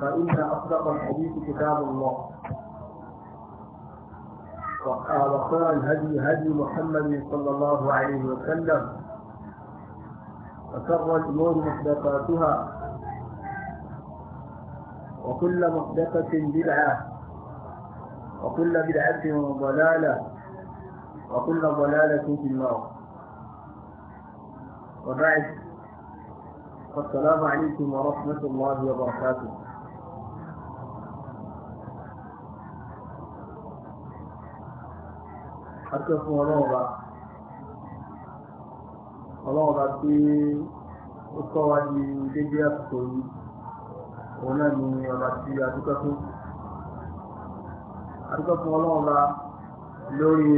فإن أصدق الحديث كتاب الله وخير الهدي هدي محمد صلى الله عليه وسلم وشر الأمور محدثاتها وكل محدثة بدعة وكل بدعة ضلالة وكل ضلالة في النار وبعد السلام عليكم ورحمة الله وبركاته àti fún ọlọ́ọ̀ba ọlọ́ọ̀ba tí ó kọ́ wa ní dédé àsìkò yìí òun náà ni ọba tí a dúpẹ́ fún a dúpẹ́ fún ọlọ́ọ̀ba lórí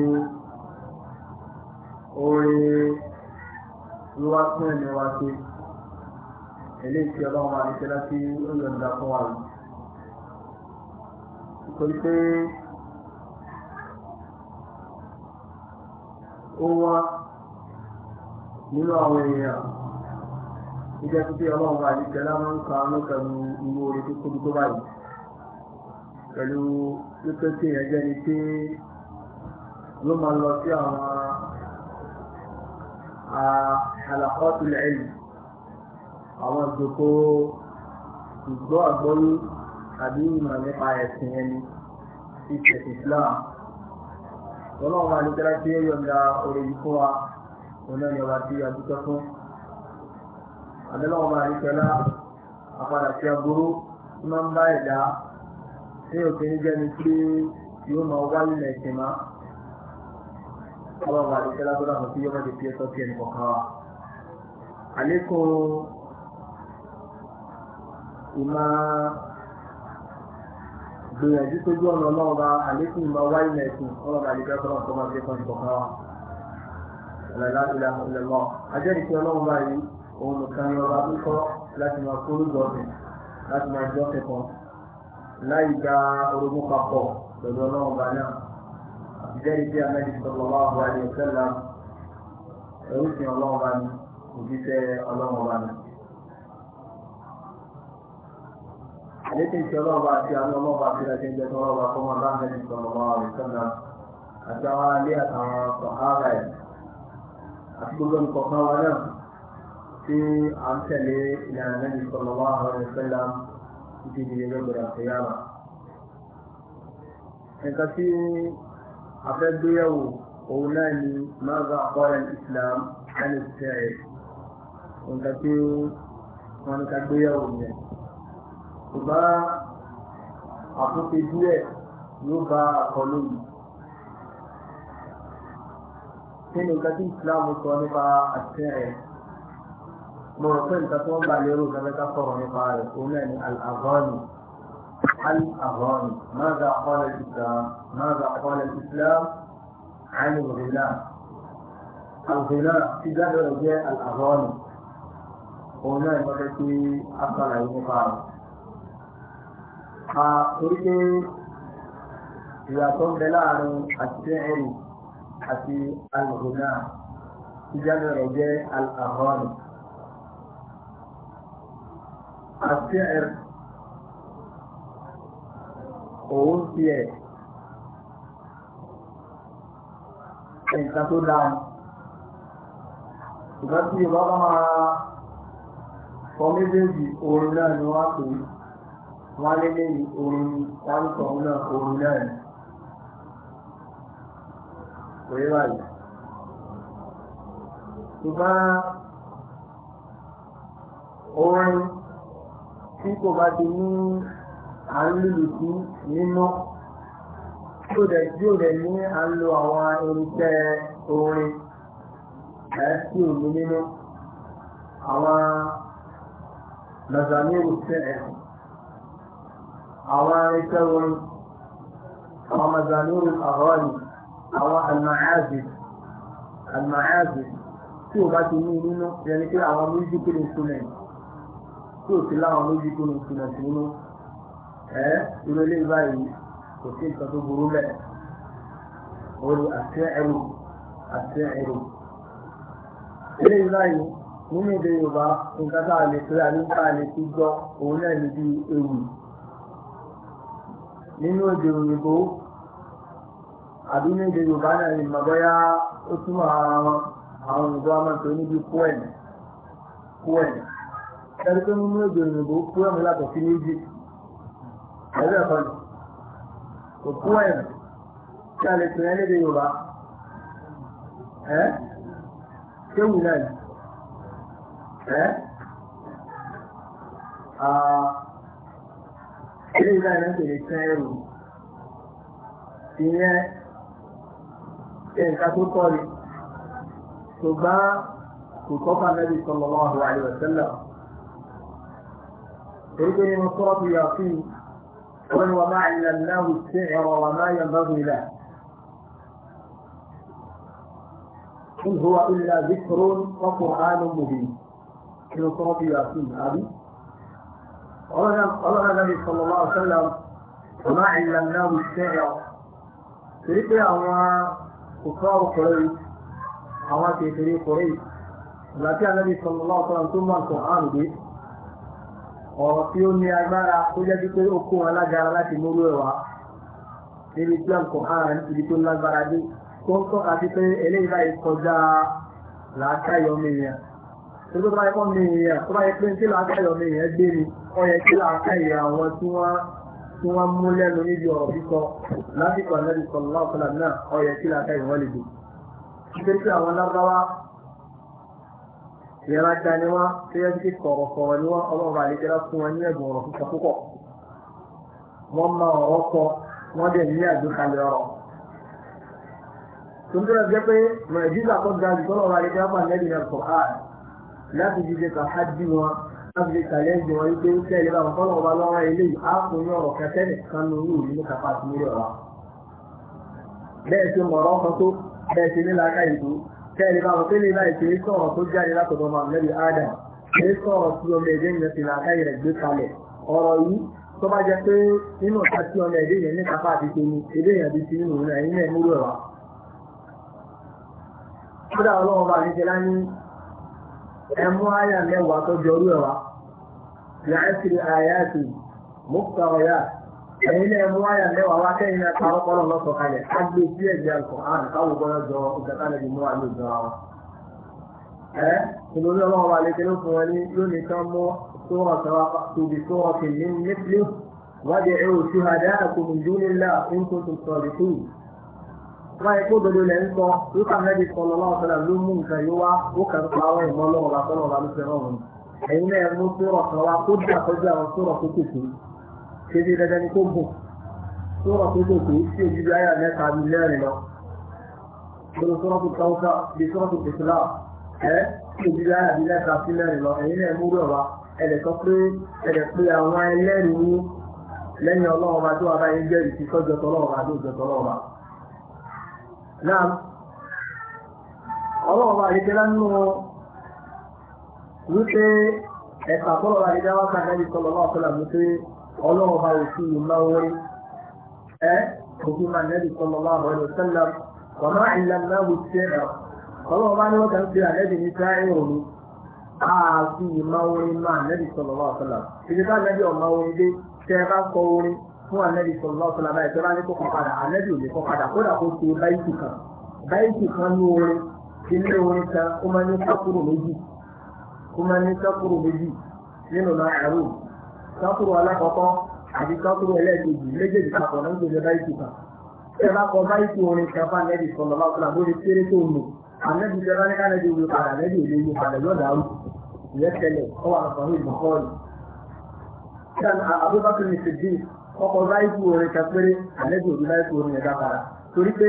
oore wíwá fún ẹ̀mí wa ṣe eléyìí tí ọlọ́ọ̀ba àti ṣẹlá tí ó yọ̀ǹda fún wa yìí nítorí pé ó wá nínú àwọn èèyàn ìjẹ́ pípé ọlọ́run bá yìí tẹ́lá máa ń ka ánú pẹ̀lú irú orí tó tóbi tó báyìí pẹ̀lú pípé tí èèyàn ni pé ló máa lọ sí àwọn àlàkọ́tù lẹ́yìn àwọn ìjòkó ìgbọ́ àgbọ́yé àbí ìmọ̀ nípa ẹ̀sìn ẹni ti tẹ̀sí Islam ọlọ́run wa ní kẹ́lá tí ó yọ̀ǹda orí yìí fún wa oní ọ̀nà wa ti àdúgbò fún àdúgbò wa ní kẹ́lá àpadà sí agbóró tí máa ń bá ẹ̀dá ní òkè ní jẹ́ni tí yóò máa wá nílẹ̀ ẹ̀sìn má ọlọ́run wa ní kẹ́lá tó dáhùn sí ti fi ẹ̀sọ́ sí ẹnì kọ̀ọ̀kan wa. àlékún ìmáa gbìyànjú tójú ọ̀nà ọlọ́run bá àlékún ìmọ̀ wáyé mẹ́sìn ọlọ́run àdìgbà tó lọ́n tó máa fi kọ́ ní kọ̀ọ̀kan wa. ọ̀làlá ìlà ìlẹ̀mọ́ ajẹ́rìí pé ọlọ́run báyìí òun nìkan ni ọba tó kọ́ láti máa kóró jọ́sìn láti máa jọ́sìn kan láì gba orogún papọ̀ pẹ̀lú ọlọ́run bá náà. àtijẹ́rìí pé amẹ́rin sọ̀rọ̀ wá wà ní ọ̀sẹ̀ àlékún ìṣẹ́ ọlọ́ọ̀bá àti àwọn ọlọ́ọ̀bá àti ìdájẹ́jẹ́ tó ọlọ́ọ̀bá kọ́ máa láàrín ẹni sọ̀rọ̀ máa rẹ̀ sọ́nà àti àwọn alẹ́ àtàwọn sọ̀hárà ẹ̀ àti gbogbo nǹkan wa náà tí a ń tẹ̀lé ìlànà ẹni sọ̀rọ̀ máa rẹ̀ sọ́nà títí di ẹgbẹ́ gbọdọ̀ àfẹ́yàmà. nǹkan tí a fẹ́ gbéyàwó òun náà ni máa gba àkọ́rẹ́ Islam ẹni tẹ̀rẹ̀ nǹkan tí wọ́n ń ka gbéyàwó yẹn ṣùgbọ́n àtúnṣe díẹ̀ yóò bá àkọlé yìí. Kí ni nǹkan tí Islam sọ nípa àṣẹ rẹ̀? Mo rò pé nǹkan tí wọ́n gbà lérò gẹ́gẹ́ sọ̀rọ̀ nípa rẹ̀ òun náà ni Al-Azhani. Al-Azhani, Mada Akọ́lẹ̀ Islam, Mada Akọ́lẹ̀ Islam, Ayin Rila. Al-Rila ti jẹ́ Al-Azhani. Òun náà ni wọ́n a sọ̀rọ̀ nípa rẹ̀ torí pé ìyàtọ̀ ń bẹ láàrin àṣìṣe ẹ̀rù àti alùpùpù ìjánu rẹ̀ jẹ́ alàhọ́nù. àṣìṣe ẹ̀rù òun ti ẹ̀ nǹkan tó dáa ṣùgbọ́n tí ìwọ́n bá máa fọ méjèèjì wọ́n lé lé orin táǹkọ̀ náà orin náà ni. Kò yé báyìí. Ṣùgbọ́n orin tí kò bá ti ní à ń lùlù sí nínú tí ò dẹ̀ tí ò dẹ̀ ní à ń lo àwọn irinṣẹ́ orin ẹ̀ tí nínú àwọn nàzàmírù tẹ̀ ẹ̀ àwọn irinṣẹ́ orin àwọn mazanun àhọ́ọ̀nì àwọn almahazib almahazib tí o bá ti ní nínú yẹni pé àwọn musical instrument tí o ti láwọn musical instrument nínú ẹ irú ilé báyìí kò sí nǹkan tó burú bẹ́ẹ̀ orí àti ẹrù ilé báyìí nínú èdè nǹkan tá a lè pè àníkà lè fi gbọ́ òun náà ní bí ewì nínú èdè òyìnbó àbí ní èdè yorùbá náà lè mọ̀ bóyá ó túmọ̀ ara wọn àwọn òyìnbó a máa ń pè níbi poem poem ẹni pé nínú èdè òyìnbó poem yàtọ̀ sí méjì ẹgbẹ́ ẹ̀kọ́ ni kò poem tí a lè pè ní èdè yorùbá ẹ́ kéwì náà ẹ́ ilé ìgbà yẹn kò lè tán ẹrù ìyẹn ẹ̀ka tó tọ́ ni ṣùgbọ́n kò tọ́ka nẹ́bí sallallahu alaihi wasallam torí pé nínú sọ́ọ̀tù yàtún wọ́n ni wọ́n máa ń náà sí ẹ̀rọ wọn máa yàn bẹ́ẹ̀ nílẹ̀. إن هو إلا ذكر وقرآن مبين. في سورة ياسين هذه ọlọ́run ànábì na ọ̀sẹ́lẹ̀ ọ̀nà ìlànà ìṣẹ́yà torí pé àwọn òkúra ọkùnrin yìí àwọn kékeré kùnrin yìí láti ànábì sọlọ́lá ọ̀sẹ́lẹ̀ tó máa sọ àrùn dé ọ̀rọ̀ tí ó ní agbára tó jẹ́ pé ó kó wọn lágara láti múrú ẹ̀wà níbi tí àǹkọ̀ àrùn ibi tó lágbára dé tó Gbogbo tó bá yẹ kọ́ mi èèyàn, tó bá yẹ pé kí làákàyọ̀ mi èèyàn gbé mi, ó yẹ kí làákàyọ̀ àwọn tí wọ́n tí wọ́n mú lẹ́nu níbi ọ̀rọ̀ sísọ lásìkò àlẹ́bí sọ̀rọ̀ láàfọ̀lá náà ó yẹ kí làákàyọ̀ wọ́n lè dùn. Ṣé kí àwọn lárúbáwá ìyára já ni wọ́n tó yẹ kí kọ̀rọ̀kọ̀rọ̀ ni wọ́n ọlọ́run àlejò fún wọn ní ẹ̀bùn ọ̀rọ̀ sísọ púpọ̀. Wọ́n máa ọ̀rọ̀ kọ, wọ́n dẹ̀ ní àgbékalẹ̀ ọ̀rọ̀ tuntun ẹgbẹ́ pé mọ̀lẹ́dínlá tó ga jù tọ́lọ̀ wa ẹgbẹ́ wà lẹ́yìn ẹ̀kọ́ ààrẹ láti fi ṣe tàhádì wọn láti fi ṣàlẹ́jì wọn wípé tẹ́lẹ̀ bá wọn fọ́nà ọba lọ́wọ́ eléyìí á fún ní ọ̀rọ̀ kẹtẹ́lẹ̀ kan ní orí ìlú kàpá àti ilé ọ̀la. bẹ́ẹ̀ ṣe mọ̀rọ̀ kan tó bẹ́ẹ̀ ṣe ní láàká ìlú tẹ́lẹ̀ bá wọn tẹ́lẹ̀ láì ṣe sọ̀rọ̀ tó jáde látọ̀dọ̀ mọ̀lẹ́bí Adam ṣe sọ̀rọ̀ tí ọmọ ẹ̀dẹ́ yẹn ti láàká rẹ̀ gbé kalẹ̀ ọ̀rọ̀ yìí tó bá jẹ́ pé nínú ọ̀tá tí ọmọ ẹ̀dẹ́ yẹn ní kàpá àti ṣe ni ẹ̀dẹ́ yẹn ti ṣe nínú ẹ̀yìn náà múlò ẹ̀wà. kódà ọlọ́run bá ní ṣe láyé ẹ mú àyà mẹ́wàá tó jọrú ẹ̀ wá yàtì àyàtì mùkàwọ̀yà ẹ̀yin náà mú àyà mẹ́wàá wá kẹ́yìn náà parọ́ kọ́lọ̀ lọ́sọ̀ kalẹ̀ á gbé sí ẹ̀jẹ̀ àkọ́ a káwọ̀ gbọ́dọ̀ jọ ìgbàta lẹ́bi mú àlọ́ ìjọ wa. ẹ ìlúrí ọlọ́run wa lè kéré fún wọn ní lónìí tán na sọ́wọ́ tóbi báyìí kó dodo lẹ̀ ń sọ wípé àmẹ́bí sọ̀rọ̀ lọ́wọ́ sọ̀rọ̀ ló mú nǹkan yìí wá ó kàn pa àwọn ìmọ̀ lọ́wọ́ bá sọ̀rọ̀ bá ló fẹ́ rọ̀ wọn. ẹ̀yin náà mú sọ̀rọ̀ kan wá kó dà kọjú àwọn sọ̀rọ̀ tó kòkó ṣébi dandan ni kó gùn sọ̀rọ̀ tó kòkó tí ojú bí ayà mẹ́ta bí lẹ́rìn lọ. lórí sọ̀rọ̀ tó tọ́wọ́sà bí sọ̀rọ̀ tó kòkòlá ẹ̀ tí ojú bí ayà bí lẹ́ta sí lẹ́rìn lọ ẹ̀yin náà mú rẹ̀ wá ẹ̀dẹ̀ sọ pé ẹ̀dẹ̀ pé àwọn ẹlẹ́rìí lẹ́yìn ọlọ́run bá tó wà báyìí jẹ́rìí sí sọ́jọ́ bá tó jọ tọ́lọ́run bá. náà ọlọ́ọ̀bá àdéjẹ́lá nínú wípé ẹ̀ka tọ́lọ̀ àdéjẹ́ wá ká lẹ́yìn tọ́lọ̀ náà tọ́lọ̀ wípé ọlọ́ọ̀bá òfin ìmáwórí ẹ́ òfin máa nẹ́bí tọ́lọ̀ náà rẹ̀ sẹ́lẹ̀ wọ́n máa ìlà náà wù sí ẹ̀rọ ọlọ́ọ̀bá ni wọ́n kàn fi àlẹ́bí ní sáyẹn òru ààfin ìmáwórí máa nẹ́bí tọ́lọ̀ náà tọ́lọ̀ ìdíkà nẹ́bí kọ fún ànẹ́bí sọ̀rọ̀ ọ̀sán àbáyé tó bá ní kó kọ́kadà ànẹ́bí ò lè kọ́kadà kódà kó ṣe báyìí kan báyìí kan ní orin ti ní orin kan ó máa ní sákúrò méjì ó máa ní sákúrò méjì nínú náà ẹ̀rù sákúrò alákọ̀ọ́kọ́ àti sákúrò ẹlẹ́ẹ̀kejì méjèèjì papọ̀ ní gbèsè báyìí kan ṣé bá kọ báyìí orin kan fún ànẹ́bí sọ̀rọ̀ ọ̀sán àbórí kéré tó nù ànẹ́bí sọ̀rọ̀ ní kánẹ́bí òye padà ànẹ́bí òye yìí padà yọ̀dà áwù Abubakar ni Siddiq ọkọ báyìí kú orin a péré àlejò òbí báyìí kú orin ẹ̀dá padà torí pé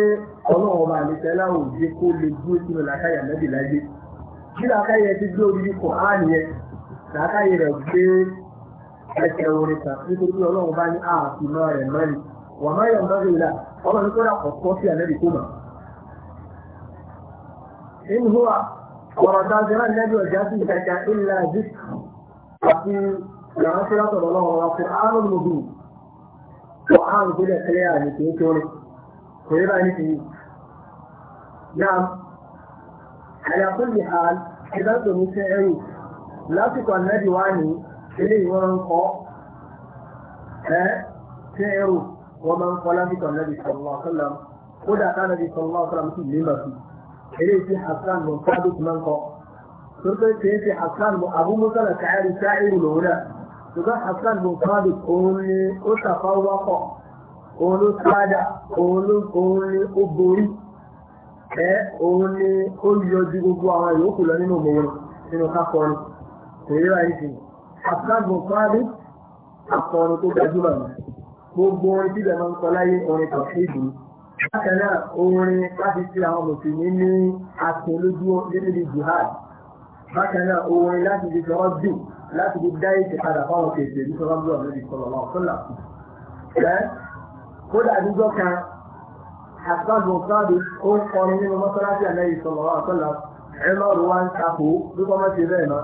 ọlọ́run ọba àlejò láwọn òde kó lè dúró sínú làkàyà dị láyé bí làkàyà ti gbé orí kọ̀ á nìyẹn làkàyà rẹ̀ gbé ẹsẹ̀ orin kan nítorí pé ọlọ́run bá ní ààfin náà rẹ̀ mọ́ni wà má yọ̀ ìlà ọ̀kọ́ sí kó Qur'an guda kalaya ne ke yake wani ko yi ba ni ke yi na'am ala kulli hal idan da mu sai ayi lásìkò ànábì wá ní ilé ìwọ ń kọ ẹ ṣe ẹrù wọn máa ń kọ lásìkò ànábì sallallahu alaihi wasallam kódà kánábì sallallahu alaihi wasallam sì lè mà sí ilé hasan mọ sábẹ tí máa ń kọ. Turkey hasan mọ abúmúsálà káyàrí sáà ìrù lòun ṣùgbọ́n Hassan bin Thabit òun ni ó tàfà wákọ̀ òun ló sáádà òun ló òun ni ó borí ẹ òun ni ó yọjú gbogbo àwọn ìyókù lọ nínú òmòrò nínú kákọrin kò rí ráyé sí Hassan bin Thabit akọrin tó gbajúmọ̀ ní gbogbo orin tí ìjọba ń sọ láyé orin kan sí ìlú bákan náà orin láti fi àwọn mùsùlùmí ní akin nínú ìlú bákan náà ó wọlé láti fi sọ̀rọ̀ jù láti fi dá ètò padà fáwọn kèsè ní sọ̀rọ̀ bí ọ̀nà ìsọ̀rọ̀ lọ sọ́là. ẹ kódà àdúgbò kan àtàkùn ọ̀sáàdì ó ń kọrin nínú mọ́sálásí àlẹ́ ìsọ̀rọ̀ lọ sọ́là ẹ má rò wá ń takò bí kọ́ mọ́ṣe bẹ́ẹ̀ mọ́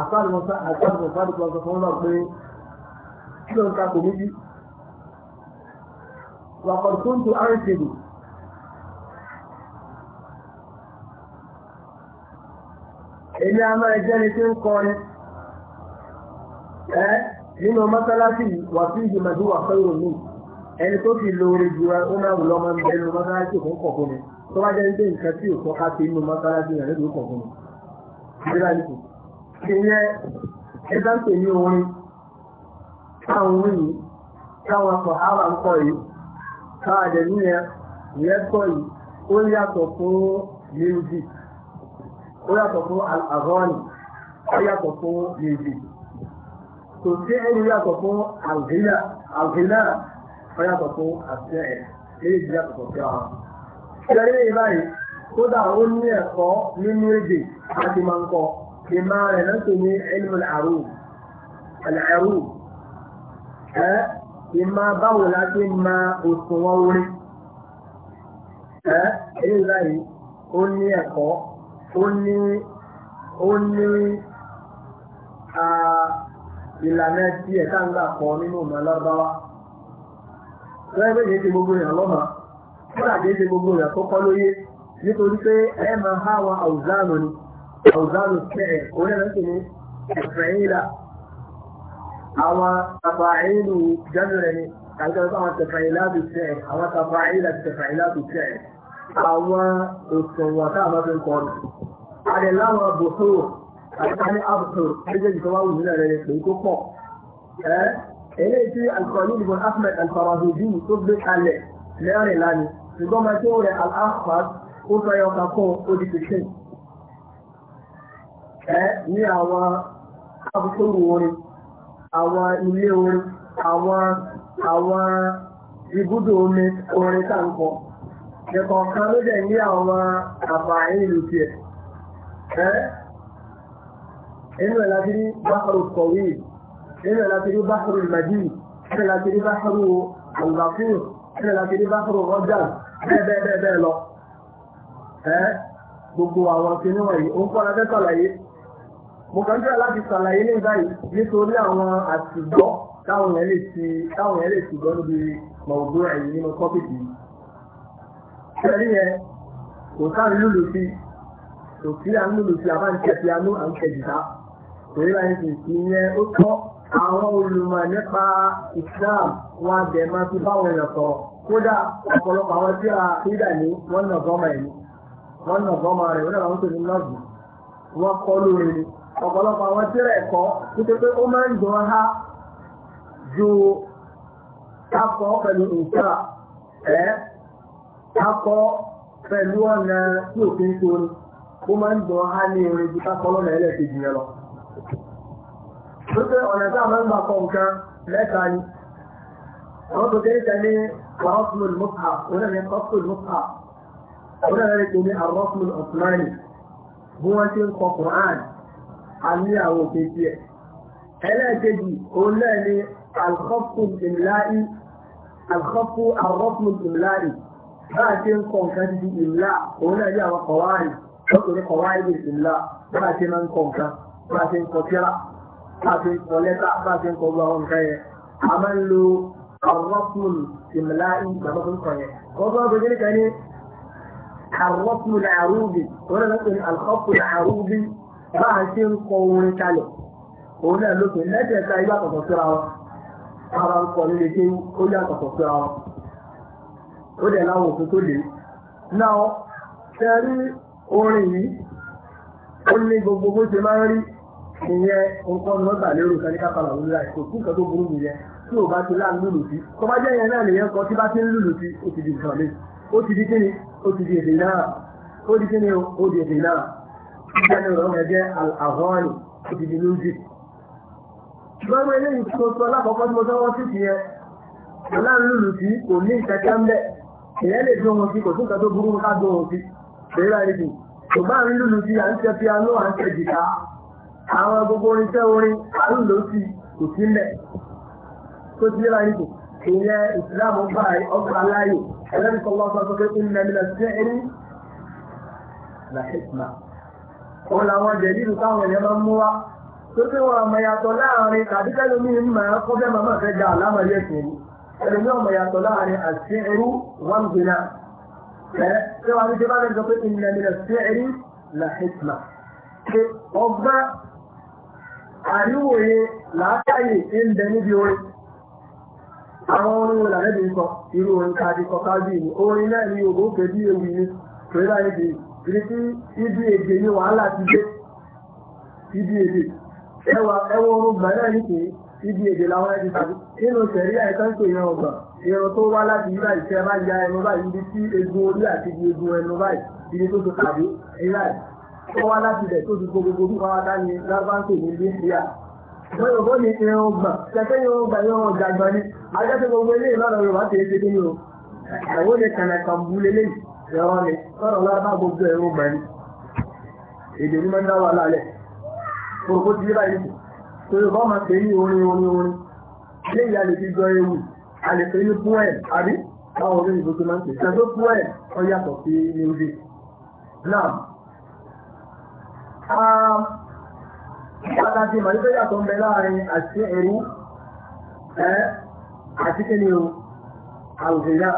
àtàkùn ọ̀sáàdì kan èmi a máa jẹ́ ni tí ń kọ ẹ́ nínú mọ́sálásí wà ìgbìmọ̀jú wà ẹni tó fi lóore ju ọmọ lọ́mọ ń bẹ nínú mọ́sálásí òkú kọ̀ọ̀kan ni tó bá jẹ́ ní pé nǹkan tí òkú ká sí nínú mọ́sálásí rẹ̀ nílùú kọ̀ọ̀kan ni. ẹgbẹ́ ń pè ní orin táwọn orin yìí táwọn akọ̀ ń yìí ó yàtọ̀ fún àgọ́ọ̀nì ó yàtọ̀ fún yèjì kò sí ẹni yàtọ̀ fún àlùhílà àlùhílà ó yàtọ̀ fún àṣẹ ẹ̀ léyìí yàtọ̀ sí ara. ìṣẹ̀lẹ̀ yìí báyìí kódà ó ní ẹ̀kọ́ nínú èdè láti máa ń kọ ìmọ̀ rẹ̀ lọ́sọ̀ ní ẹnu àrù àlàrù ẹ̀ ìmọ̀ báwo láti máa òṣùwọ̀n orin ẹ̀ èyí báyìí ó ní ẹ̀kọ́ ó ní ó ní ìlànà tí ẹ̀ka ń gbà pọ̀ nínú ọ̀nà lọ́dọ́wá. Lẹ́gbẹ́ yìí ti gbogbo èèyàn lọ́mà, kódà kìí ti gbogbo èèyàn tó kọ́ lóyé nítorí pé ẹ máa há wa àwùzánù ni, àwùzánù kẹ̀ẹ̀ orí ẹ̀rọ sì ni ẹ̀fẹ̀yìnlá. Àwọn tàfàìlù àwọn òṣùwọ̀n tá a máa fi ń kọrin. Adẹ̀ láwọn àbòsó àtàrí àbòsó méjèèjì tó wá wù nílẹ̀ rẹ̀ pé kó pọ̀. Ẹ́ eléyìí tí Alkọ̀lú ìbò Ahmed Alfarazodi tó gbé kalẹ̀ lẹ́rìn lánìí. Ṣùgbọ́n máa odi fifteen. Ẹ́ ní àwọn àbòsó orin, àwọn ilé orin, àwọn àwọn ibùdó omi orin tá ń ẹ̀kọ̀ọ̀kan ló dẹ̀ ní àwọn àfààní ìlú tiẹ̀ ẹ́ inú ẹ̀ láti rí báhàrù kọ̀wé inú ẹ̀ láti rí báhàrù ìmàjì inú ẹ̀ láti rí báhàrù àlùbáfíù inú ẹ̀ láti rí báhàrù rọ́jà bẹ́ẹ̀bẹ́ẹ̀bẹ́ẹ̀ lọ ẹ́ gbogbo àwọn kìnnì wọ̀nyí ó ń kọ́ lábẹ́ sàlàyé mo kàn jẹ́ láti sàlàyé ní báyìí nítorí àwọn àtìgbọ́ táwọn yẹn lè ti táwọn yẹn lè ti gbọ́ níbi mọ̀ọ́gbọ́n ẹ̀yìn nínú kọ́pìtì yìí Ṣẹ́rí yẹn, kò sáà lúlù sí, kò sí à ń lúlù sí, àbá ń tẹ̀ sí anú à ń tẹ̀ jìdá. Torí láyé sì sí yẹn ó tọ́ àwọn olùmọ̀ nípa Islam wọn abẹ máa fi báwọn èèyàn sọ̀rọ̀. Kódà ọ̀pọ̀lọpọ̀ àwọn tí a ìdà ní wọ́n nà bọ́mà ẹ̀mí. Wọ́n nà bọ́mà rẹ̀ wọ́n náà wọ́n tó ní nọ́ọ̀sì. Wọ́n kọ́ lórí ni. Ọ̀pọ̀lọpọ̀ àwọn tí rẹ̀ kọ́ nítorí pé ó máa ń dùn ha ju ká pẹ̀lú nǹkan ẹ̀ akọ pẹ̀lú ọ̀nà tí ò fi ń torí ó máa ń dùn á ní orin ju kákọ lọ́nà ẹlẹ́ẹ̀kejì yẹn lọ. ó pé ọ̀nà tá a máa ń gbà kọ nǹkan mẹ́ta ni àwọn tó kéré kan ní rọ́fúlùn mùsà òun náà ní rọ́fúlùn mùsà òun náà lè pè ní àrọ́fúlùn bí wọ́n ti ń kọ kùrán a ní àwọn òkè tiẹ̀. ẹlẹ́ẹ̀kejì òun náà ní alkọ́fù ìmìláì alkọ́fù àrọ́fúlùn ìmìláì báà ṣe ń kọ nǹkan ti di ìlà òun náà yí àwọn kọ̀wáàrì lọ́kùnrin kọ̀wáàrì di ìlà báà ṣe máa ń kọ nǹkan báà ṣe ń kọ tíra báà ṣe ń kọ lẹ́tà báà ṣe ń kọ gbogbo àwọn nǹkan yẹn a máa ń lo arọ́pùn ìmìláì bàbá tó ń kọ yẹn wọ́n fọ́ gbogbo nìkan ní arọ́pùn àrùbí òun náà lọ́kùnrin alọ́pùn àrùbí báà ṣe ń kọ orin kalẹ̀ òun náà lókè lẹ́tẹ̀ẹ̀ta ilé àkọ́kọ́ síra wọn ó dẹ̀ láwọn òkú tó lè náà tẹ́rí orin yìí ó ní gbogbo bó ṣe máa ń rí ìyẹn nǹkan ní wọ́n gbà lérò kaníkà padà lórí láì kò kún kan tó burú nìyẹn tí ò bá ti lá lùlù sí tó bá jẹ́ yẹn náà nìyẹn kan tí bá ti ń lùlù sí ó ti di nǹkan mi ó ti di kíni ó ti di èdè náà ó di kíni ó di èdè náà ìjẹ́ni ọ̀rọ̀ yẹn jẹ́ àhọ́ọ̀nì ó ti di music. gbọ́dọ̀ eléyìí tó sọ lákọ̀ọ́kọ́ tí mo sọ wọ́n sì ti yẹn láńlùlù sí kò ní ìtẹ́kẹ́ ń bẹ́ẹ̀ èyẹ́ lè dún ohun sí kò túnkà tó burú ká dún ohun sí ṣèlérà ìdì kò bá rí lùlù sí à ń tẹ piano à ń tẹ jìká àwọn gbogbo orin tẹ orin àrùn ló sì kò sí mẹ tó ti léra ìdì ìyẹn ìsìláàmù bá ọgbà aláyè ẹlẹ́rìí kan wọ́n sọ pé kí ní ẹni lọ́sí ẹni làṣẹ́tìmá òun làwọn jẹ̀lílù táwọn èèyàn máa ń mú wá tó tí wọn àmọ̀ yàtọ̀ láàrin tàbí tẹ́lómi ń mọ̀ ẹ́ kọ́fẹ́ màmá fẹ́ jà lámàlẹ́sìn ẹlòmí ọmọ yàtọ̀ láàrin àṣírú wọn gbìnà ẹ ṣé wàá ní ṣe bá lè sọ pé ìnìyàn mi lè ṣíẹ̀rí la hikma ṣe ọgbà àríwòye làákàyè ń bẹ níbi orin àwọn orin wo làrẹ́ bí sọ irú orin káàdì kọkáàdì ni orin náà ni ògbó pé ewì ni pé láyé bí tí ibi èdè ni wàhálà ti dé ibi èdè ẹwà ẹwọ orun gbà náà nìkèé ibi èdè làwọn ẹni tàbí nínú sẹ̀rí àìsànkò ìran ọ̀gbà ìran tó wá láti yíra ìṣẹ́ bá ya ẹnu báyìí ibi tí egun orí àti ibi egun ẹnu báyìí ibi tó ti tàbí ìlà tó wá láti ilẹ̀ tó ti gbogbo bí wọn wá ní lábáńkò ní ilé ìyá. wọ́n yóò bó ní ìran ọgbà kẹ́kẹ́ ìran ọgbà ìran ọjà àgbà ni ajẹ́sẹ̀ gbogbo ilé ìlànà Yorùbá ti ṣe kí ni o. àwọn olè kànà kan torí bọ́ máa pè ní orin orin orin ilé ìyá lè fi jọ ewu a lè pè ní poem àbí báwọn orin ìbò tó máa ń pè ṣàtó poem ọ yàtọ̀ sí music now pàtàkì màá tó yàtọ̀ ń bẹ láàrin àti ẹ̀rú àti kí ni o àlùfẹ́yà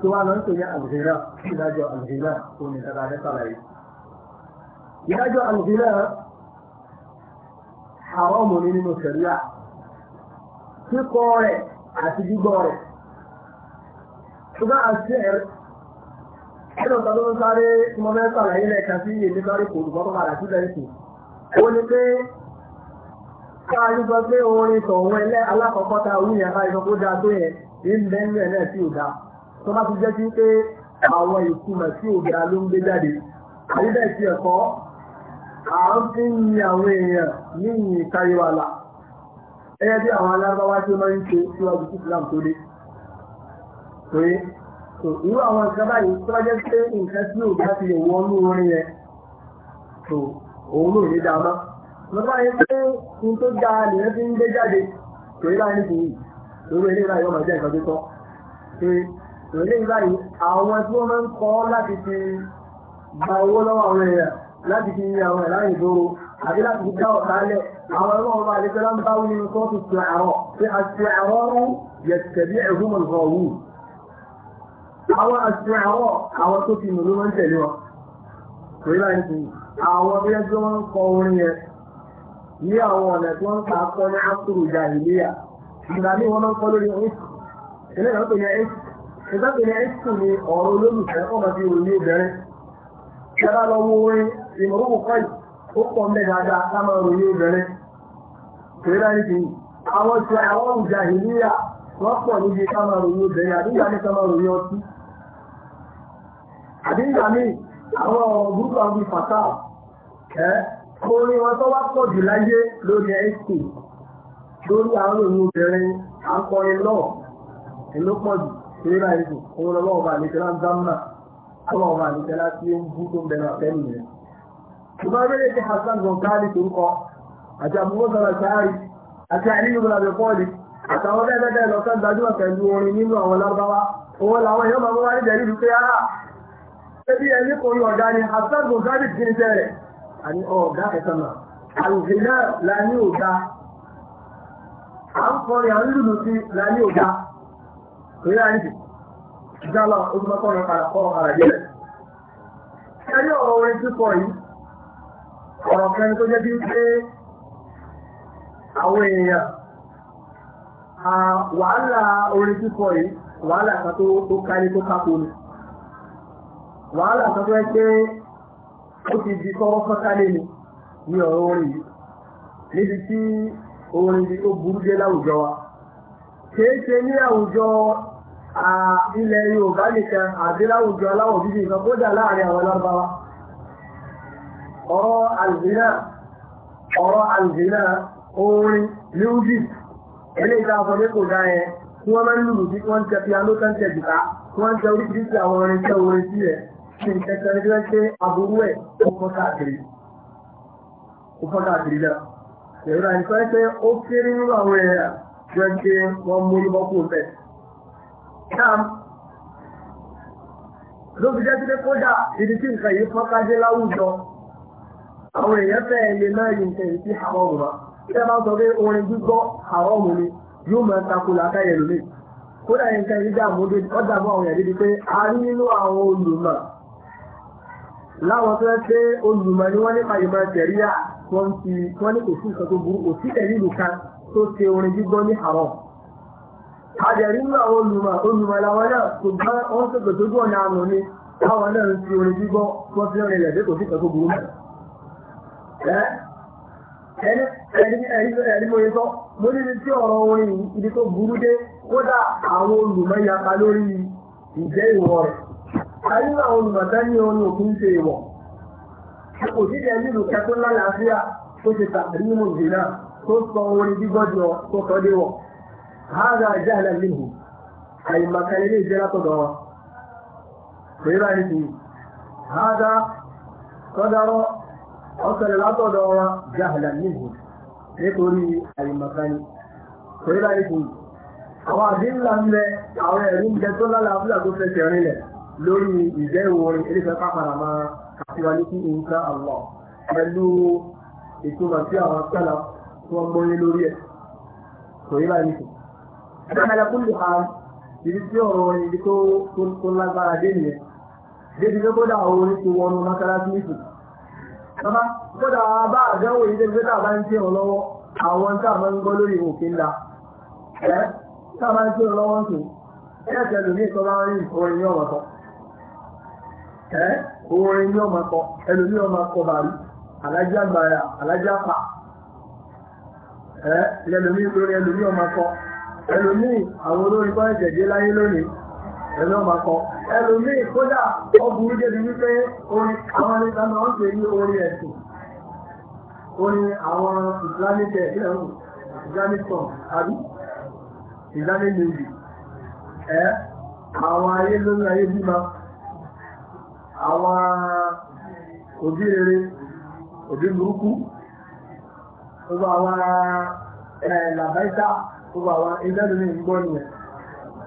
tó wà lọ́n tó yẹ àlùfẹ́yà ìdájọ́ àlùfẹ́yà tó ní dáadáa ní sàlàyé ìdájọ́ àlùfẹ́yà haramu ní nínú sẹ̀ríà kíkọ́ rẹ̀ àti gbígbọ́ rẹ̀ ṣùgbọ́n àti ẹ̀rẹ́ ẹ̀rọ tọ́lọ́ ń sáré mọ́ mẹ́ta àlàyé rẹ̀ kan sí èdè lórí kò lùmọ́ tó padà sílẹ̀ sí ó ní pé káàlú sọ pé orin tọ̀hún ẹlẹ́ alákọ̀ọ́kọ́ ta orí yẹn káàlú tó dáa tó yẹn ń bẹ́ ń rẹ̀ sí òdá tó bá ti jẹ́ sí pé àwọn ìtumọ̀ sí òdá ló ń gbé jáde àyíbẹ̀ sí ẹ̀kọ́ à ń fi ń yin àwọn èèyàn níyìn káyéwàlá ẹgbẹ́ bí àwọn alárúbáwá tí ó máa ń ṣe síwájú sí Islam tó dé pé irú àwọn nǹkan báyìí tó bá jẹ́ pé nǹkan tí ò bá ti lè wọ inú orin yẹn tó òun ló ní dáa mọ́ lọ́gbà yẹn pé n tó da nìyẹn fi ń gbé jáde pé báyìí ní kìí lórí ilé ìlà yọmọ jẹ́ nǹkan tó tọ́ pé lórí ilé báyìí àwọn tí wọ́n máa ń kọ́ láti fi gba owó lọ́wọ́ àwọn èèyàn láti fi àwọn ẹ̀láyìn ìdóró àbí láti fi dá ọ̀tá lẹ̀ àwọn ọlọ́run bá àdéjọ́lá ń bá wí nínú sọ́ọ̀tù ti àrọ̀ pé àti àrọ́rùn yẹ̀tẹ̀lé ẹ̀hún ọ̀wù àwọn àti àrọ̀ àwọn tó fi nù ló máa ń tẹ̀lé wọn torí láì fi àwọn bí ẹjọ́ wọn ń kọ orin yẹn ní àwọn ọ̀nà tí wọ́n ń kà á ní ákùrù jàhìlíyà ìgbà ní wọn máa ń kọ́ lórí ẹ̀sùn ẹ̀sùn ni ọ̀rọ̀ olólùfẹ́ ó pọ̀ mẹ́ dáadáa lámà òye ìbẹ̀rẹ̀ kèrè ní ti àwọn ti àwọn ìjà ìlúyà wọ́n pọ̀ níbi kámà òye ìbẹ̀rẹ̀ àdúgbà ní kámà òye ọtí àdúgbà míì àwọn ọ̀gbùkù àwọn fàtà ẹ́ orin wọn tó wá pọ̀ jù láyé lórí ẹ̀sìn lórí àwọn òye ìbẹ̀rẹ̀ akọrin náà èló pọ̀ jù kèrè ń bú tó ń bẹ̀rẹ̀ àfẹ́ nìyẹn ìmọ̀ abẹ́rẹ́ ti Hassan Gonkali torúkọ àti àbúrò sọ̀rọ̀ sáárì àti àìlú ìbúra bẹ̀ pọ́ọ̀lì àtàwọn dẹ́gbẹ́dẹ́ lọ sọ́ gbajúmọ̀ pẹ̀lú orin nínú àwọn lárúbáwá owó làwọn èèyàn máa wá ní jẹ̀rí wípé ara ah, ẹbí ẹni kò yọ ọ̀gá ni Hassan Gonkali ti ní tẹ́rẹ̀ àní oh, ọ̀gá ẹ̀sán náà àlùfẹ́ náà la ní ọ̀gá à ń lùlù sí la ní ọ̀gá torí àyè ìjálọ̀ ojúmọ́kọ́ ọ̀rọ̀ kan tó jẹ́ bí pé àwọn èèyàn wàhálà orin kíkọ yìí wàhálà kan tó kárí tó kápò ní wàhálà kan tó ó ti di kọ́wọ́ kọ́kálé ní ọ̀rọ̀ orin yìí níbi tí orin tó burú dé láwùjọ wa kìí ní àwùjọ ilẹ̀ Yorùbá nìkan aláwọ̀ bíbí nǹkan láàrin àwọn ọ̀rọ̀ àlùzínà ọ̀rọ̀ àlùzínà orin music eléyìí tá a sọ pé kò dá yẹn tí wọ́n máa ń lùlù sí wọ́n ń tẹ piano tó ń tẹ jìká wọ́n ń tẹ oríṣiríṣi àwọn orin tẹ orin sí ẹ̀ ṣe ìkẹkẹrẹ tí wọ́n ṣe aburú ẹ̀ ó fọ́ káàkiri ó fọ́ káàkiri náà ìrora ìfẹ́ ó kéré nínú ìdí tí nǹkan yìí láwùjọ àwọn èèyàn fẹ́ lè máa yìí nǹkan ìsí àwọn ọmọ tí a bá sọ pé orin gbígbọ́ àwọn ọmọ ni yóò máa takò làákàyè lómi kódà nǹkan yìí dààmú dé ó dààmú àwọn èèyàn pé a rí nínú àwọn olùmọ̀ láwọn tó ń pé olùmọ̀ ni wọ́n nípa ìmọ̀ tẹ̀ríyà wọ́n ti wọ́n ní kò sí nǹkan tó burú kò sí ẹ̀rí nìkan tó ṣe orin gbígbọ́ ní àwọn àjẹ̀rí nínú àwọn olùmọ̀ olùmọ̀ làwọn náà ṣùgbọ́n wọ́n ṣètò tó dùn ọ̀nà àná ni táwọn náà ń fi orin gbígbọ́ wọ́n fi ń rìn ẹ̀ẹ́dẹ́gbẹ̀rẹ́ sọ mo ní ní tí ọ̀rọ̀ orin ibi tó burú dé kódà àwọn olùmọ̀yapa lórí ìjẹ́ ìwọ̀ rẹ̀ àyínú àwọn olùmọ̀tá ní orin òkú ń ṣe ìwọ̀ kò sí jẹ́ nílùú kẹ́kọ́ lálàáfíà tó ṣe tàbí mú ìdènà tó sọ orin gbígbọ́jọ tó sọ dé wọ̀ ọ̀sẹ̀lẹ̀ látọ̀dọ̀ wa jahla níhù nítorí àyèmọ̀kánì torí láyé kò àwọn àdínlá ń bẹ àwọn ẹ̀rí ń bẹ tó lálẹ́ àbúlà tó fẹsẹ̀ rinlẹ̀ lórí ìjẹ́ ìwòrin eléfẹ́ pápára máa kàtíwálé sí insha Allah pẹ̀lú ìtumọ̀ sí àwọn akẹ́lá tí wọ́n gbóyé lórí ẹ̀ torí láyé kò ẹ̀rọ kúlù ha ibi tí ọ̀rọ̀ ibi tó lágbára dé nìyẹn débi tó kódà orin ti wọnú mọ́sálásí nìkùn Bàbá, kódà bá àdánwò yìí tẹ́gbẹ́ tàbá ń tí ọ̀ lọ́wọ́, àwọn tàbá ń gọ́ lórí òfin la. Ẹ́ tàbá ń tí ọ̀ lọ́wọ́ ń tò, ẹ̀ẹ́sẹ̀ lòmí ìtọ́ bá rí orin ní ọmọ kan. Ẹ́ orin ní ọmọ kan, ẹlòmí ọmọ kan bàrí, alájá gbàrà, alájá pa. Ẹ́ lẹ́lòmí lórí ẹlòmí ọmọ kan, ẹlòmí àwọn olórin kọ́ ẹ̀jẹ̀ dé láyé lónìí, ẹlòmí ọmọ kan. ẹlòmí kódà ọkùnrin jẹ́ bụ wípé orin àwọn ẹni máa ń pè ní orin ẹ̀sìn orin àwọn islamic ẹ̀sìn islamic song àbí islamic music ẹ àwọn ayé lórí ayé bímọ àwọn òbí rere òbí burúkú gbogbo àwọn gbogbo àwọn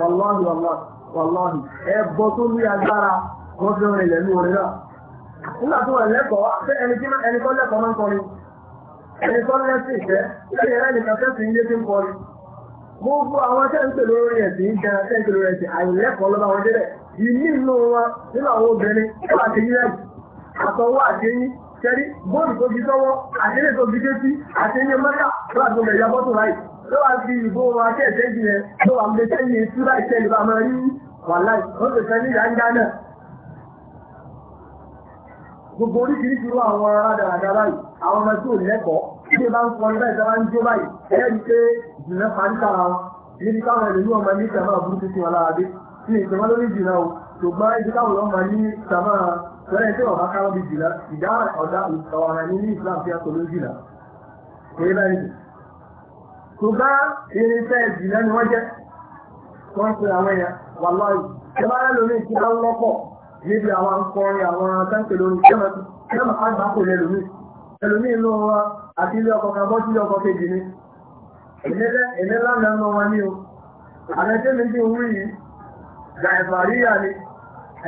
wàláhì wàláhì ẹ̀bọ tó ní agbára wọ́n fi rìn lẹ́nu orin náà nígbà tó wà lẹ́kọ̀ọ́ pé ẹni tí ẹni tó lẹ́kọ̀ọ́ máa ń kọrin ẹni tó lẹ́sìn ìfẹ́ lẹ́yìn ẹ̀rẹ́ nìkan fẹ́sìn ilé tí ń kọrin gbogbo àwọn tẹ́ ń pè lórí ẹ̀sìn ń jẹun tẹ́ ń pè lórí ẹ̀sìn àìlẹ́kọ̀ọ́ lọ́ba wọn délẹ̀ ìní nínú wọn nínú àwọn obìnrin tó àti yíyá àtọwọ́ àti eyín tẹ́rí bóòlù tó fi sọ́wọ́ àti ilé tó fi dé sí àti eyín mọ́tà tó àti ọmọ ìyá bọ́tù láì ló wà bí ìbò wa kẹ́ẹ̀kẹ́ jù yẹn ló wà gbé sẹ́yìn ètú láì tẹ́lẹ̀ bá máa rí wà láì ó lè fẹ́ ní ìyáńgá náà gbogbo oríṣiríṣi wà àwọn rádaràdà báyìí àwọn ọmọ tí ò lẹ́kọ̀ọ́ tí bá ń fọ ní báyìí sábà ń jó báyìí ẹ̀rí pé jùlọ parí sára wọn níbi káwọn ẹ̀lú ọmọ ní sàmà burúkú sí wọn lára dé ní ìjọba lórí jùlọ o ṣùgbọ́n ibi káwọn ọmọ ní sàmà lọ́yẹ̀ tí ọ̀bá káwọn bí jùlọ ìdá ọ̀dà ọ̀ràn ní ní ìsìlámù fi ṣùgbọ́n irinṣẹ́ ìdìnà ni wọ́n jẹ́ wọ́n ń pe àwọn èèyàn wà lọ́yìn tí wọ́n rẹ̀ lómi ìtura lọ́pọ̀ níbi àwọn akọrin àwọn akẹ́kẹ̀ẹ́ lórí kẹ́mọ̀ àgbà kò lè lómi ẹlòmí inú wọn àti ilé ọkọ̀ kan bọ́ sí ilé ọkọ̀ kejì ni èmi lánàá ń lọ wọn ní o àrẹ tí mi ti ń wí yìí gàìfàríyà ni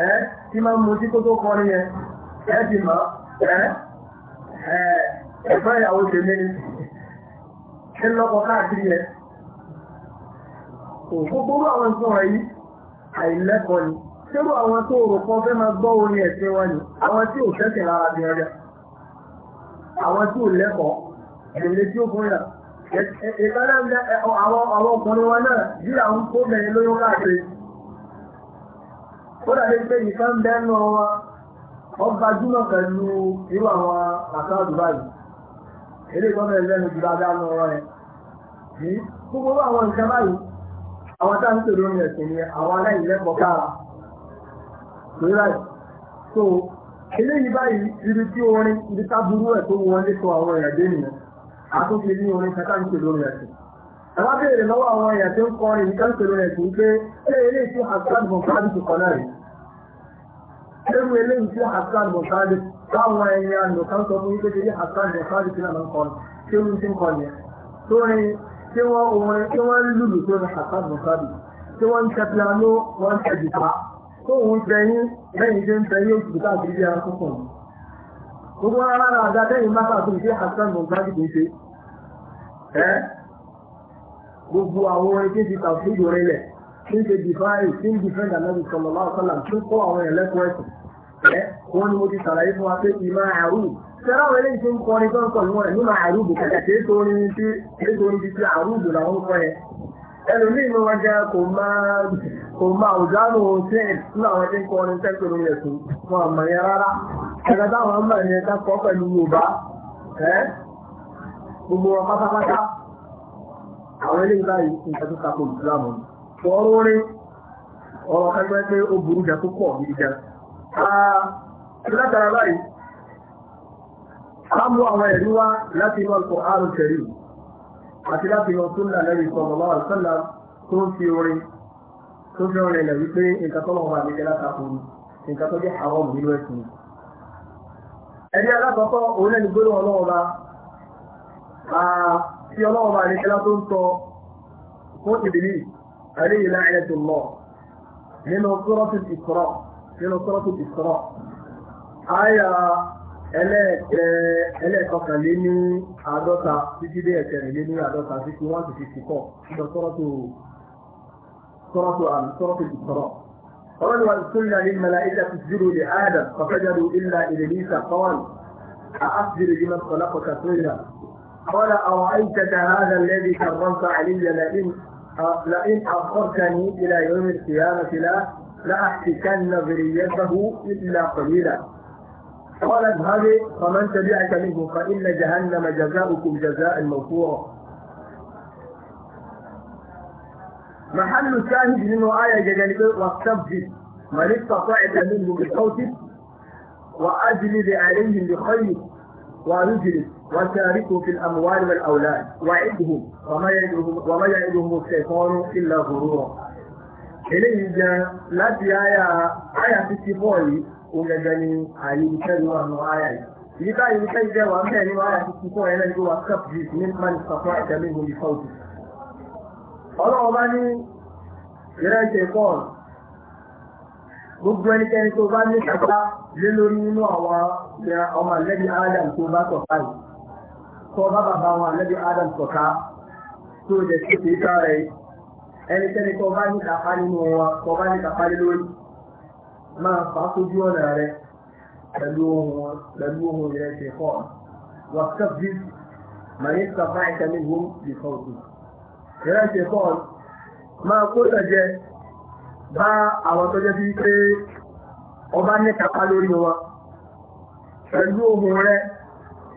ẹ tí máa ń mu tí kó tó kọrin yẹn ẹ ìyàwó tèmi ni ń lọ́kọ̀ káàkiri ẹ̀ hmm. gbogbo àwọn nǹkan wọ̀nyí àìlẹ́kọ̀ọ́ ni ṣérò àwọn tó rò kan fẹ́ máa gbọ́ orin ẹ̀sìn wọn ni àwọn tí ò tẹ́sẹ̀ rárá bí ọjà àwọn tí ò lẹ́kọ̀ọ́ èrè tí ó fún yà ìtọ́lẹ̀ àwọn ọkùnrin wọn náà bí àwọn tó bẹ̀rẹ̀ lóyún káàkiri ó dàbí pé ìfẹ́ ń bẹ́ẹ̀ nù wọn wọ́n gbajúmọ̀ pẹ̀lú irú àwọn àkáàdù báyìí eré ìtọ́lẹ̀ lẹ́nu jù dáadáa nù wọn yẹn yìí gbogbo àwọn nǹkan báyìí àwọn tá à ń pè lórí ẹ̀sìn ni àwọn aláìlẹ́kọ̀ọ́ kára lórí láì so eléyìí báyìí ibi tí orin ibi ká burú ẹ̀ tó wọlé sọ àwọn èèyàn dé nìyẹn àtúnṣe ní orin kátà ń pè lórí ẹ̀sìn àwọn abéèrè lọ́wọ́ àwọn èèyàn tó ń kọrin nǹkan pè lórí ẹ̀sìn pé ṣé eléyìí tí hasan bọ̀kárì ti kọ́ náà rí ṣé irú eléyìí tí hasan bọ̀kárì táwọn èèyàn nìkan sọ fún yín pé ṣe hasan bọ̀kárì ti náà ń kọrin ṣé irú tí ń kọrin tó rin tí wọ́n orin tí wọ́n lùlù tó ní àtàbùn sábì tí wọ́n ń tẹ piano wọ́n ń tẹ jìpa tó ń tẹ yín lẹ́yìn tí ń tẹ yóò jù káàkiri ara púpọ̀ ní. gbogbo ara rà dá lẹ́yìn mákà tó ń ṣe àtàbùn sábì tó ń ṣe. ẹ gbogbo àwọn orin tí ń fi tàbí ìdòrin lẹ̀ tí ń ṣe dìfáì tí ń dìfẹ́ǹdà náà sọ̀rọ̀ láwùsọ̀là tó kọ́ àwọn ẹ̀lẹ́kọ̀ọ́ ẹ̀sìn. Tẹ́lá àwọn eléyìí tó ń kọrin tó ń kọ ìwọ̀n rẹ̀ nínú àrùbù kẹ̀kẹ́ tí èso orin tí èso orin ti ti àrùbù làwọn kọ yẹn. Ẹlòmíì ni wọ́n jẹ́ kò máa kò máa òdánù tí ẹ̀ nínú àwọn tí kọrin tẹ́kọ̀ lórí ẹ̀sùn wọn àmọ̀ yẹn rárá. táwọn ọmọ Yorùbá gbogbo wọn pátápátá. Àwọn eléyìí báyìí Àmú àwọn ẹ̀rí wá láti inú Al-Qur'an Al-Karim àti láti inú Súnà lẹ́yìn sallallahu alaihi wasallam tó ń fi orin tó fi orin ilẹ̀ wípé nǹkan tó lọ́wọ́ àmì kẹlá takùn nǹkan tó jẹ́ àwọn nínú ẹ̀sìn. Ẹ̀rí alákọ̀ọ́kọ́ òun lẹ́nu gbóló ọlọ́ọba tí ọlọ́ọba àmì kẹlá tó ń sọ fún ìbìlì àrí ìlà ẹ̀ẹ́dùn lọ nínú Suratul Isra ẹlẹ́ẹ̀kọkànlé ní àádọ́ta títí dé ẹ̀kẹrìnlé ní àádọ́ta títí wọ́n ti fi kíkọ́ lọ sọ́rọ́tò ìsọ̀rọ̀. قال وأنزلنا للملائكة اسجدوا لآدم فسجدوا إلا إبليس قال أأسجد لمن خلقت طينا قال أرأيتك هذا الذي كرمت علي لئن لئن أخرتني إلى يوم القيامة لا لأحتكن ذريته إلا قليلا قال اذهب فمن تبعك منه فإن جهنم جزاؤكم جزاء موفورا محل الشاهد منه آية جدلية واستبدل من استطعت منه بصوتك وأجلد عليهم بخير ورجلك وشاركه في الأموال والأولاد وعدهم وما يعدهم الشيطان إلا غرورا. إليه جاء لا في آية آية 64 gẹ́gẹ́ ní ààyè iṣẹ́ ìwà àwọn àyà yìí. Ìdí táyì iṣẹ́ ìjẹ́ wà ń bẹ̀ ní àyà tuntun fún ẹ̀rẹ́ ìlú wa cup group ní man sọ̀tọ́ ìtẹ̀lé ìlú ìfọ̀ òkú. Ọlọ́run bá ní ìrẹ́jẹ̀ paul gbogbo ẹnikẹ́ni tó bá ní ṣàgbá lé lórí nínú àwọn ọmọ àlẹ́bí Adam tó bá sọ̀tá yìí. Tó bá bàbá wọn àlẹ́bí Adam sọ̀tá tó jẹ́ sí ìta rẹ̀ ẹnikẹ́ni tó bá ní kàfá nínú wọn tó bá ní kàfá lé lórí máa fà á sójú ọ̀nà rẹ pẹ̀lú ohun pẹ̀lú ohun rẹ ṣe kọ́ ọ. wàkàtà bí màá yẹ kàfá ìkànnì ìhó ìkọ̀ òkú. ìrẹ́ ṣe kọ́ ọ máa kó ìtàjẹ bá àwọn tó jẹ́ bí pé ọba ní kápá lórí wọn pẹ̀lú ohun rẹ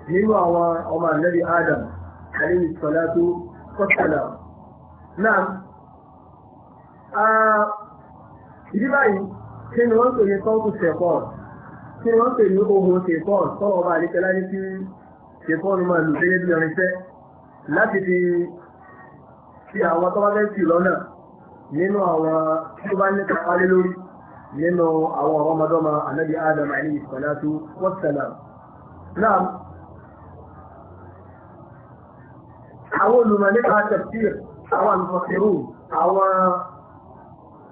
nínú àwọn ọmọ àlẹ́bí Adam àlẹ́bí sọ̀lá tó kọ́sàlá náà ìdí báyìí kí ni wọ́n pè ní sọ́ọ̀tù ṣẹ̀pọ̀ kí ni wọ́n pè ní ohun ṣẹ̀pọ̀ sọ́wọ́ bá àdíkẹ́ láyé tí ṣẹ̀pọ̀ ní máa lù gẹ́gẹ́ bí ọrinṣẹ́ láti fi fi àwọn tó bá fẹ́ sí lọ́nà nínú àwọn tó bá ní kápálé lórí nínú àwọn ọ̀rọ̀ ọmọdọ́mọ anábì adam àní ìsọ̀látú wọ́sẹ̀lá náà àwọn olùmọ̀ nípa tẹ̀síìr àwọn àlùfọ̀ṣẹ̀rù àwọn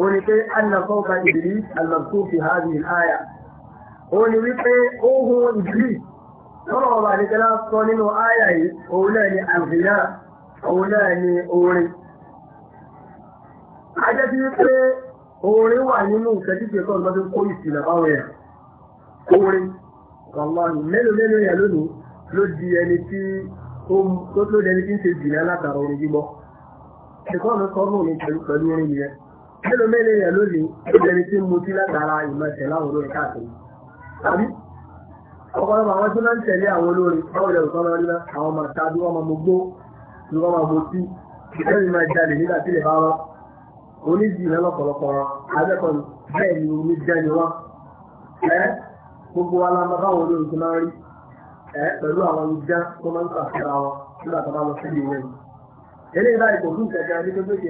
ó ní pé annafọ́ka ìdìrí alàtúfi hàbí àyà ó ní wípé ohun ìdìrí tọ́rọ ọba àdíkẹ́lá sọ nínú àyà yìí òun náà ni àgbìyà òun náà ni orin a jẹ́ sí wípé orin wà nínú ìṣẹ́díje kan tó kó ìsìnà báwọn yà orin wàláhì mélòó mélòó yà lónìí ló di ẹni tí mélòó mélòó yẹn lónìí ẹni tí mo ti látara ìmọ̀ ẹ̀sẹ̀ láwọn olórin káàkiri àbí ọ̀pọ̀lọpọ̀ àwọn tí wọ́n ń tẹ̀lé àwọn olórin báwo lẹ́rù kan lọ́rí náà àwọn ọmọ àta bí wọ́n máa mo gbó bí wọ́n máa mo tí ìtẹ́rì máa jalè nígbà tí lè bá wọn oníjì náà lọ́pọ̀lọpọ̀ wọn abẹ́kọ̀ọ́ bẹ́ẹ̀ ni omi jẹ́ ni wọ́n ẹ́ gbogbo wa lámọ́ tó ń kà síra wọn nígbà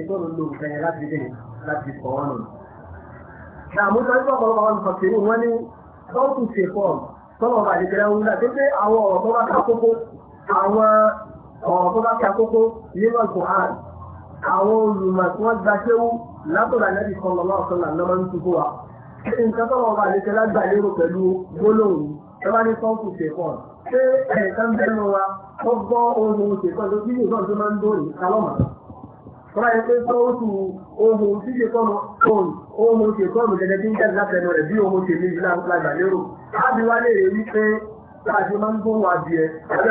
tó bá lọ láti sọ wọn nù. Àmúta nípa ọ̀pọ̀lọpọ̀ àwọn olùfọ̀sẹ̀rù wọn ní sọ́ọ̀tù ṣe fọ́ọ̀mù tọ́lọ̀ ọba àdìkẹ́lẹ́ wúlá pépé àwọn ọ̀rọ̀ tó bá ká kókó àwọn ọ̀rọ̀ tó bá ká kókó nínú ọ̀sùn àn àwọn olùmọ̀ tí wọ́n gba séwú látọ̀dà nẹ́bí sọ̀rọ̀ lọ́sọ̀rọ̀ làná máa ń tukú wa. Nǹkan tọ́lọ̀ ọba àdìkẹ́lẹ́ gbà lérò pẹ̀lú gbólóhùn ẹ bá ní sọ́ọ̀tù ṣe fọ́ọ̀mù ṣé ẹ̀ẹ̀kan bẹ́ẹ̀ wa ó gbọ́ ohun ṣe fọ́ọ̀mù tó bí yóò tọ́lá yẹn pé sọ́ọ̀tù ohun tí ṣe ohun ohun ṣe tọ́nu gẹ́gẹ́ bí ń tẹ̀lé látẹnu rẹ̀ bí ohun ṣe ní ìlà gbàgbà lérò láti wá lè rí pé bá máa ń gbóhùn adìẹ ni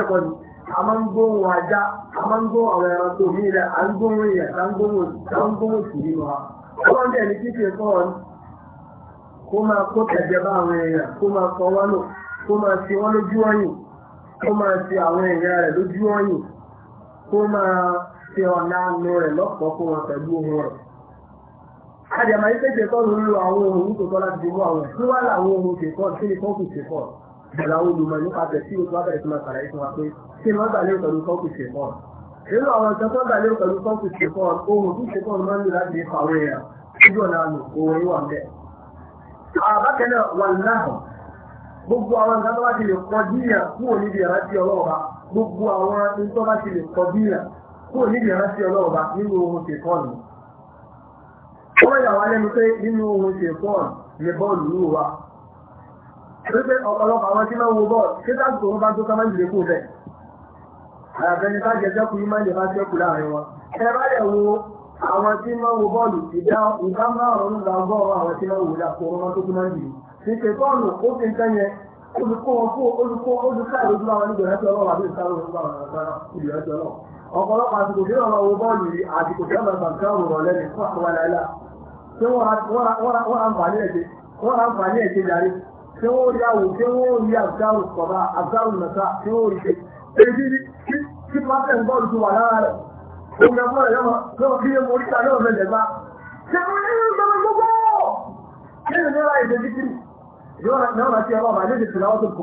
a máa ń gbóhùn ajá a máa ń gbóhùn àwọn ẹranko mi rẹ̀ à ń gbóhùn èèyàn a ń gbóhùn à ń gbóhùn sí nínú wa. ọlọ́run dẹ̀ ní kíkẹ́ fọ́ọ̀n kó máa kó bá àwọn èèyàn kó máa ṣe ọ̀nà àánú rẹ̀ lọ́pọ̀ fún wọn pẹ̀lú ohun rẹ̀. Àjẹ̀mọ̀ yìí pèsè tọ́ lórí àwọn ohun tó tọ́ láti dìbò àwọn tí wá làwọn ohun ṣèkọ́ sí ní kọ́ọ̀kù ṣèkọ́. Bẹ̀rẹ̀ àwọn olùmọ̀ nípa bẹ̀ sí oṣù abẹ́rẹ́ tí máa ṣàlàyé fún wa pé kí ni wọ́n gbà lérò pẹ̀lú kọ́ọ̀kù ṣèkọ́. Nínú àwọn ìṣẹ́ tó gbà lérò pẹ̀lú kọ́ọ̀kù ṣèkọ́, ohun tí ṣèkọ́ máa ń lò láti kúrò níbi ìrántí ọlọ́ọ̀bá nínú ohun ṣe kọ́ọ̀nù. Wọ́n yà wá lẹ́nu pé nínú ohun ṣe kọ́ọ̀nù ni bọ́ọ̀lù yóò wá. Ṣé pé ọ̀pọ̀lọpọ̀ àwọn tí máa ń wo bọ́ọ̀lù ṣé táàbù tó ń bá tó ká máa ń jìlé kú bẹ̀? Àyàfẹ́ni bá jẹ jẹ́kù yìí máa ń lè máa jẹ́kù láàrin wọn. Ẹ bá yẹ̀ wo àwọn tí máa ń wo bọ́ọ̀lù ìdá ìdá márùn-ún la bọ́ọ̀lù àwọn tí máa ń wò dà kó wọn tó kú máa ń jìlé. Ṣèṣe bọ́ọ̀lù ó fi nǹkan yẹn olùkọ́ olùkọ́ olùkọ́ àlejò àwọn onígbẹ̀rẹ́ tí ọlọ́run àbí ìsáwọ́ ìgbà wọn ọ̀pọ̀lọpọ̀ àsìkò tí wọ́n wọ bọ́ọ̀lù yìí àsìkò tí wọ́n bá nǹkan rò rọ̀lẹ́ ní fún àwọn aláìlá tí wọ́n àǹfààní ẹ̀jẹ̀ wọ́n àǹfààní ẹ̀jẹ̀ jàre tí wọ́n rí àwò tí wọ́n rí àbúdáwò sọ̀rọ̀ àbúdáwò nàta tí wọ́n rí ṣe èyí ni kí pàtẹ́ bọ́ọ̀lù tó wà lára rẹ̀ òun yẹ bọ́ọ̀lù yọmọ lọ́wọ́ kí yẹn morí ta yóò fẹ́ lẹ́gbá ṣe mo ní ìgbàlẹ̀ gbogbo kí ni nira èdè títí yóò rántí ọlọ́run àdéhùn ìfìlà ọ̀tún kù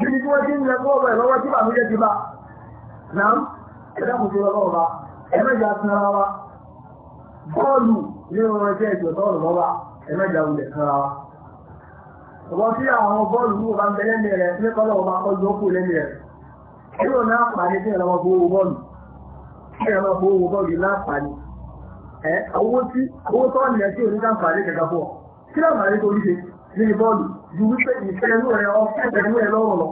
níbi tí wọ́n ti ń lẹ bọ́ọ̀lù ẹ̀ lọ́wọ́ tí bàmíjẹ́ ti bá náà ẹ̀dá kò bá ẹ̀mẹ́jà sanra wa bọ́ọ̀lù ní ọmọ ẹgbẹ́ ìjọ tọ́ọ̀lù lọ́wọ́ ẹ̀mẹ́jà wulẹ̀ sanra wa. ọ̀pọ̀ sí àwọn bọ́ọ̀lù ní ọba bẹ lẹ́nu rẹ̀ ní kọ́lọ̀ ọba kọjú kú lẹ́nu rẹ̀ èyí ò náà pàdé kí ẹ̀rọ gbowó bọ́ọ̀lù kí ẹ̀rọ gbowó bọ́ọ̀lù náà pàdé ẹ̀ owó tí owó tọ́ọ̀lù yẹn tí oníkàǹfààní kẹ̀kẹ́ fún ọ kí náà pàdé tó ní ṣe nínú bọ́ọ̀lù ju wípé ìfẹ́nú rẹ̀ ọ̀kẹ́bẹ̀ẹ́nú ẹ̀ lọ́wọ́ lọ.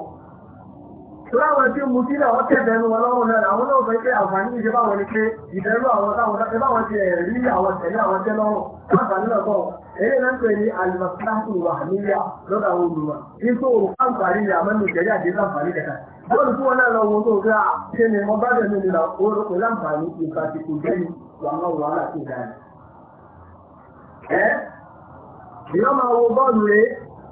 Láwọn tí mú sí náà ọ̀kẹ́bẹ̀ẹ́nú wọn lọ́wọ́ náà àwọn náà fẹ́ pé àǹfààní ìṣe báwọn ni pé ìbẹ̀rù àwọn táwọn dákẹ́ báwọn ti rí àwọn tẹ̀lé àwọn tẹ́ lọ́rùn láǹfààní náà bọ̀. Èyí náà ń pè ní alimọ̀síláṣù wà níyà lọ́dọ̀ àwọn olùmọ̀. Iṣó àǹfààní ni àmọ́ nìjẹ́rí àdé láǹfààní kẹta. Bọ́ọ̀lù tí wọ́n náà lọ wọn tó gbé a ṣe ni wọ́n bá bẹ̀rẹ̀ nínú ìlànà pẹ̀lú àǹfààní ìgbà tí kò jẹ́ ni wàhálà wàhálà tó dáa. Ẹ́ ìyọ́ máa wo bọ́ọ̀lù rèé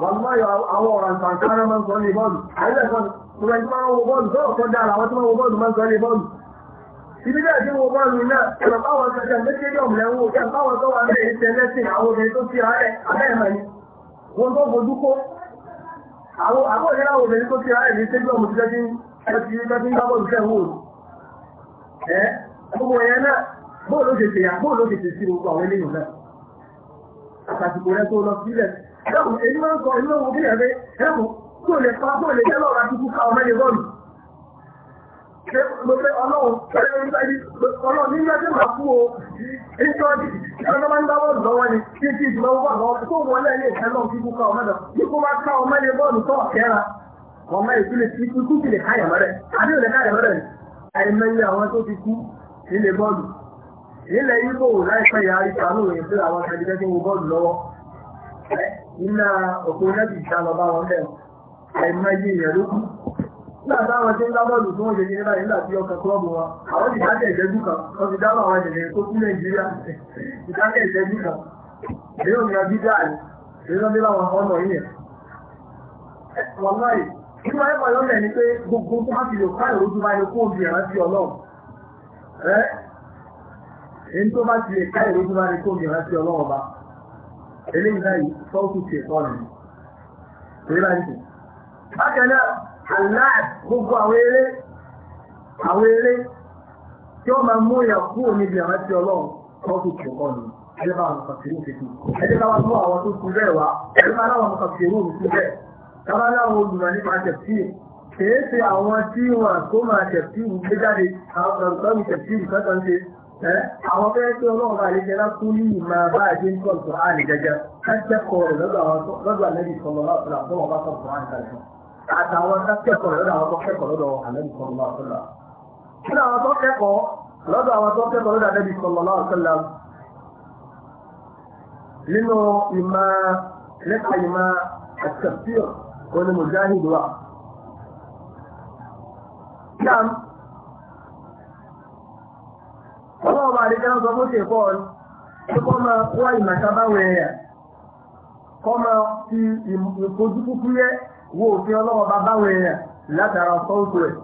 Wọ́n máa yọ àwọn ọ̀ràn tàǹkárá máa ń sọ ní bọ́ọ̀lù. Àìlẹ̀ kan, mo rẹ̀ tí máa ń wo bọ́ọ̀lù tó ọ̀kan dára àwọn tí máa ń wo bọ́ọ̀lù máa ń sọ ní bọ́ọ̀lù. Ibi náà tí wo bọ́ọ̀lù náà, ẹ̀rọ báwọn sọ̀tẹ̀ méjèèjì lẹ́wọ́, ẹ̀rọ báwọn tó wà ní ìṣẹ́ lẹ́sìn àwọn obìnrin tó fi ààrẹ abẹ́ẹ̀mọ̀ ni. Wọ́n tó fojú kó. Àwọn àkọ́ọ̀lẹ́ra obìnrin tó fi ààrẹ ní ṣẹ́jú ẹ̀dọ́kùn èyí máa ń sọ inú owó bí ẹ̀rẹ́ ẹ̀kùn tó lè pa tó lè jẹ́lọ́ ra kíkú ká ọmọ ẹ̀yẹ bọ́ọ̀lù. Ṣé mo fẹ́ ọlọ́run pẹ̀lú ẹ̀rọ ọlọ́run ní ilé ẹjọ́ o ìtọ́jú ìtọ́jú máa ń dáwọ́ lọ́wọ́ ni kí kí ìdúró wà lọ́wọ́ tó wọlé ẹ̀yẹ ìtẹ́lọ́ kíkú ká ọmọ ẹ̀dọ̀ kíkú wá ká ọmọ ẹ̀yẹ bọ́ọ̀lù tó ọ̀kẹ́ra ọmọ ìtúlẹ̀ kíkú sì lè káyà mọ́rẹ̀ àbí òlẹ̀ káyà mọ́rẹ̀ àìmọye àwọn tó ti kú nílé bọ́ọ̀lù nílẹ̀ yíbo láìpẹ́ yà á rí sàánù èyí sí àwọn akadẹ́gbẹ́ tó ń bọ́ọ̀lù lọ́wọ́ iná òkú lẹ́bí ìta lọ bá wọn bẹ̀rẹ̀ ẹ̀mọ iye èèyàn ló kú nígbà táwọn tí ń gbá bọ́ọ̀lù tó wọ́n ṣe ní nígbà nígbà tí ọkàn klọ́ọ̀bù wọn àwọn ti dákẹ́ ìṣẹ́jú kan wọ́n ti dábọ̀ àwọn ènìyàn tó kú nàìjíríà ẹ̀kọ́ yóò lẹ̀ ní pé gbogbo tó bá ti lò káyọ̀ lójú bá yẹ kó o bìyànjú sí ọlọ́run ẹ̀ èyí tó bá ti lè káyọ̀ lójú bá yẹ kó o bìyànjú sí ọlọ́run eléyìí báyìí sọ́ọ̀tù ṣe tọ́nù ní báyìí bákan náà aláà gbogbo àwọn eré àwọn eré tí ó máa mú ìyà kúrò níbi àwọn tí ọlọ́run sọ́ọ̀tù ṣe tọ́nù ẹjẹ́ bá wọn kàfìrú fèsì ẹjẹ́ bá wọn mú àwọn tó kú bẹ́ẹ̀ wá ẹjẹ́ bá láwọn kàfìrú fèsì bẹ́ẹ̀ tábà láwọn olùmọ̀ nípa tẹ̀sí kèé ṣe àwọn tí wọn kó máa tẹ̀sí gbé jáde àwọn kàfìrú tẹ̀sí ìfẹ́ àwọn fẹ́ tí ọlọ́run bá lè jẹ́lá fún ní ìmọ̀ bá àjẹ́ ń kọ́ ìtọ́ àrùn jẹjẹ kẹ́kẹ́kọ̀ọ́ rẹ̀ lọ́dọ̀ àlẹ́bí sọ̀rọ̀ láàpùlà tó wọ́n bá kọ́ ìtọ́ àrùn jẹjẹ àtàwọn kẹ́kẹ́kọ̀ọ́ rẹ̀ lọ́dọ̀ àwọn tó kẹ́kọ̀ọ́ lọ́dọ̀ àlẹ́bí sọ̀rọ̀ láàpùlà kí làwọn tó kẹ́kọ̀ọ́ lọ́dọ̀ àwọn tó kẹ́kọ̀ọ́ lọ́dọ̀ àlẹ́bí sọ̀rọ̀ láàpùlà nínú ìmọ̀ nípa ìmọ̀ àtẹ̀fíọ̀ onímọ̀jáhìdì ọlọ́ọ̀bà àdíkẹ́ ọ̀sọ̀ fún ṣe pọ̀ ní kọ́ máa wá ìmàṣà báwọn èèyàn kọ́ máa fi ìfojú kúkú yẹ wo òfin ọlọ́ọ̀bà báwọn èèyàn látara sọ́ọ̀tù ẹ̀.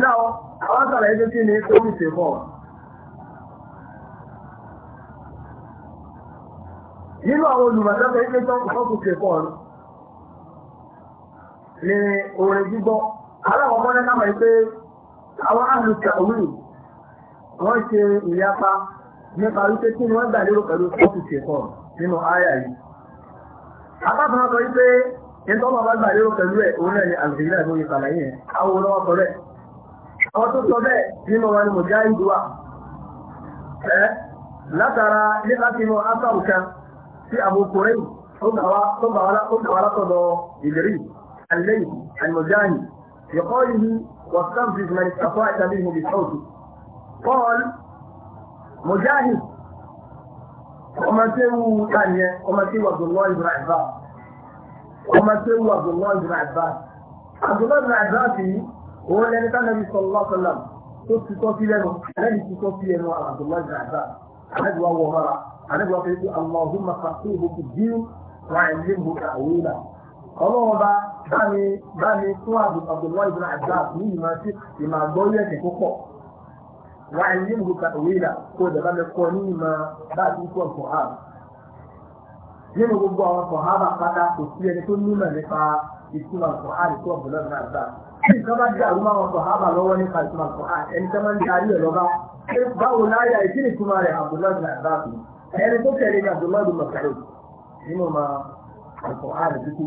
náà àwọn sàlàyé tó kí ni tó ń ṣe pọ̀. nínú àwọn aláwọ̀ mọ́lẹ́ náà wáyé pé àwọn àrùn kàwé wọ́n ṣe ìyapa nípa wípé kí wọ́n gbà lérò pẹ̀lú sọ́ọ̀tù ṣẹ̀kọ́ nínú àyà yìí. Apákan sọ wípé ìtọ́mọ̀ bá gbà lérò pẹ̀lú ẹ̀ òun náà ni àgbègbè náà lórí ìpàlàyé yẹn, àwọn olówó sọ bẹ́ẹ̀. Àwọn tó sọ bẹ́ẹ̀ nínú wọn ni Mùjá ń duwà. Ẹ látara ní láti inú Ásáwù kan sí Abu Kurayb tó gbà wá látọ̀dọ̀ ìlérí, àlẹ́yìn, àlùmọ̀jáàyìn. بقوله واستنفذ من استطعت منه بصوته قال مجاهد وما سوى ثانية وما سوى عبد الله بن عباس وما سوى عبد الله بن عباس عبد الله بن عباس هو الذي كان النبي صلى الله عليه وسلم tóbi tó fi lẹ́nu alẹ́ni tí tó fi lẹ́nu abdullahi bin abbas alẹ́ni wa wọ̀ mọ́ra alẹ́ni wa fi ṣe allahumma fàtúhù fi ọlọ́run bá báni báni fún Abdullahi ibn Abbas ní ìmọ̀ sí ìmọ̀ àgbọ́rí ẹ̀sìn púpọ̀ wà ní ìlú kàwéèrà kó o dàbá mi kọ́ ní ìmọ̀ bá a ti kọ́ Kùránì. nínú gbogbo àwọn Sàhábà pátá kò sí ẹni tó nímọ̀ nípa ìtumọ̀ Kùránì tó Abdullahi ibn Abbas. bí ìjọba dé àwọn ọmọ Sàhábà lọ́wọ́ nípa ìtumọ̀ Kùránì ẹni tó máa ń darí ẹ̀ lọ́ba báwo láyà ìdílé ìtumọ̀ rẹ̀ Abdullahi ibn Abbas ẹni tó tẹ̀lé ní Abdullahi ibn Mas'ud nínú ma Kùránì dúkú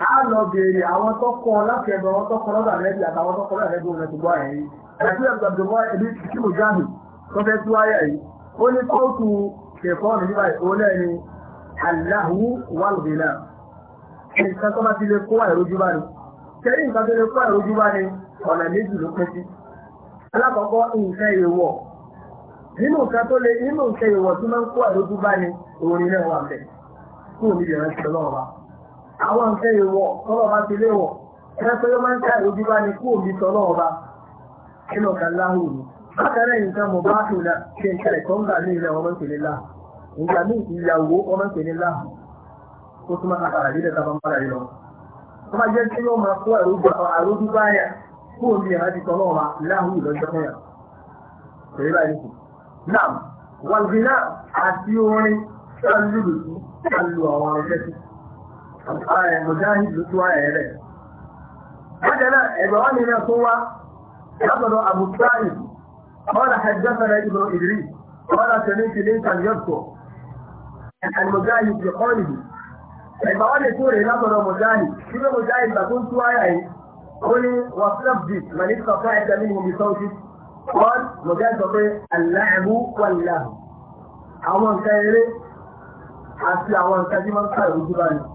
a lọ bèèrè àwọn tó kọ́ láti ẹ̀bọ̀ àwọn tó kọ́ lọ́dà lẹ́bí àtàwọn tó kọ́ lọ́dà lẹ́bí òun ẹ̀tùgbọ́ ẹ̀yìn àti ẹ̀gbàgbọ́ ẹ̀bí tí mo jáde tó fẹ́ tí wáyà yìí ó ní kóòtù kẹfọ́ ní nígbà ìkólẹ́ ni aláhu wàlùbìnà nǹkan tó bá ti lè kó àìrójú bá ni kẹ́yìn nǹkan tó lè kó àìrójú bá ni ọ̀nà méjì ló pẹ́ sí alákọ̀ọ́kọ́ nǹkan èèwọ̀ nínú nǹkan tó lè nínú nǹkan èèwọ̀ tó máa ń kó àìrójú bá ni òun ni náà wà bẹ̀ kúrò níbi ìrántí ọlọ́run wa àwọn nke èèwọ̀ tọ́lọ̀ bá ti léwọ̀ ẹ̀rẹ́fẹ́ máa ń ojú bá ní ọba nǹkan mọ̀ bá ṣe ń kẹlẹ̀ tó ń gbà ní ilẹ̀ ọmọ ìpele lá ìgbà ní ìyàwó ọmọ ìpele lá ó tún máa kàkàrà lílẹ̀ tàbá ń lọ. wọ́n máa jẹ́ kí máa kó àròjú kú òbí ọba ìlọ́jọ́ mujahid ló tó ayẹ rẹ̀. Bákan náà ẹgbẹ́ wọn nínú tó wá lábọ̀dọ̀ Abu Sa'id قال حدثنا ابن إدريس قال سمعت ليثا يذكر المجاهد بقوله ẹ̀bà wọ́n lè tó rè lábọ̀rọ̀ mọ̀jáàlì tí ó mọ̀jáàlì gbà tó ń tú ayà yìí ó ní wàfúlọ́bì màní kọ̀ọ̀kan ẹ̀dá nínú omi sọ́ọ́sì àwọn nǹkan eré àti àwọn nǹkan tí wọ́n ń kà lójú báyìí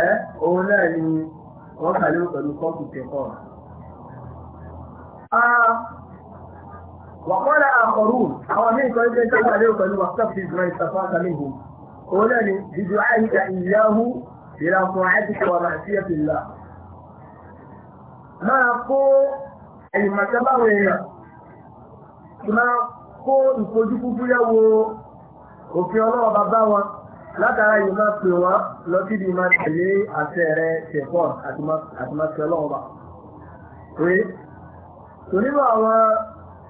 ẹ́ òun náà ni wọ́n kà lérò pẹ̀lú kọ́ọ̀kù tẹ̀kọ́. wàkọ́lá àkọ̀rù àwọn mí nǹkan jẹ́ tó kà lérò pẹ̀lú wàkọ́ọ̀kù ìgbìmọ̀ ìsàfà kàmíhù òun náà ni dídú àyíká ìyáhù ìlànà àdìsí wà máa sí ẹ̀fìlà. máa kó àyùmọ̀tẹ́ báwọn èèyàn máa kó ìfojúkúkú yẹ wo òfin ọlọ́wọ́ bàbá wọn látara yìí máa pè wọ́n lọ sí ibi máa tẹ̀lé àṣẹ rẹ ṣẹ̀fọ́n àti máa tẹ̀lé ọlọ́ọ̀bà. Pé tò nínú àwọn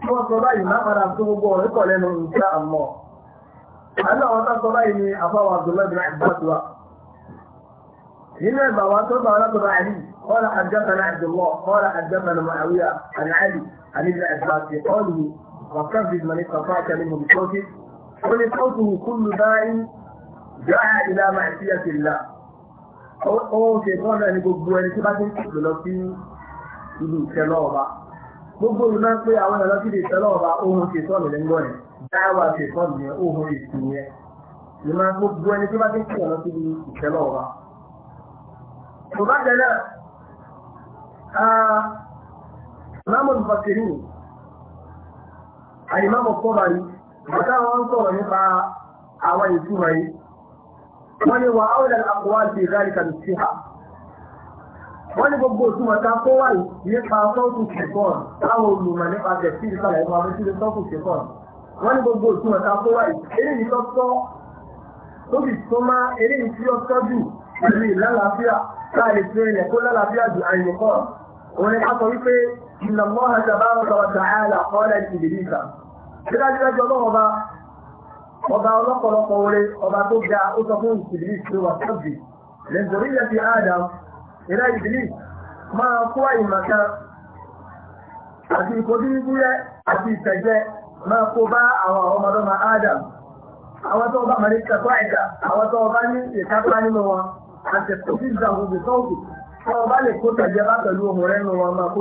tí wọ́n sọ báyìí máa padà tó gbogbo ọ̀rẹ́ kọ̀ lẹ́nu ìṣẹ́ àmọ́. Àlọ́ àwọn tá sọ báyìí ni àfáwọn Abdullahi bin Abbas wa. Nínú ẹ̀bà wa tó bá wọn látọ̀ bá Ali, kọ́lá Adjọ́sánà Abdullah, kọ́lá Adjọ́sánà Màáwíyà, àni Ali, àni Ibn Abbas, kọ́lù, wàkàbí Mani Safa Kalimu Bikọ́sí, ó ní kọ́tù kúlù báyìí dáhà ìlà máa ti yà sí là ó ṣe tán náà ní gbogbo ẹni tí bá ti ń kìlọ̀ lọ sí ìlú ìṣẹ̀lọ̀ ọba gbogbo ìlú náà pé àwọn ìlọ sí ìlú ìṣẹ̀lọ̀ ọba ohun ṣe tán nìyẹn gbọ́ yẹn dáhà ṣe tán nìyẹn ohun èsì yẹn ìmọ̀ gbogbo ẹni tí bá ti ń kìlọ̀ lọ sí ìlú ìṣẹ̀lọ̀ ọba. kò bá tẹ̀lé Ìmáàmù Bàkìrì, àìmáàmù Kọ́bàrí, bàtà wọn sọ̀rọ̀ nípa àwọn ìtumọ̀ yìí wọ́n ní wà áwọ̀dà àbúwá sí ìdáríkà ní síhà wọ́n ní gbogbo òtúmọ̀ tá kó wà nípa sọ́ọ̀tù ṣẹ̀kọ́n táwọn olùmọ̀ nípa tẹ̀sí ìsàlẹ̀ ẹ̀kọ́ abẹ́sílẹ̀ sọ́ọ̀tù ṣẹ̀kọ́n wọ́n ní gbogbo òtúmọ̀ tá kó wà eré ní tọ́tọ́ tó sì tó má eré ní tí ó tọ́jú pẹ̀lú ìlàlàáfíà tá a lè fi ilẹ̀ kó lálàáfíà ju àyìnbọn òun ni a sọ wípé ìnàmọ́ àjàbá ọba ọlọ́pọ̀lọpọ̀ orí ọba tó ga ó sọ fún ìbílí tó wà lẹ́gbọ̀rí yẹn ti Adam ìrẹ́ ìbílí máa kó àyìnmọ̀ká àti ìkọdúnrúgbúrẹ́ àti ìtẹ̀jẹ́ máa kó bá àwọn ọmọdọ́mọ Adam àwọn tó bá mọ̀lẹ́ kẹfọ́ ẹ̀dá àwọn tó bá ní ìkápá nínú wọn àti kòtí ìdàgbò ìsọ́ọ̀bì tó bá lè kó tẹ̀jẹ́ bá pẹ̀lú ohun rẹ̀ nínú wọn máa kó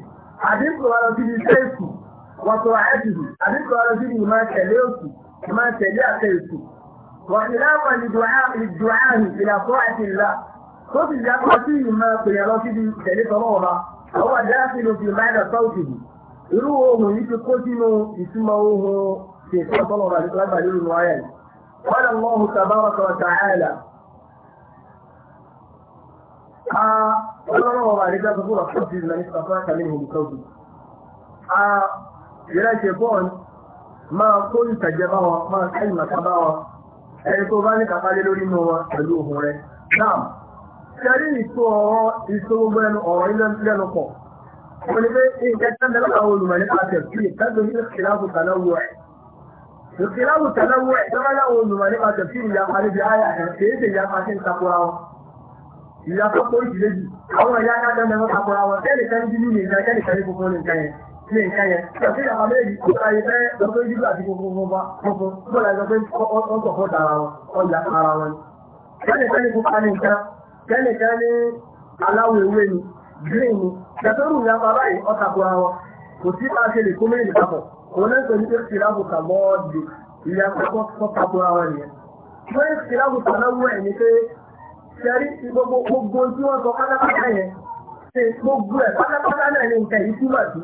àdínkù ọ̀rọ̀ síbi iṣẹ́ èkù wọ̀tọ̀ àẹ́jìdì àdínkù ọ̀rọ̀ síbi ìmọ̀ tẹ̀lé òkù ìmọ̀ tẹ̀lé àtẹ èkù wọ̀tìláwọ̀ ìdùáhì ìlàfọ́ àti ìlà tó sì jápọ̀ sí ìmọ̀ pèèyàn lọ síbi tẹ̀lé tọ́lọ́ ọba àwọn àdáyàfínú fi máìnà sọ́ọ̀tì irú ohun yìí ti kó sínú ìtumọ̀ ohun tètè tọ́lọ́ ọlọ́wọ́ wà nígbà tó fúnra fún jìnnà ní sàfà kàmí ní ìkọ́jú. a yẹra ṣe bọ́ máa kó ìtàjẹ bá wọn máa ká ìmọ̀ta bá wọn ẹni tó bá ní kàfá lé lórí inú wọn pẹ̀lú ohun rẹ̀ náà ṣẹ́rí ìtò ọ̀rọ̀ ìtò gbogbo ẹnu ọ̀rọ̀ ilé lẹ́nu pọ̀ ó ní pé nǹkan tẹ́ mẹ́lá àwọn olùmọ̀ nípa tẹ̀sí ìtẹ́gbẹ̀ ní ìkìláàbù tànáwó ẹ̀ ìkìláàbù tànáwó ẹ̀ tẹ́mẹ́lá ń takora ìyàtọ̀ pé oríṣi méjì àwọn ìyá adájọ́ mẹ́fọ́ àpọ̀ra wọn tẹ́lẹ̀ kan bí nínú ìgbà tẹ́lẹ̀ kan ní gbogbo ní nǹkan yẹn ní nǹkan yẹn tọ́sí àwọn méjì tó ayé fẹ́ lọ́pẹ́ yíjú àti gbogbo gbogbo funfun tó lọ sọ pé ó sọ̀fọ́ dára wọn ó yà ara wọn. tẹ́lẹ̀ kan ní pupa ní nǹkan tẹ́lẹ̀ kan ní aláwọ̀ ewé ni green ni tẹ̀sọ́rù ní afárá yìí a ṣe lè kó méjì papọ̀ òun náà sọ ní pé kìláàbù kà bọ́ọ̀dì ìyàtọ̀ tó takura wọ́n ẹ̀ ní pé Ṣẹ̀rí ti gbogbo gbogbo tí wọ́n sọ pátápátá yẹn ṣe gbogbo ẹ̀ pátápátá náà ni nǹkan yìí túmọ̀ sí.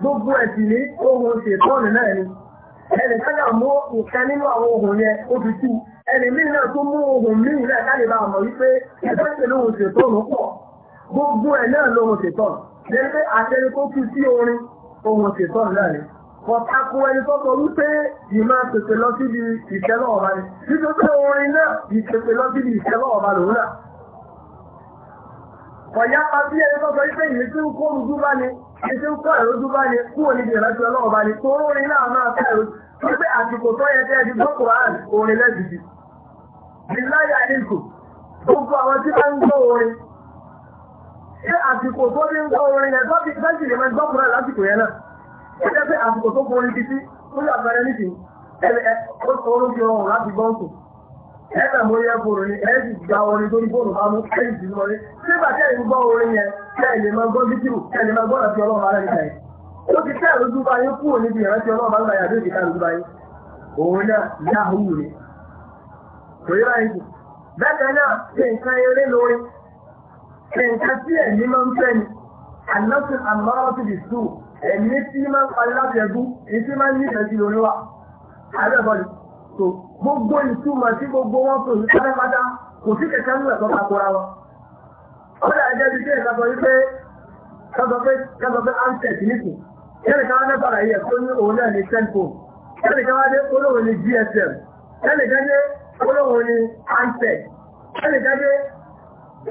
Gbogbo ẹ̀ sì ní ohun ṣètọ́nù náà ni. Ẹnì kan náà mú nǹkan nínú àwọn ohun yẹn ó fi tú. Ẹnì míì náà tó mú ohun míì náà káyè bá mọ̀ wípé ẹgbẹ́ ṣe lóhun ṣètọ́nù pọ̀. Gbogbo ẹ̀ náà lóhun ṣètọ́nù. Lẹ́gbẹ́ àtẹnikó fi sí orin ohun ṣètọ́nù náà ni. Kọ̀tàkù ẹni tó sọ wípé ìmá pèsè lọ síbi ìṣẹ́lọ̀ ọ̀bá ni. Títí pé orin náà ìpèsè lọ síbi ìṣẹ́lọ̀ ọ̀bá lòun náà. Kọ̀yá pa sí ẹni tó sọ wípé ìyẹn tí ń kó ojú bá ni, ìyẹn tí ń kọ́ ẹ̀rọ ojú bá ni, kúrò níbi ìrántí ọlọ́wọ́ bá ni, tó orin náà máa fẹ́ ẹ̀rọ. Wípé àsìkò tó yẹ kẹ́ ẹ ti gbọ́ Kùrán orin lẹ́sìtì. Ìláyà ìkù, gbogbo àwọn tí wọ́n ń gbọ́ orin. Ṣé àsìkò tó ti ń gbọ́ orin yẹn tó ti fẹ́ sì lè máa gbọ́ Kùrán lásìkò yẹn náà? e pé àsìkò tó borí bí sí lórí àgbẹ̀rẹ̀ nìkì oorun fi rọrùn láti gbọ́n sùn ẹ̀ẹ́dà mo yẹ fòrò ní ẹ̀ẹ́dì gba orin tó ní bá mú nígbà tí ẹ̀yìn gbọ́ orin yẹn kẹ́ẹ̀ lè máa gbọ́ bíkìrù kẹ́ẹ̀ lè máa gbọ́ ọ̀rọ̀ ya tí ẹ̀mí máa ń fẹ́ ni àlọ́sùn ẹ̀mí tí máa ń parí láti ẹ̀gún èyí tí máa ń nífẹ̀ẹ́ sí lórí wa àbẹ́bọ̀lì tó gbogbo ìtumọ̀ tí gbogbo wọn tó ní pátápátá kò sí kẹ̀kẹ́ ń lẹ̀ tó bá kóra wọn. ó dà jẹ́ bí kéèyàn sọ wípé sọ pé sọ pé ansẹ̀t nìkù kẹ́lì kan wá dábàrà yẹ tó ní òun náà ní cellphone kẹ́lì kan wá dé olóhùn ní GSM kẹ́lì kan dé olóhùn ní ansẹ̀t kẹ́lì kan dé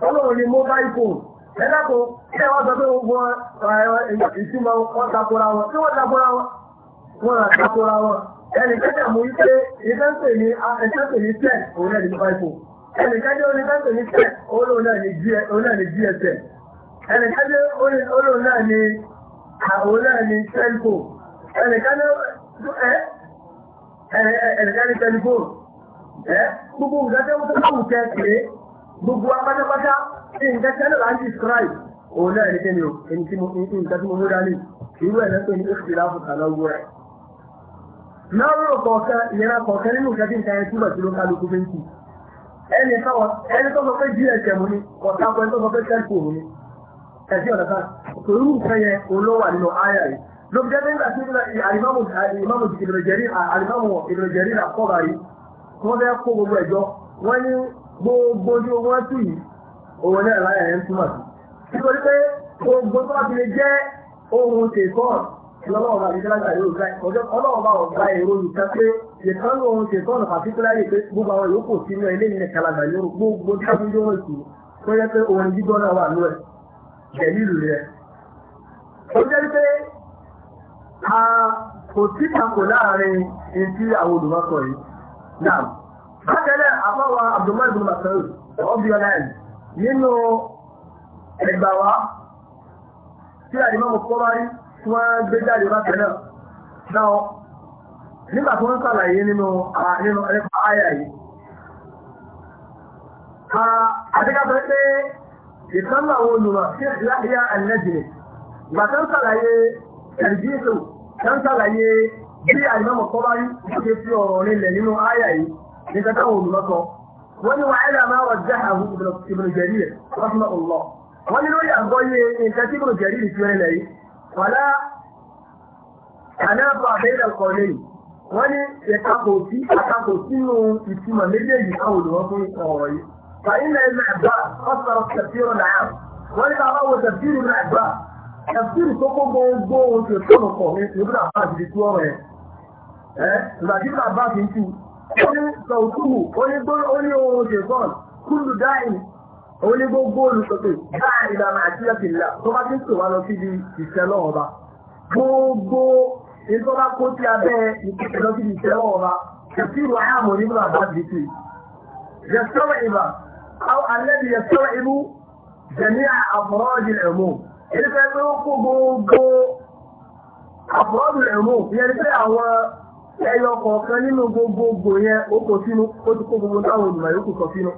olóhùn ní mobile phone ẹ̀dá kan Ṣé wọ́n sọ pé gbogbo ìtumọ̀ wọn takora wọn? Ṣé wọ́n takora wọn? Wọ́n rà takora wọn. Ẹnì kẹ́kẹ́ mú ike ìtẹ́sẹ̀ ní ẹ̀tẹ́sẹ̀ ní tẹ̀ òun náà ní fáìfò. Ẹnì kẹ́kẹ́ onítẹ́sẹ̀ ní tẹ̀ olóòun náà ní GSM. Ẹnì kẹ́kẹ́ olóòun náà ní àwọn náà ní tẹ́lifò. Ẹnì kẹ́kẹ́ ní tẹ́lifò. Gbogbo ìdájọ́ wọn tó kọ̀ wù kẹ́kẹ́ gbogbo apátápátá ní ìdájọ́ náà láti describe òun náà ní kéde o ẹni tí mo ní nǹkan tí mo mú dání irú ẹ̀ lẹ́pẹ́ ní oṣù láàbù kàlá owó rẹ̀. lọ́rọ̀ kọ̀ọ̀kan ìyẹra kọ̀ọ̀kan nínú nǹkan tí nǹkan yẹn túbọ̀ sí ló kálukú fi ń kì. ẹni tó sọ pé gsm ni ọ̀tá pẹ́ tó sọ pé tẹ́lifù ni ẹ̀sìn ọ̀nà kan torí nǹkan yẹn òun ló wà nínú áyà yìí ló fi jẹ́ nígbà tí alimamu ìdìrẹ̀jẹ̀rí alimamu ìdìrẹ̀jẹ̀rí rà kọ́ra yìí wọ́n fẹ́ kó gbogbo ẹ̀jọ́ wọ́n ní gbogbo ní owó ẹ̀ tù yìí òun náà láyà yẹn túmọ̀ sí nítorí pé gbogbo tó ti lè jẹ́ ohun ṣètọ́n lọ́wọ́ bá ìjọba ìgbà yóò gbà ọjọ́ ọlọ́wọ́ bá ọ̀gá èrò olùkẹ́ pé ìkan ní ohun ṣètọ́n pàtíkúláyè pé gbogbo àwọn yòókù sínú ilé ìrìn kalagbà yóò gbogbo dábí yóò sì tó yẹ pé ohun jíjọ́ náà wà lóẹ̀ pẹ̀lú ìlú rẹ̀. ó jẹ́ pé a kò sí tako láàrin etí àwọn olùmọ̀sọ̀ yìí náà. bákan náà àbáwa Abdullahi bin Mas'ud ọ̀bí ọ̀la nínú ẹgbà wá tí àdìmọ́mù kọ́bárí tí wọ́n gbé jáde bá tẹ̀lẹ̀ náà nígbà tó ń sàlàyé nínú ẹ̀fà àyà yìí àdíkàtọ̀ pé ìsánlá àwọn olùmọ̀ sí ìlàhíyà ẹ̀lẹ́jìnì ìgbà tó ń sàlàyé ẹ̀lẹ́jìnì tó ń sàlàyé bí àdìmọ́mù kọ́bárí ṣe fi ọ̀rọ̀ nílẹ̀ nínú àyà yìí ní kẹta olùmọ̀ sọ wọ́n ni wàhálà máa wà jáhà ibùdó jẹ̀rí rẹ̀ wọ́n wọ́n ní lórí àgbọ́yé nǹkan tí kò jẹ̀rí ìfi rẹ̀ yìí wàlá àlẹ́bọ̀ àbẹ́lẹ̀ kọ̀ lẹ́yìn wọ́n ní ìtakò sí àtakò sínú ìtumọ̀ méjèèjì káwọn olùwọ́n fún ọ̀rọ̀ yìí fàyínà ilẹ̀ ẹ̀gbà ọ̀sọ̀rọ̀ tẹ̀síìrì náà wọ́n ní bàbá wo tẹ̀síìrì náà ẹ̀gbà tẹ̀síìrì tó kó gbogbo oṣù tónù kọ̀ ní ìbúdà bá ti di tú ọ̀rọ̀ yẹn ẹ̀ ìgbà tí bàbá fi ń tú ó ní sọ̀tù ó ní gbọ́n ó ní ohun ṣèkọ́n kúlù dáìn onu ní gbogbo olùsọ̀tò láàrin ìlànà àjíyàfìlà tó bá ti ń tòwá lọ síbi ìṣẹ́ lọ́wọ́ ọba gbogbo ètò kó tí abẹ́ ìpínlẹ̀ nínú gbogbo kọ̀ọ̀kan nínú gbogbogbò yẹn ó kó sínú ó ti kó gbogbo táwọn olùmọ̀ yókù sọ sínú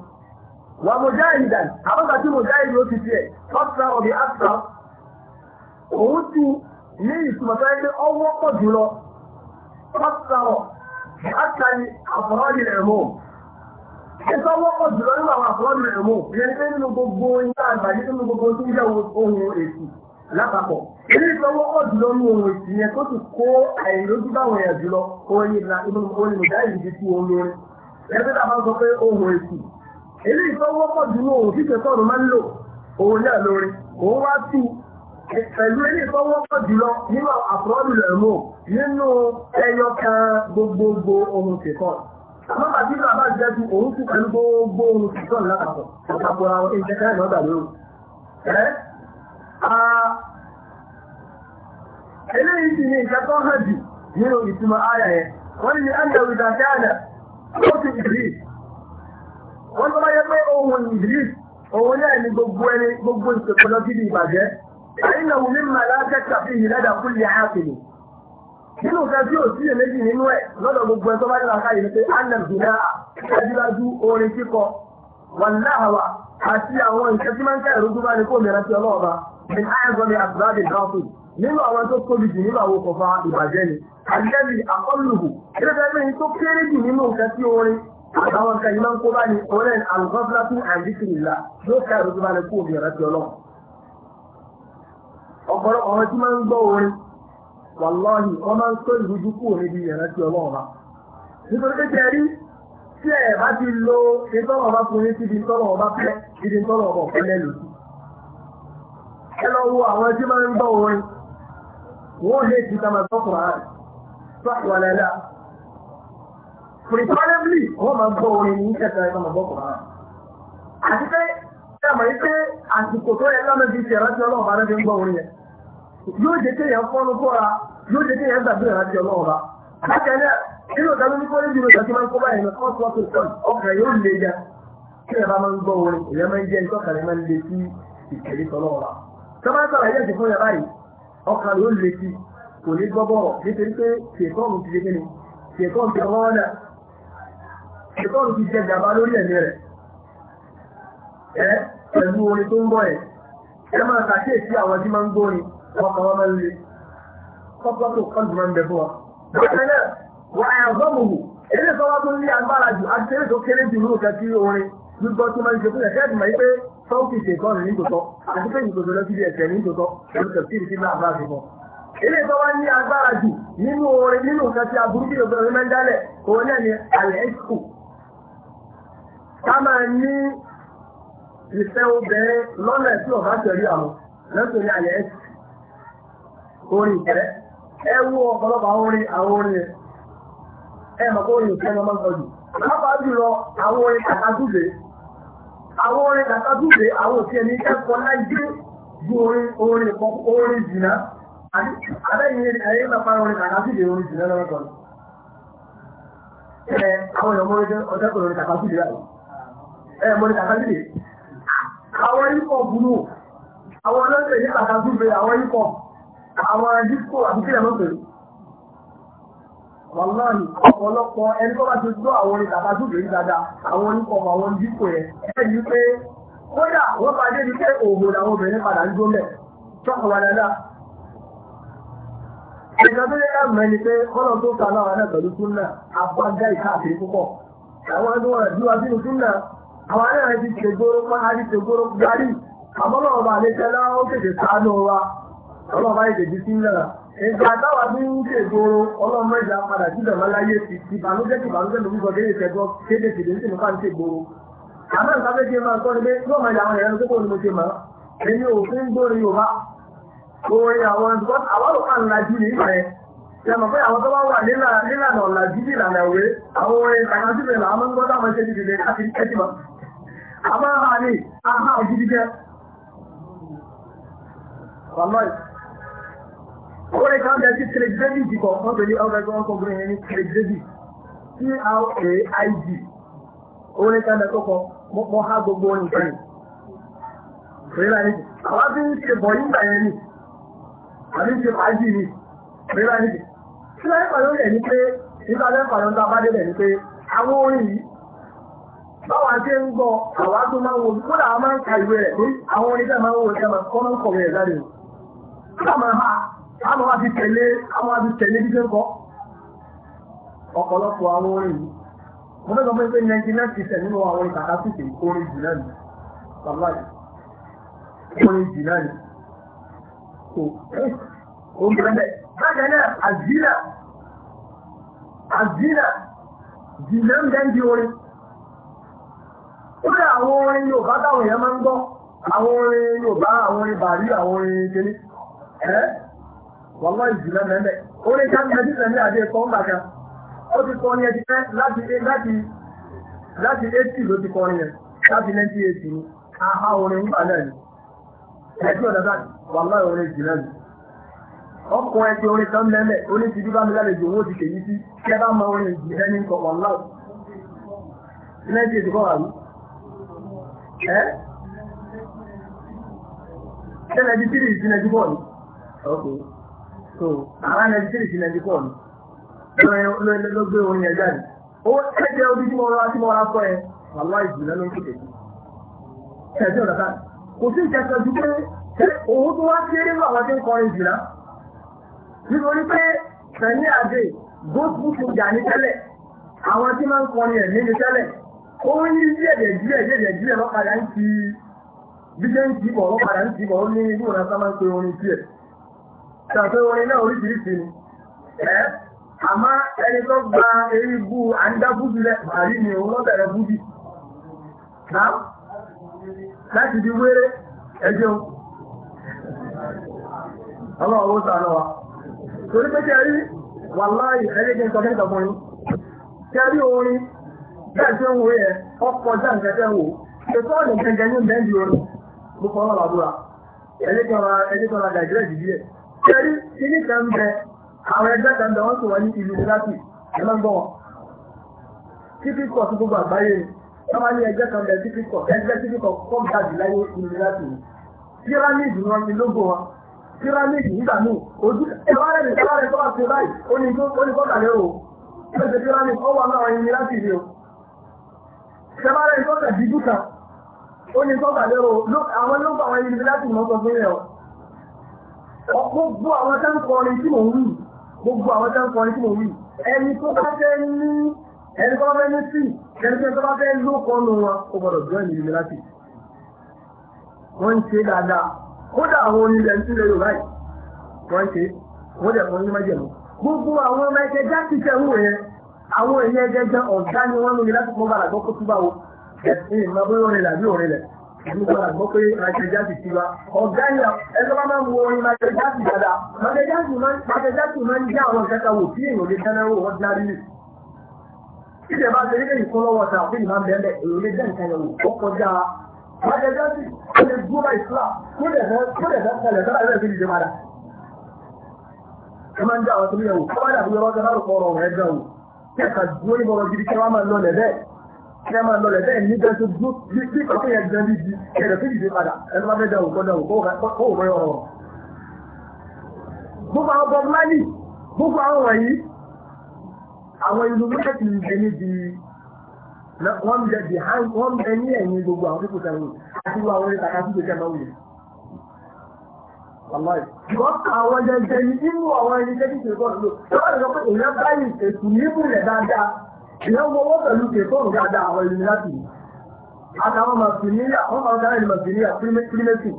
wà mọ̀jáìdà àbọ́gbà tí mọ̀jáìdì ó ti tiẹ̀ ọ́sà ọ̀bì àṣà òun ti ní ìtumọ̀ tó yẹ ọwọ́ pọ̀ jùlọ ọ́sà ọ̀bì àṣà ni àfọ̀rọ́dì rẹ̀ mọ́ ẹ̀sọ́ wọ́pọ̀ jùlọ nínú àwọn àfọ̀rọ́dì rẹ̀ mọ́ ìyẹn pé nínú gbogbo ìta àgbàdì nínú gbogbo tó jẹ́ ohun èsì lápapọ̀ ilé ìfọwọ́ pọ̀ jùlọ ní ohun èsì yẹn tó ti kó àìlójú báwọn èèyàn jùlọ orin ìlà ìmọ̀ orin ìdáyìí ti tú orin ẹgbẹ́ tá a bá sọ pé ohun èsì ilé ìtọ́wọ́ pọ̀ jù òun títẹ̀ tọ́rù máa ń lò òun náà lórí òun wá tú pẹ̀lú ilé ìtọ́wọ́ pọ̀ jùlọ nínú àpọ̀lù n'inu nínú ẹyọ kan gbogbogbò ohun tìkọ́ àmọ́ bàbí bàbá jẹ́ ju òun tú pẹ̀lú gbogbo ohun tìkọ́ lápapọ̀ àpapọ̀ àwọn ìjẹ́ káyọ̀ náà dàbí òun. eléyìí sì ni ìjẹ́ tó hàn jù nínú ìtumọ̀ ayà wọ́n ní wọ́n tó bá yẹ pé ohun ìdílé òun náà ni gbogbo ẹni gbogbo ìpèkọ́ lọ síbi ìbàjẹ́ àyínà wù mí mà láńkẹ́ tàbí ìrẹ́dà fún ilẹ̀ ààfin nínú nǹkan tí ò sí èméjì nínú ẹ̀ lọ́dọ̀ gbogbo ẹni tó bá ní làákà yìí pé anam dùnà dájúdájú orin kíkọ wàláhàwà àti àwọn nǹkan tí máa ń kẹ́rù tó bá ní kó mìíràn sí ọlọ́ọ̀ba ní àyẹ̀gọ́ni àbúrádì gáfù nínú àwọn tó tóbi jù nínú àwọn òkòfà ìbàjẹ́ ni àjẹ́bì àkọlùhù kí ló fẹ́ àwọn nǹkan yìí máa ń kó bá ní ọ̀rẹ́ àlùfáfúlá fún àìdíkìrìlá yóò ká ìròyìn bá lè kó òbí ọ̀rẹ́ ti ọlọ́run ọ̀pọ̀lọpọ̀ àwọn tí máa ń gbọ́ orin wàlọ́ọ̀hì wọ́n máa ń tó ìrújú kúrò níbi ìrántí ọlọ́run bá nítorí pé tẹ rí tí ẹ bá ti lo ìtọ́nà ọba fún yín síbi ìtọ́nà ọba fẹ́ síbi ìtọ́nà ọba ọ̀fẹ́ lẹ́nu ẹ lọ wo ti tàmà sọ́kùnrin rẹ̀ sọ́kùnrin rẹ̀ preferably wọ́n máa gbọ́ orin ní kẹta ẹgbẹ́ máa gbọ́ kọ̀ náà. àti pé ṣé àmọ̀ yìí pé àsìkò tó yẹ lọ́nà bíi ti ìrántí ọlọ́run bá lọ́dẹ ń gbọ́ orin yẹn yóò jẹ́ kéèyàn fọ́nú fọ́ra yóò jẹ́ kéèyàn gbàgbé ìrántí ọlọ́run bá. àtàkẹ́lẹ́ nínú ìdájọ́ ní kọ́lé jùlọ ìdájọ́ máa ń kó báyìí lọ fọ́ọ̀tù ọ̀tù sọ̀rọ̀ ọkàn yóò le ja kí ẹ bá máa ń gbọ́ orin ìyẹn máa ń jẹ́ ìtọ́kàlẹ̀ máa ń le sí ìkẹ́lẹ́ tọ́lọ́run bá. sọ́mọ́ sọ̀rọ̀ ayé ẹ̀sìn fún yàrá yìí ọkàn yóò le sí kò ní gbọ́ bọ̀ nítorí pé ṣètọ́ọ̀mù ti ṣe kí ìtọ́nù ti jẹ gàba lórí ẹ̀mí rẹ̀ ẹ pẹ̀lú orin tó ń bọ̀ ẹ̀ ẹ máa ṣàkíyèsí àwọn tí máa ń gbórin ọkọ̀ wọn máa ń le kọ́kọ́ tó kọ́ jùlọ ń bẹ fún wa. bákan náà wà á yà gbọ́ mùwù eré tó wá tó ní agbára jù àti eré tó kéré jù lóòkà sí orin gbígbọ́ tó máa ń ṣe fún ẹ̀kẹ́ ìgbìmọ̀ yìí pé sọ́ọ̀kì ṣe ìtọ́nù ní tòótọ́ àti pé ìtòótọ́ lọ síbi ẹ̀sẹ̀ ní tòótọ́ pẹ̀lú a ti fọ́. eré tó wá ní agbára jù nínú orin nínú nǹkan tí aburú bí òbẹ̀rẹ̀ mẹ́ńdálẹ̀ òun náà ni àlẹ́ ẹ̀kú kama máa ní ìfẹ́ obìnrin lọ́nà tí ọ̀bá tẹ̀lé àwọn lẹ́tọ̀ ní àyẹ̀ orin ìfẹ́ ẹ ọ̀pọ̀lọpọ̀ àwọn àwọn orin ẹ mọ̀ ìfẹ́ lọ́mọ́ sọ́jù lápá jùlọ àwọn àwọn àwọn òfin ẹni kẹ́kọ̀ọ́ ju àbẹ́yìn ẹ̀ eh, mọ́ ní kàkàtìlẹ̀ àwọn ikọ̀ burú àwọn ọlọ́sẹ̀ ní kàkàtìlẹ̀ àwọn ikọ̀ àwọn dípò àbíkílẹ̀ mọ́pẹ̀ wàláàrí ọ̀pọ̀lọpọ̀ ẹni tó bá ti gbọ́ àwọn ìtàkàtúgbè ní dáadáa àwọn oníkọ̀ àwọn dípò ẹ̀ ẹ̀ yìí pé kódà wọ́n bá dé ní pé òògùn làwọn obìnrin padà ń gbómẹ̀ tọ́kọ̀ wà dáadáa ìjọ tó yẹ láàmú ẹni pé kọ́lọ̀ tó kà náà wà náà pẹ̀lú túnà àbájá ìkáàkiri púpọ̀ àwọn ẹni tó wà àwọn náà ti ṣègbóró párí ṣègbóró gbárí àbọ́lọ́ọ̀bà àlẹ́tẹ́lá ó tètè sáánú wa ọlọ́ọ̀bá ìdèjì sí náà ìgbà táwa bí ń ṣègbóró ọlọ́mọ ìjà padà sí ìdàmọ́ láyé ti ìbànújẹ́ ti ìbànújẹ́ lórí sọ kéde ìṣẹ́gbọ́ kéde ìṣèlú sí nípa ń ṣègbóró àmọ́ nǹkan fẹ́ ṣe máa sọ ni pé yóò máa yàwọn ìrẹnu kókó mo ṣe Yorùbá orin àwọn àwọn ńlájú ní yàmọ̀ pé àwọn tó bá wà nílànà ọ̀làjú àwọn orin ń gbọ́dọ̀ àwọn ti dìde àbára ní àhá òjìdí jẹ́ wàlọ́ì ó lè ká bẹ̀rẹ̀ sí tẹ̀lẹ̀dẹ́bì jìkọ̀ wọ́n pẹ̀lú ọgbẹ̀gbẹ̀ ọkọ̀ obìnrin ní tẹ̀lẹ̀dẹ́bì c-r-a-i-d ó lè ká bẹ̀rẹ̀ kọ́kọ́ mọ́ ha gbogbo nǹkan ní rírà ní àwọn tí ń ṣe bọ̀ yígbà yẹn ní àbí ṣe fàájì ní rírà ní sílẹ̀ ìpàdé ní pé nígbà lẹ́pàdé ń ta bá débẹ̀ ní pé àwọn orin yìí Báwa ṣe ń gbọ́, àwa tó máa ń wo, kódà àwọn máa ń ka ìwé rẹ̀ pé àwọn oníṣẹ́ máa ń wo ìṣẹ́ máa kọ́ máa ń kọ̀wé ẹ̀ jáde. Kódà máa ha, àmọ́ wá fi tẹ̀lé, àmọ́ wá fi tẹ̀lé bí ṣe ń kọ́. Ọ̀pọ̀lọpọ̀ àwọn orin yìí. Mo fẹ́ sọ pé pé ninety nine percent nínú àwọn orin kàkà sì kìí orin jù náà ni. Bàbá yìí, orin jù náà ni. Kò ó ń bẹ̀rẹ̀. Bákan náà, àzínà, àzínà, jìnnà ń bẹ́ẹ̀ di orin àwọn orin Yorùbá táwọn èèyàn máa ń gbọ́ àwọn orin Yorùbá àwọn orin bàrí àwọn orin kiri ẹ́ wọ́n lọ́ ìjìnlẹ̀ mẹ́mẹ́ orin kámẹ́jì lẹ́mí àdé kọ́ńbà kan ó ti kọ́ ní ẹni pẹ́ láti láti láti eighty ló ti kọ́ ní ẹ láti ninety eight ni aha orin nígbà náà ni ẹ̀jẹ̀ ọ̀dà sáà wọ́n lọ́ orin ìjìnlẹ̀ mi ọkùn ẹgbẹ́ orin kan lẹ́lẹ̀ oní ti bíbá mi lálejò owó ti kèyí sí kí ẹ bá mọ orin ìjìnlẹ̀ ní kọ̀ọ̀kan láwù. Ilé ìjì ìdíkọ̀ wà wí ẹ́ ṣe lẹ́jí tírì sí lẹ́jí bọ́ọ̀lù ok so àwọn lẹ́jí tírì sí lẹ́jí bọ́ọ̀lù ló gbé orin ẹ̀ jáde ó ẹ̀jẹ̀ orí tí mo rọra tí mo rọra sọ ẹ wàlúwà ìjìnlẹ̀ ló ń kéde ṣẹ̀jẹ̀ ọ̀dàta kò sí ìkẹ́kẹ́ ju pé òun tó wá kéré lọ àwọn tí ń kọrin jìnnà nítorí pé sẹ́ni àdé gbóṣùkú jà ní tẹ́lẹ̀ àwọn tí máa ń kọrin ẹ̀ níbi tẹ́lẹ̀ onye ní díẹ̀ díẹ̀ díẹ̀ díẹ̀ lọ́kadà ń ti bíjẹ́ ń ti bọ̀ lọ́kadà ń na bọ̀ ó ní irú ọ̀nà sábà na pe orin díẹ̀ ṣàfẹ́ orin náà gba láti di wéré ẹjọ́ ọlọ́ owó sàánà wa torí pé kẹrí wàláì ẹ̀rí bẹ́ẹ̀ tí ń wo yẹ ọkọ̀ já nǹkan tẹ́ wò ètò ọ̀nà kẹjẹ ní bẹ́ẹ̀dì orin ló fọ́ lọ́wọ́ àbúrà ẹ̀lẹ́tọ̀ra dàgírẹ́ ìdílé kẹrí kíní kan bẹ àwọn ẹgbẹ́ kan bẹ wọ́n tó wọ́n ní ìlú láti ẹlọ́gbọ́n wọn kíkí kọ̀ sí gbogbo àgbáyé wọ́n máa ní ẹgbẹ́ kan bẹ kíkí kọ̀ ẹgbẹ́ kíkí kọ̀ kọ́ gàdì láyé ìlú láti pírámìdì wọn ni lógo wọn pírámìdì nígbà míì ojú ẹwàrẹ́ nìkan rẹ̀ tó wà sí báyìí ó ní kọ́ gàdé o ó Ṣẹ́bára ìtọ́ta dídú kan, ó ní tọ́ta lérò, àwọn ló àwọn ibi láti mọ́ sọ fún ẹ̀ ọ́. Gbogbo àwọn tẹ́ǹkọrin tí mò ń wí, gbogbo àwọn tẹ́ǹkọrin tí mò ń wí, ẹni tó bá fẹ́ ní ẹni tó bá fẹ́ ní sí, ẹni tó bá fẹ́ ló kọnu wọn, ó gbọdọ̀ jọ ìlú ibi láti. Wọ́n ń ṣe dáadáa, kódà àwọn onílẹ̀ ń túlẹ̀ yóò báyìí, wọ́n ń ṣe, wọ́n dẹ̀ fún ní májẹ̀mú. Gbogbo àwọn ọmọ ẹgbẹ́ jákìtẹ̀ wù yẹn, àwọn ẹ̀yẹ gẹ́gẹ́ ọ̀gá ni wọ́n lóye láti mọ́bàrà gbọ́ kó túbà o ẹ̀sìn ìmọ̀ bóyá orin làbí orin lẹ̀ ìmúgbàrà gbọ́ pé májèjáde ti wa ọ̀gá ìyà ẹgbẹ́ bá máa ń wo orin májèjáde dada májèjáde máa ń jẹ́ àwọn ìkẹta wò tí èèyàn lè dáná wò wọ́n dárí lè. ìjẹ́ bá ṣe nílé ìfọlọ́wọ́ ta òfin ìmọ̀ bẹ́ẹ̀ èèyàn lè dẹ́n kan yẹ̀wò ó kọjá májèjáde ó lè dúró bá ìfúlà tó dẹ̀ fẹ́ tẹ̀lẹ̀ sára ilé ìfẹ́ ìjẹ́ kẹta dúró ní bọ̀rọ̀ gidi kẹwàá máa lọ lẹ́bẹ̀ kẹwàá máa lọ lẹ́bẹ̀ nígbà tó dúró bí bí kọ́kọ́ yẹn gan bíbi ẹ̀rọ tó dìde padà ẹni máa fẹ́ da òkọ́ da òkọ́ kó o rẹ ọ̀rọ̀. gbogbo àwọn Bob Marley gbogbo àwọn wọ̀nyí àwọn ìlú mẹ́tẹ̀ẹ̀tì ìgbé níbi wọ́n bẹ ní ẹ̀yìn gbogbo àwọn pípọ̀ sẹ́wọ̀n àti Ìwọ́n ka àwọn jẹjẹ ní nínú àwọn ẹni jẹ́jì tó gbọ́n lò. Ìwọ́n lè sọ pé èèyàn báyìí ètò níbùlẹ̀ dáadáa. Ìyẹn wọwọ́ pẹ̀lú kẹfọ́ọ̀rù dáadáa àwọn ìlú láti. Àtàwọn màsìlíyà, wọ́n máa ń darí màsìlíyà fílẹ́sì.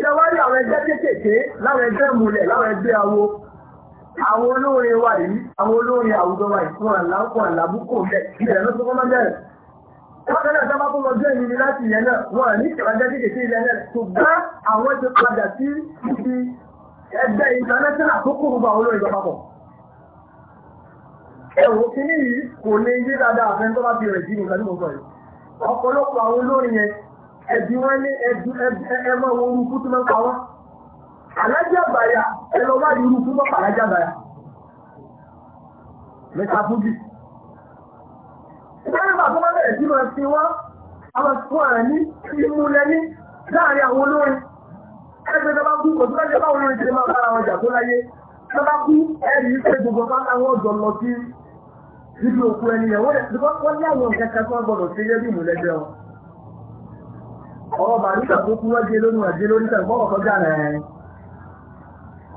Àwọn ẹgbẹ́ kéékèèké láwọn ẹgbẹ́ múlẹ̀ láwọn ẹgbẹ́ awo àwọn olórin wà yìí àwọn olórin àwùjọ wà yìí fún àlákùn àlàbùkù rẹ̀ ilẹ̀ ló tó kọ́mọ́ bẹ̀rẹ̀ Ìpàdánà sábà fún ọjọ́ ìlú ni láti ilẹ̀ náà wọ́n ní ìpàdé kéèkéé ilẹ̀ náà ṣùgbọ́n àwọn ti padà sí ibi ẹgbẹ́ international tó kó gbogbo àwọn olórin papọ̀. Ẹ̀wọ̀n kìíní yìí kò lè yé dáadáa àfẹ́ tó bá fi rẹ̀ sí nǹkan tí mo sọ yìí. Ọ̀pọ̀lọpọ̀ àwọn olórin yẹn ẹ̀bí wọ́n ní ẹ̀mọ́ orúkú tó máa ń pa wọ́n alájàbàyà ẹlọ wá ní irú fún mọ́pà alájàbàyà mẹ́ta fújì ìgbẹ́rẹ́bà tó wọ́n bẹ̀rẹ̀ sí máa fi wọ́n àwọn tó rẹ̀ ní ìmúlẹ̀ ní láàrin àwọn olórin ẹgbẹ́ tó bá kú kò tó bá jẹ́ bá olórin ti máa bára wọn jà tó láyé tó bá kú ẹ̀rí ìfẹ́ gbogbo bá àwọn ọ̀dọ́ wọ́n ní àwọn kẹta tó gbọdọ̀ sí yẹ́ bí ìmúlẹ̀gbẹ́ rẹ̀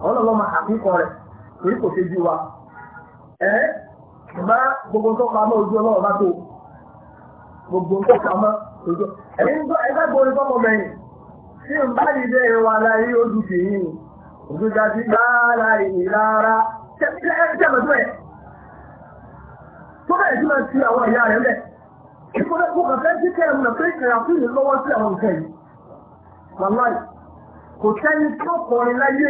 àwọn náà rẹ̀ torí kò ṣe wa ẹ̀ ṣùgbọ́n gbogbo tó pamọ́ ojú bá tó gbogbo tó pamọ́ ojú ẹ̀yìn tó ẹgbẹ́ gbòòrò fọ́mọ mẹ́yìn tí n bá yìí bẹ́ẹ̀ wà láyé ojú tèyí ojú jáde lára ìlara tẹ́mẹ̀tẹ́mẹ̀ tó bẹ̀rẹ̀ sí ti àwọn ìyá rẹ̀ mẹ́ pé lọ́wọ́ sí àwọn kò sẹ́ni tó kọrin láyé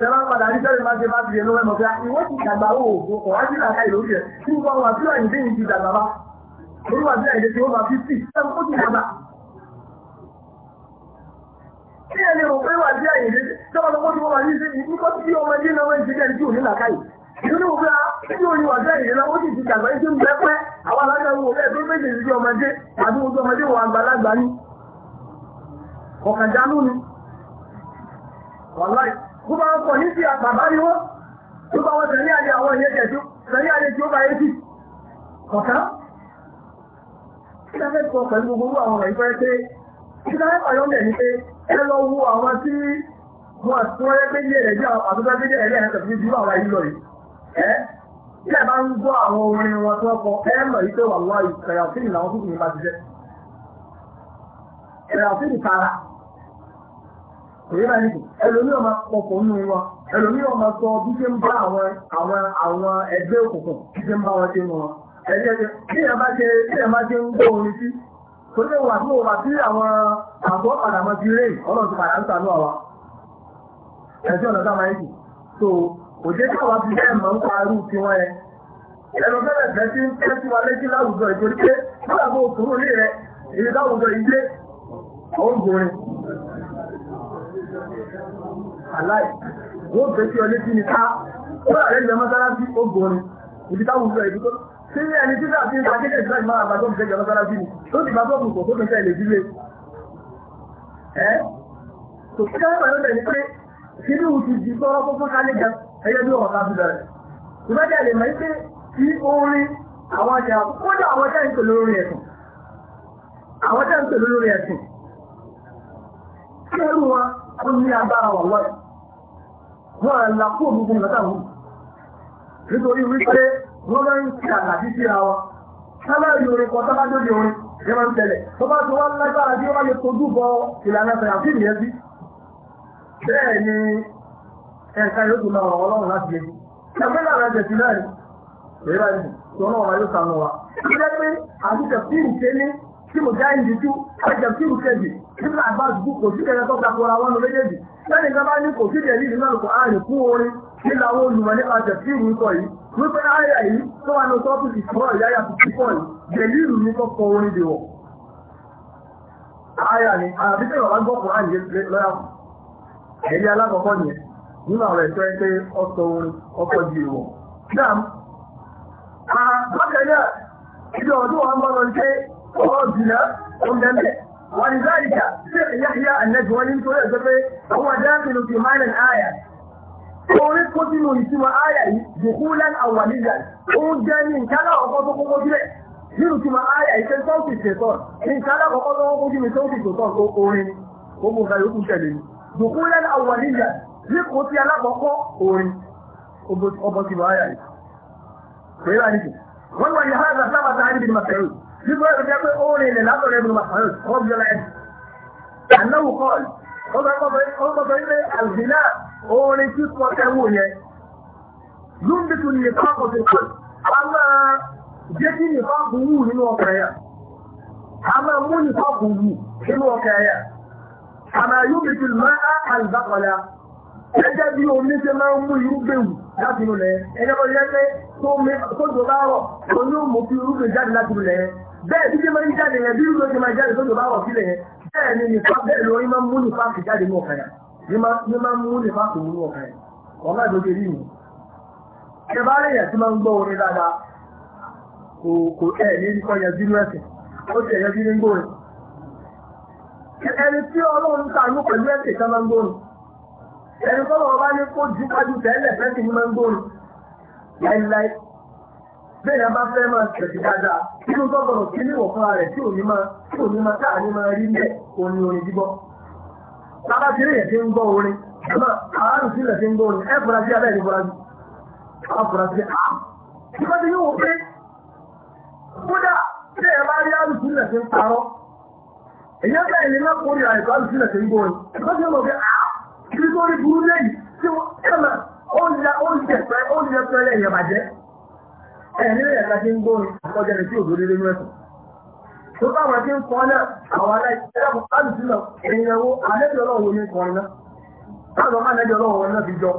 Tẹ́lá padà ní sẹ́lẹ̀ máa ṣe máa ti yẹnu ẹmọ̀ pé ah, ìwọ́n ti dàgbà òògùn kọ̀ wá sí àká ìlú rẹ̀ tí wọ́n wà sí àyíké yìí ti dàgbà bá. Orí wà sí àyíké tí wọ́n bá fi sí ẹ̀kọ́ tó ti dàgbà. Kí ẹni rò pé wà sí àyíké tí wọ́n lọ́kọ́ tí wọ́n wà ní sí ní kọ́ sí ọmọ ilé náà ń ṣe kẹ́ni tí ò ní làkàyè. Ìlú ní òfin àti òní wà sí àyíké náà ó sì ti dàgbà ní pẹ́ pẹ́ àwọn alájà wo ẹ̀ tó méjì sí ọmọdé àti ojú ọmọdé wà àgbàlagbà ní. Ọ̀kàjánú ni. Wàláì bó bá wọn kọ̀ ní sí àgbàbá ni wọ́n tó bá wọn tẹ̀lé àyè àwọn ìyẹn tẹ̀sí tẹ̀lé àyè tí ó bá yé sí kọ̀ọ̀ká kí ló fẹ́ sọ pẹ̀lú gbogbo àwọn ọ̀rọ̀ ìfẹ́ pé kí ló fẹ́ pàyọ́ mẹ́ ni pé ẹ lọ wo àwọn tí wọ́n tí wọ́n yẹ pé ní ẹ̀rẹ̀ jẹ́ àtúntà pé ní ẹ̀rẹ̀ ẹ̀rẹ̀ tẹ̀sí ju àwọn ayé lọ yìí ẹ́ tí ẹ bá ń gbọ́ àwọn orin wọn tó kọ ẹ mọ̀ yìí èyí bá nìkú ẹlòmí ọmọ pọpọ nù wọn ẹlòmí ọmọ sọ bí ṣe ń bá àwọn àwọn àwọn ẹgbẹ́ òkùnkùn bí ṣe ń bá wọn ṣe wọn ẹgbẹ́ bí ẹ bá ṣe bí ẹ bá ṣe ń gbọ́ orin sí tó lè wà tó wà sí àwọn àgọ́ àdàmọ́ ti rè ọlọ́run ti padà ń sànú àwa ẹ̀sìn ọ̀nà sáà máa ń kù láwùjọ ìtòrí pé nígbà tó kúrò ní rẹ ìdáwùjọ ilé ó ń gorin aláì wọ́n fẹ́ sí ọlé sí ni ká ó rà lẹ́gbẹ̀ẹ́ mọ́sálásí ó gbọ́ni ibi táwọn ìlú ẹ̀dí tó sí ní ẹni títà sí ìta kéde ìgbà ìmọ̀ àgbà tó fi jẹ́ mọ́sálásí ni tó ti bá bọ́ọ̀mù kò tó fi fẹ́ lè dílé ẹ́ kò sí káwọn pẹ̀lú ẹ̀ ní pé kí ní oṣù di sọ́rọ́ fún fún kálé gan ẹyẹ bí ọ̀rọ̀ ká fi bẹ̀rẹ̀ ìbájá lè mọ̀ pé kí orin àwọn ọjà kódà àwọn ọjà ń pè lórí ẹ̀sùn àwọn ọjà ń pè lórí ẹ̀sùn kí ẹrù wọn ó ní agbára wà wọ́ẹ̀ wọ́n rẹ̀ la kó òmùgbùn lọ́tàwù nítorí wípé wọ́n máa ń ṣe àlàbí síra wọn sábàrí orin kan tó bá jóde orin ní máa ń tẹ̀lẹ̀ tó bá ti wá lágbára bí ó bá lè tojú bọ ìlànà fẹ̀yàfí nìyẹn sí bẹ́ẹ̀ ni ẹ̀ka yóò tún máa rọ̀ ọlọ́run láti lè ṣàgbé lára ẹ̀jẹ̀ sí náà rẹ̀ rẹ̀ tó náà wà yóò sànù wa. ó pé àti tẹ̀síìnì ṣe ní tí mo já ìdí tú ọjà àgbà àdúgbò kò sí tó wọn ìgbà bá ní kò sí nínú àárín fún orin nípa yìí wípé àyà yìí tó wà ní ìyá yìí ní orin àyà ni àbí tí ìrọ̀lá gbọ́ kùnrin lọ́yà ẹ̀yẹ alákọ̀ọ́kọ́ yẹn nínú àwọn ẹ̀ṣọ́ orin ọkọ̀ di ìwọ̀. ọ̀rọ̀ jìnà ó ń bẹ́ẹ̀ ولذلك سير يحيى النجواني تقول هو داخل في معنى الآية orí kó sínú ìtumọ̀ àyà yìí dùkúlán àwàlíyà ó ń jẹ́ ní ìkálá ọ̀kọ́ tó kókó sílẹ̀ nínú ìtumọ̀ àyà yìí tẹ́lẹ̀ sọ́ọ̀tì ṣètọ́n ní ìkálá ọ̀kọ́ tó kókó sílẹ̀ sọ́ọ̀tì ṣètọ́n tó orin gbogbo nǹkan yòókù tẹ̀lé ni dùkúlán àwàlíyà ní kò sí alákọ̀ọ́kọ́ orin ọbọ̀ tìmọ̀ àyà yìí. wọ́n wà ní hàzà Nígbà tó jẹ́ pé ó rìnlẹ̀ látọ̀rọ̀ ẹ̀bùn Màkàrún, ọ̀bí ọlá ẹ̀sìn. Ànáwó kọ́ọ̀lù, ó sọ pé ilé àlùbínà orin tí kọ́ ẹ̀wò yẹn. Lúndì tún ní pápọ̀ tó kọ́. A máa jẹ́ kí ní pápọ̀ wù nínú ọkọ̀ ẹ̀yà. A máa mú ní pápọ̀ wù nínú ọkọ̀ ẹ̀yà. Àmà yóò fi tún máa àlùbákọ̀lá. Ẹjẹ́ bí omi ṣe máa ń mú irúgbìn wù láti nulẹ̀. Ẹjẹ́ bọ́ yẹ́ pé tó jọ bá bẹ́ẹ̀ bí ṣe máa ń jáde yẹn bí irú ṣe máa jáde tó bá wọ̀ sílẹ̀ yẹn bẹ́ẹ̀ ni nìfà bẹ́ẹ̀ lórí máa mú nìfà kì jáde ní ọ̀kan yẹn ní máa mú ọ̀kan yẹn wọ́n máa dókè rí yìí. bá rèèyàn tí máa ń gbọ́ orin dáadáa kò kò ẹ̀ ní yẹn bínú ẹ̀sìn ó ti ẹni tí ọlọ́run pẹ̀lú ẹ̀sìn máa ń ẹni bá ní kó tẹ́lẹ̀ fẹ́ẹ́ bẹ́ẹ̀ bá fẹ́ máa tẹ̀sí dáadáa inú gbọ́gbọ̀rọ̀ sí ní ìwọ̀fún rẹ̀ tí ò máa tí ò máa táà ní máa rí òní orin gbígbọ́. Bàbá ti rí ẹ̀sìn ń gbọ́ orin, àmọ́ àárùn sílẹ̀ ti ń gbọ́ orin, ẹ fura sí abẹ́ ìlú Faransé. Àwọn fura sí à. Ah! Ìgbà tí yóò pé kódà bẹ́ẹ̀ bá rí ti ń parọ́. ni ti ń gbọ́ orin. pé kí ah! ẹ̀yìn nílẹ̀ ẹ̀ka tí ń gbórin àkọjá ní tí ò lórí lórí ẹ̀sùn tó báwọn tí ń kọ́ náà àwọn aláìsẹ́lẹ̀kùn alùsùn náà èèyàn wo àlejò ọlọ́run wo ní kọrin náà báwọn àlejò ọlọ́run wọn náà fi jọ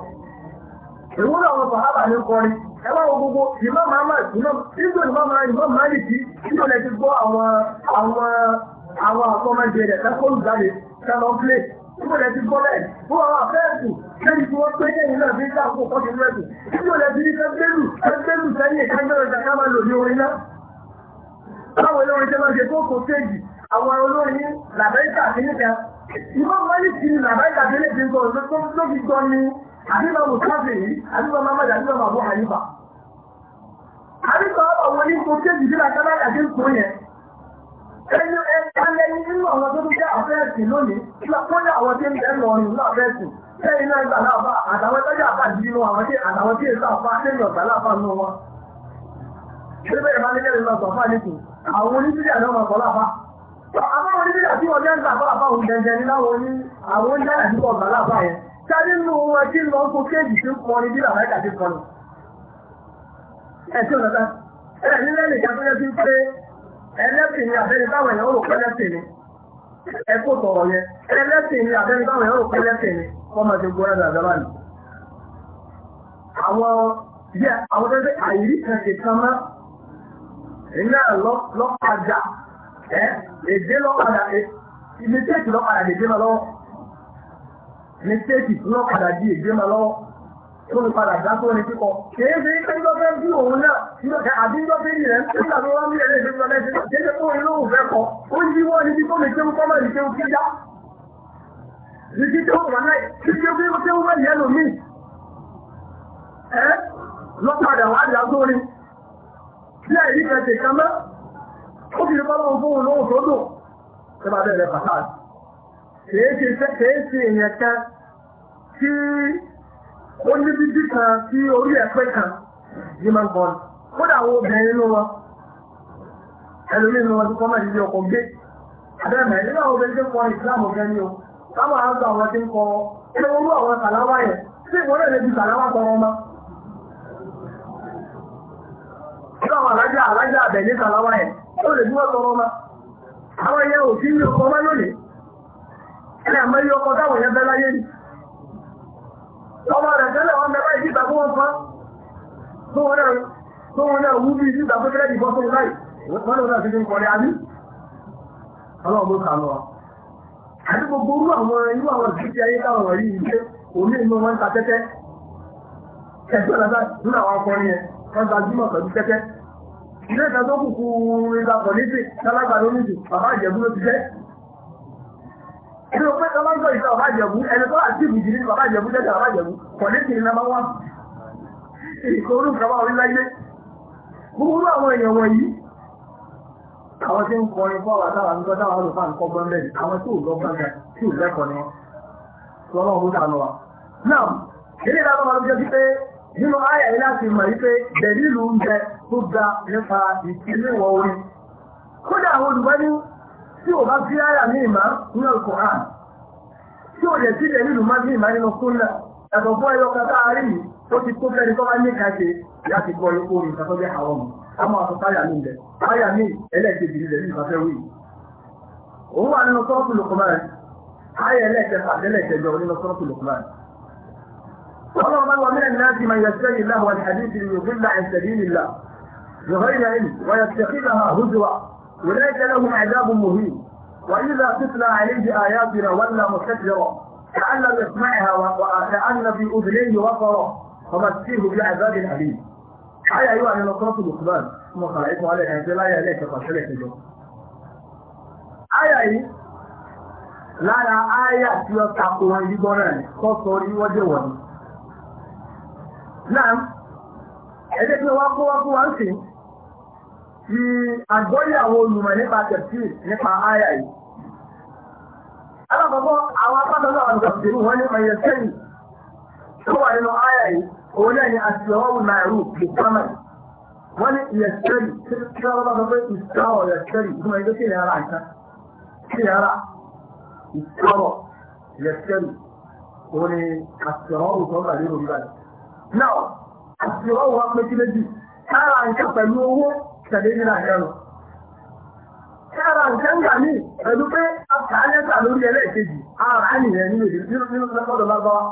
ìwúrọ̀ àwọn sàhábà ní kọrin ẹ bá wo gbogbo ìmọ̀ màmá ìmọ̀ ìmọ̀ ìmọ̀ màmá ìdí ìmọ̀ lẹ́ti gbọ́ àwọn àwọn àwọn àkọ́mọ́jẹ rẹ̀ lẹ́kọ́ ìgbòlẹ̀ ti gbọ́lẹ̀ fún àwọn àfẹ́ẹ̀kù lẹ́yìn tí wọ́n pé lẹ́yìn náà fi ń ká àkókò kọ́kì lẹ́sùn ìgbòlẹ̀ ti ní kẹ́gbẹ́lù kẹ́gbẹ́lù sẹ́yìn ìkájọ́rọ̀ ìjàká máa lò ní orin náà báwo lórin jẹ́ máa ṣe tó kò séèjì àwọn olórin làbẹ́ríkà sí níta ìmọ̀ wáyé ti ní làbẹ́ríkà sí níta nǹkan ló fi gbọ́ ni àbíbá mùsáfì yìí àbíbá mamadu àbíbá mabu hanifa àbíbá ọ̀wọ́ ní kò séèjì sí làkàlà àti nkùn yẹn ẹni Kálẹ̀ nínú àwọn tó ń jẹ́ àfẹ́ẹ̀sì lónìí, lọ́pọ̀lọpọ̀ àwọn tí ń jẹ́ lọ́rin láfẹ́ẹ̀sì, ṣé iná ìgbà láàbá àtàwọn tọ́jà àbájú nínú àwọn tí àtàwọn tí èso àpá lẹ́yìn ọ̀gá láàbá nínú wọn. máa Àwọn tí wọ́n jẹ́ ń bá àbá òun jẹjẹ ní láwọn oní àwọn ọ̀gá láàbá yẹn. Ṣé nínú wọn ẹlẹ́sìn ni àbẹ́ni báwọn èèyàn rò pẹ́lẹ́sìn ni ẹ tọ̀rọ̀ yẹn ẹlẹ́sìn ni àbẹ́ni báwọn èèyàn rò pẹ́lẹ́sìn ni wọ́n máa ti àwọn yẹ àwọn tó kan ṣe kan mọ́ iná lọ́padà ẹ èdè lọ́padà mistake lọ́padà èdè máa di èdè máa lọ́wọ́. tó ń padà já tó ní kíkọ. Kìí fi ń tẹ́jọ́ fẹ́ bí òun náà, àdíjọ́ fẹ́ yìí rẹ̀ ń tẹ́jọ́ tó wá ní ẹ̀rẹ́ ìdíjọ́ lẹ́sìn, kìí ṣe fún ìlú òfẹ́ kọ. Ó ń yíwọ́ ní bí tó lè kéwú kọ́mọ̀ ní kéwú kíjá. Ní tó wà náà, kí kéwú kéwú kéwú wẹ̀ yẹn lòmí. Ẹ lọ́padà wà dá tó ní. Bí ẹ̀ yí kẹsì kan mọ́, ó fi bọ́ lọ́wọ́ fún olóhùn tó dùn. Ṣé bá bẹ̀rẹ̀ pàtàkì? Kìí ṣe ìyẹn kan tí ó ní bíbí kan sí orí ẹ̀pẹ́ kan human bond kódà wo obìnrin nínú wọn ẹlòmíín nínú wọn tí wọ́n máa ọkọ̀ gbé abẹ́mẹ̀ nínú àwọn obìnrin tí ń kọ ìsìlámù ọ̀gẹ́ ni o káwọn àgbà àwọn tí ń àwọn yẹn lè fi àwọn alájà alájà ní yẹn ó lè fi wọ́n àwọn yẹn ò ọmọ rẹ̀ tẹ́lẹ̀ wọn mẹ́fà ìdí ìgbà tó wọ́n fán tó wọ́n náà wú bí ìdí ìgbà tó kẹ́lẹ̀ ìbọ́ tó láì wọ́n lọ́nà sí ní kọ̀rẹ́ àmì ọlọ́run ló kà lọ́wọ́ àti gbogbo orú àwọn irú àwọn ìdíje ayé táwọn wọ̀nyí ìṣe òní ìmọ̀ wọn ta tẹ́tẹ́ ẹgbẹ́ lọ́dá nínú àwọn akọrin yẹn wọ́n ta jímọ̀ pẹ̀lú tẹ́tẹ́ ilé ìtàn tó kùkù ìgbà pọ̀ níbi tálágbà lónìí bàbá ìjẹ̀bú ló ti jẹ́ ẹni o pé tọ́lá ń sọ ìṣe bàbá ìjẹ̀bú ẹni tó àti ìbùjì ní bàbá ìjẹ̀bú jẹ́jẹ́ bàbá ìjẹ̀bú kọ̀nẹ́tì ní nàbá wọn ìkó orúkọ bá orí láyé gbogbo àwọn èèyàn wọ̀nyí àwọn tí ń kọrin fún àwọn àtàwọn àmì kọjá àwọn olùfà ń kọ́gbọ́n bẹ́ẹ̀ àwọn tí ò lọ́gbọ́n bẹ́ẹ̀ tí ò lẹ́kọ̀ọ́ ni wọ́n lọ́wọ́ ń sànù wa. náà ilé ìdájọ́ máa ń jẹ́ pípé nínú ayà yìí láti mọ̀ wípé bẹ̀rẹ̀ ìlú ń bẹ tó ga nípa ìpínlẹ̀ wọ̀ orin kódà àwọn olùgbọ́n tí ò bá sí àyà ní ìmá ní Al-Qur'an tí ò yẹ sí ilẹ̀ nínú má ní ìmá nínú súnà ẹ̀bọ̀ fún ẹyọ kata àárín yìí tó ti kó fẹ́ni tó bá ní kàṣe láti kọ́ lóko orin ìtàkọ́ jẹ́ àwọn ọmọ àmọ́ àtúntà àyà ní ilẹ̀ àyà ní ẹlẹ́ẹ̀kejì ilẹ̀ ní ìfàfẹ́ wí. òun wà nínú sọ́ọ̀tù Luqman àyà ẹlẹ́ẹ̀kẹfà ẹlẹ́ẹ̀kẹjọ nínú sọ́ọ̀tù Luqman. ọlọ́run bá wà mílẹ̀ náà ti máa yẹ sẹ́yìn láwọn àdìsí yorùbá ìṣẹ̀lẹ̀ ìlà yorùbá ìṣẹ̀lẹ̀ أولئك لهم عذاب مهين وإذا تتلى عليه آياتنا ولى مستكبرا كأن لم يسمعها وكأن في أذنيه وقرا فمسكيه بعذاب أليم حي أيها النصرة الأخبار ثم خلعته على الأنزل لا يليك فشلك الجو آية أي lára áyà tí ó tako wọn yí gbọ́n náà kọ́sọ̀ wọ̀nyí. náà ẹgbẹ́ tí wọ́n kó wọ́n kó wọ́n sìn ti àgbọ́yé àwọn olùmọ̀ nípa tẹ̀sí nípa àyà yìí. Alákọ̀ọ́kọ́ àwọn apátọ́lọ́ àwọn ìjọ̀sìn wọn nípa iye sẹ́yìn tó wà nínú àyà yìí, òun náà ni àṣìwọ́wù náírù kì sọ́nà. Wọ́n ní iye sẹ́yìn tí wọ́n bá sọ pé ìṣọ́rọ̀ iye sẹ́yìn fún ẹgbẹ́ sí ìyára nǹkan. Sí ìyára ìṣọ́rọ̀ iye sẹ́yìn òun ni àṣìwọ́wù tó wà tẹ̀lé nílà ẹ̀rọ. Kára nǹkan gbà mí pẹ̀lú pé a kà á lẹ́tà lórí ẹlẹ́ẹ̀kejì, a rà á nìyẹn nínú èdè nínú nínú lọ́kọ̀dọ̀ lágbáwá.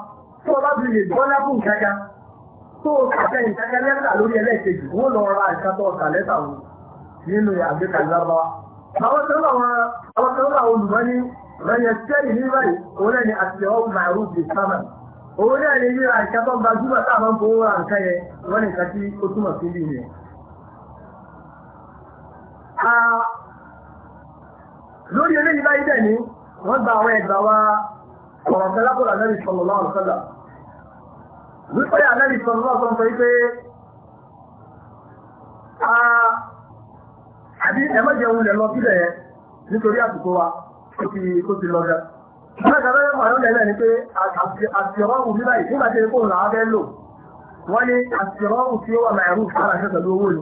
Tó o bá fi lè gbọ́ lápò nǹkan tó o kàtẹ́ nǹkan lẹ́tà lórí ẹlẹ́ẹ̀kejì, wọ́n lọ ra nǹkan tó ọ̀kà lẹ́tà wò nínú àgbékalẹ̀ lágbáwá. Àwọn tó bá wọn àwọn tó bá olùmọ́ ní rẹ̀yẹ̀ sẹ́yìn ní báyìí, òun náà ni àtìlẹ́wọ́ màrú bíi sámà. Òun náà ni yíra nǹkan tó gbajúmọ̀ táwọn fowó ra nǹkan yẹn, wọ́n ní nǹkan tí ó túmọ̀ sí bí yẹn lórí eléyìí báyìí dẹ̀ ní wọ́n gba àwọn ẹ̀gbà wa ọ̀rọ̀ tẹ́lápọ̀lá Ànábì sallallahu alaihi wasallam wípé Ànábì sallallahu alaihi wasallam wípé àbí ẹmọ́jẹ̀ ohun lẹ̀ lọ sílẹ̀ yẹn nítorí àsìkò wa ó ti lọ jẹ́ mẹ́ta lọ́yọ́ mọ̀ yọ́n lẹ́lẹ́ ni pé àṣìrọ́hùn bí báyìí nígbà tí kò làá fẹ́ lò wọ́n ní àṣìrọ́hùn tí ó wà mẹ́rù fún àṣẹ́sẹ̀ lówó ni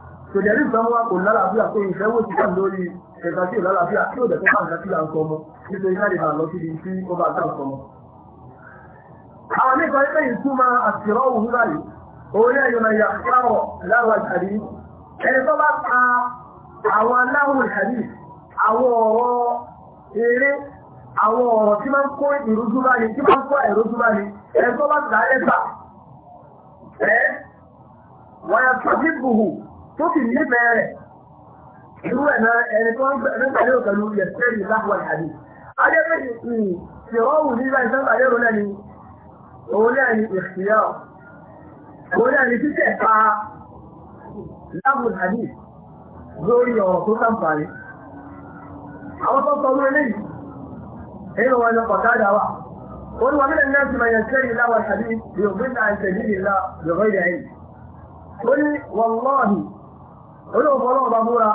tòjẹ̀rí ìtàn wa kò lálàáfíà pé ìfẹ́ wò sí kàn lórí ẹ̀ka sí ìlàlàáfíà tí ó dẹ̀ tó bá nǹkan sí à ń sọ ọmọ nítorí náà lè máa lọ síbi tí ó bá dá ọ̀sọ̀ mọ́. àwọn nípa ẹgbẹ́ yìí tún máa àṣìrọ̀ òun báyìí orí ẹ̀yọ̀ náà yà kárọ̀ lára ìtàdí ẹni tó bá ta àwọn aláwọ̀ ìtàdí àwọn ọ̀rọ̀ eré àwọn ọ̀rọ̀ tí máa ń kó ìrújú báyìí tí máa ń kó ìrújú báyìí ẹni tó bá ta ẹgbà ẹ wọ́n yà tó tó sì nífẹ̀ẹ́ rẹ̀ irú ẹ̀ náà ẹni tó ń gbàlẹ́ òkèlú yẹ sẹ́yìn láwọn ìhàdí adébẹ̀yì ìrọ̀wù nígbà ìsọ́gbàlẹ́ òun náà ni òun náà ni ìṣìyà òun náà ni títẹ̀ pa láwọn ìhàdí lórí ọ̀rọ̀ tó sàǹfààní àwọn tó sọ lórí eléyìí èyí wọn lọ pàtàkì àwà قل ومن الناس من يشتري له الحديث ليضل عن سبيل الله بغير علم قل والله olóòfọ́lọ́ ọba múra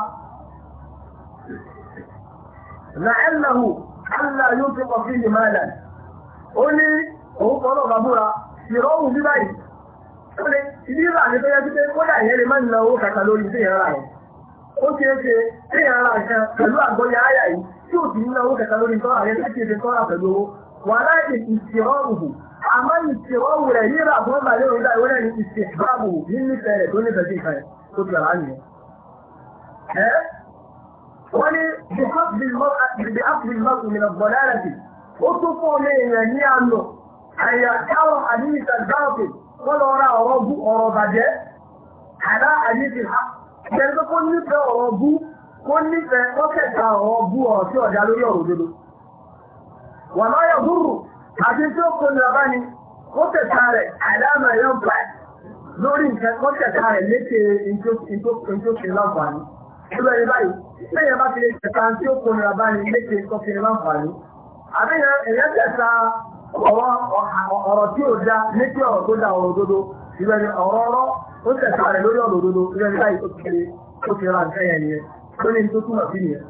la'allahu allah tí kọ̀ fílì máàlá ó ní òun fọ́lọ́ ọba múra ìrọ́hùn bí báyìí ó lè ìdíra ní tó yẹ sí rẹ̀ kan ní owó kàkà nínú ìfẹ́ rẹ̀ tó sí tó ti wọ́n ní bíbí áfìlmọ́kù mi lọ́gbọ̀n lẹ́rẹ̀kì ó tún fún ọmọ èèyàn ní àlò àyà káwọn àdíyìí tàbí wọ́n lọ ra ọ̀rọ̀ bú ọ̀rọ̀ bàjẹ́ àdá àyíkì ha ìjẹ́rìí kó nífẹ̀ẹ́ ọ̀rọ̀ bú kó nífẹ̀ẹ́ kọ́kẹ̀ta ọ̀rọ̀ bú ọ̀rọ̀ sí ọ̀dá lórí ọ̀rọ̀ òdodo wà máa yọ gúrù àti tí ó kó nira báni kọ́kẹ̀ta rẹ̀ àdámà Ìlú ẹni báyìí, lẹ́yìn bá ti lè tẹ̀ta tí ó kò nira báyìí léṣe nǹkan fi máa ń fà ní. Àbíyàn èèyàn tẹ̀ta ọ̀rọ̀ tí ò da léṣe ọ̀rọ̀ tó da ọ̀rọ̀ òdodo. Ìlú ẹni ọ̀rọ̀ ọ̀rọ̀ ó tẹ̀ta rẹ̀ lórí ọ̀rọ̀ òdodo. Ìlú ẹni báyìí ó ti ó ti ra nǹkan yẹn nìyẹn. Ó ní tó túmọ̀ sí nìyẹn.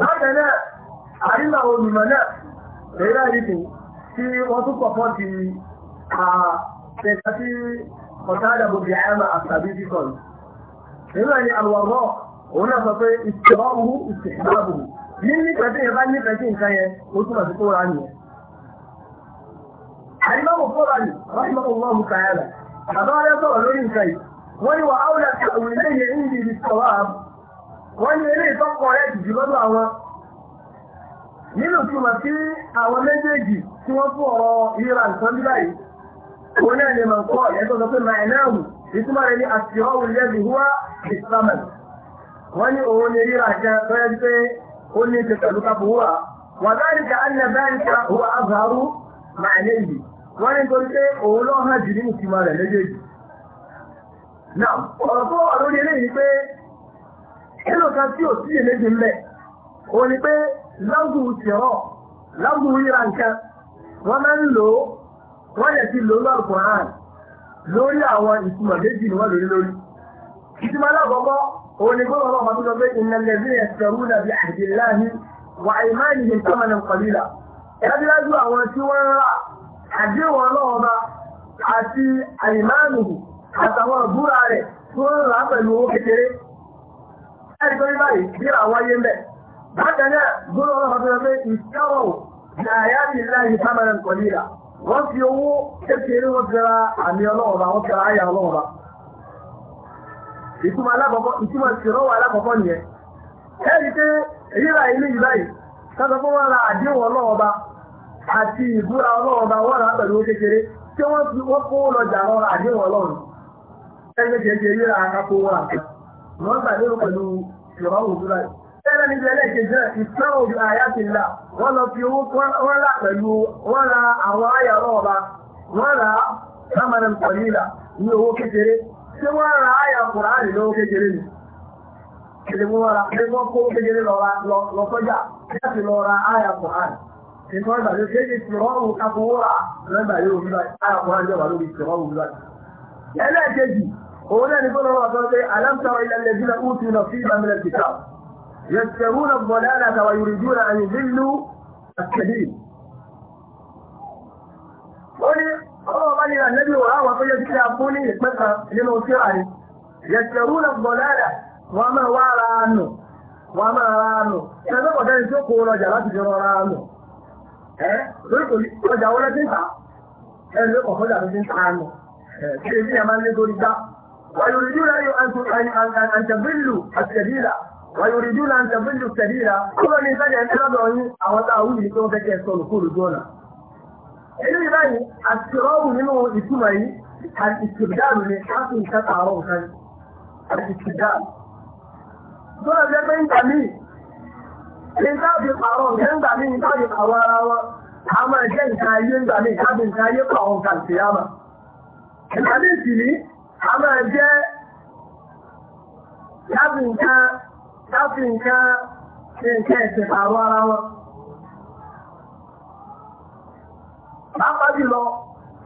Bákan náà, àríwá olùmọ̀ náà, èyí náà rí fún tí wọ́n tún pọ̀ pọ̀ ti tẹ̀ta sí ọ̀tá àdàbò nígbà ní àlùwàrọ̀ òun náà sọ pé ìṣòwòrò ìṣèlú ní nípa tí ìyẹn bá nípa tí nǹkan yẹn ó túmọ̀ sí kó ra nìyẹn. àdìmọ́wò kó ra nì rọ́ṣùmọ́ ọlọ́run kàyàlà bàbá wa yẹ sọ̀rọ̀ lórí nǹkan yìí wọ́n ní wà áwùlà àwọn ilé yẹn ń di ìṣòwò àbọ̀ wọ́n ní ilé ìtọ́kọ̀ rẹ̀ jù lọ́dọ̀ ìtumọ̀ rẹ̀ ní àṣìyọ́ wùlẹ́bì húwá ìsìlámẹ̀ wọ́n ní òun ní rírà jẹ́ tó yẹ pé ó ní ti pẹ̀lú kápù húwà wọ́n dárí ka á lẹ bẹ́ẹ̀ nípa húwà azharu máa ní yìí wọ́n ní torí pé òun lọ́ hàn sí èméjì ń bẹ̀ lórí àwọn ìtumọ̀ méjì ni wọ́n lórí lórí. Ìtumọ̀ alákọ̀ọ́kọ́ òun ni gbọ́dọ̀ ọmọ tó sọ pé ìnà lẹ́bí ẹ̀sẹ̀rú nàbí àdìláhì wà ìmáàlì ní tọ́mọ̀nà kọ̀lílà. Ẹ̀dájú àwọn tí wọ́n ń rà àdéhùn ọlọ́ọba àti àìmáàlì àtàwọn ìbúra rẹ̀ tó ń rà pẹ̀lú owó kékeré. Ẹ̀rí tó ní báyìí bí àwọn ayé mẹ́. Bákan náà wọ́n fi owó kékeré wọ́n fi ra àmì ọlọ́run bá wọ́n fi ra àyà ọlọ́run bá ìtumọ̀ alákọ̀ọ́kọ́ ìtumọ̀ ìṣèrọ́wọ̀ alákọ̀ọ́kọ́ nìyẹn ẹ̀rí pé ríra ilé yìí báyìí sọ́sọ́ fún wọn ra àdéhùn ọlọ́run àti ìbúra ọlọ́run bá ra pẹ̀lú kékeré tí wọ́n fi wọ́n kó lọ́jà lọ ra àdéhùn wọn àti Ẹlẹ́ níbi ẹlẹ́kẹ̀ẹ́jẹ́ ìfẹ́ òbí àyàtìlá, wọ́n lọ fi owó wọ́n rà pẹ̀lú wọ́n ra àwọn ayàrọ̀ ọba, wọ́n rà sámàrẹ̀ pọ̀lílà ní owó kékeré, tí wọ́n ra ayà Kùránì lówó kékeré ni. Kìlì mú ra, pé wọ́n kó kékeré lọ sọ́jà láti lọ ra ayà Kùránì. Ìfọ́n ìgbàlódé kéde tìrọ́rù kakowóra lẹ́gbàá yóò rí báyìí, ayà Kùránì jẹ́ wà lórí tìrọ́rù báyìí. Ẹlẹ́kẹ̀ẹ́jì, òun náà ni kó lọ́wọ́ àtọ́ يشترون الضلالة ويريدون أن يذلوا السبيل قال لي النبي وهو قيل كده أقولي مثلا لنوصير عليه يشترون الضلالة وما هو عنه وما عنه سبب وده يشوفه ولا جلات جرى عنه ها يقول وجا ولا تنفع ẹ ló kọ̀kọ́ dàbí ní àánú kí èyí ni a wàyòrì jù náà ń tẹ̀ fún ìjùsẹ̀lì ìlà kúrò ní ìtajà ẹ̀fẹ́ lọ́dọ̀ yín àwọn tá a wù yìí tó ń fẹ́kẹ́ sọ lùkú lójú ọ̀nà. èyí ni báyìí àti ọ̀hún nínú ìtumọ̀ yìí àti ìṣèdáàlù ni a fi ń kẹta àárọ̀ nǹkan àti ìṣèdáàlù. sọ́dọ̀ jẹ́ pé ńgbà míì ní táàbì pààrọ̀ nǹkan ńgbà míì ní táàbì pààrọ̀ ara wọn a máa jẹ́ nǹkan ayé ńgbà míì táàbì nǹkan ayé pààrọ̀ nǹkan ìṣèyàmà. ìgbà míì sì ní a máa jẹ́ táàbì nǹkan láti nǹkan ṣe nǹkan ẹ̀sẹ̀ pàrọ̀ ara wọn. Pápá jùlọ,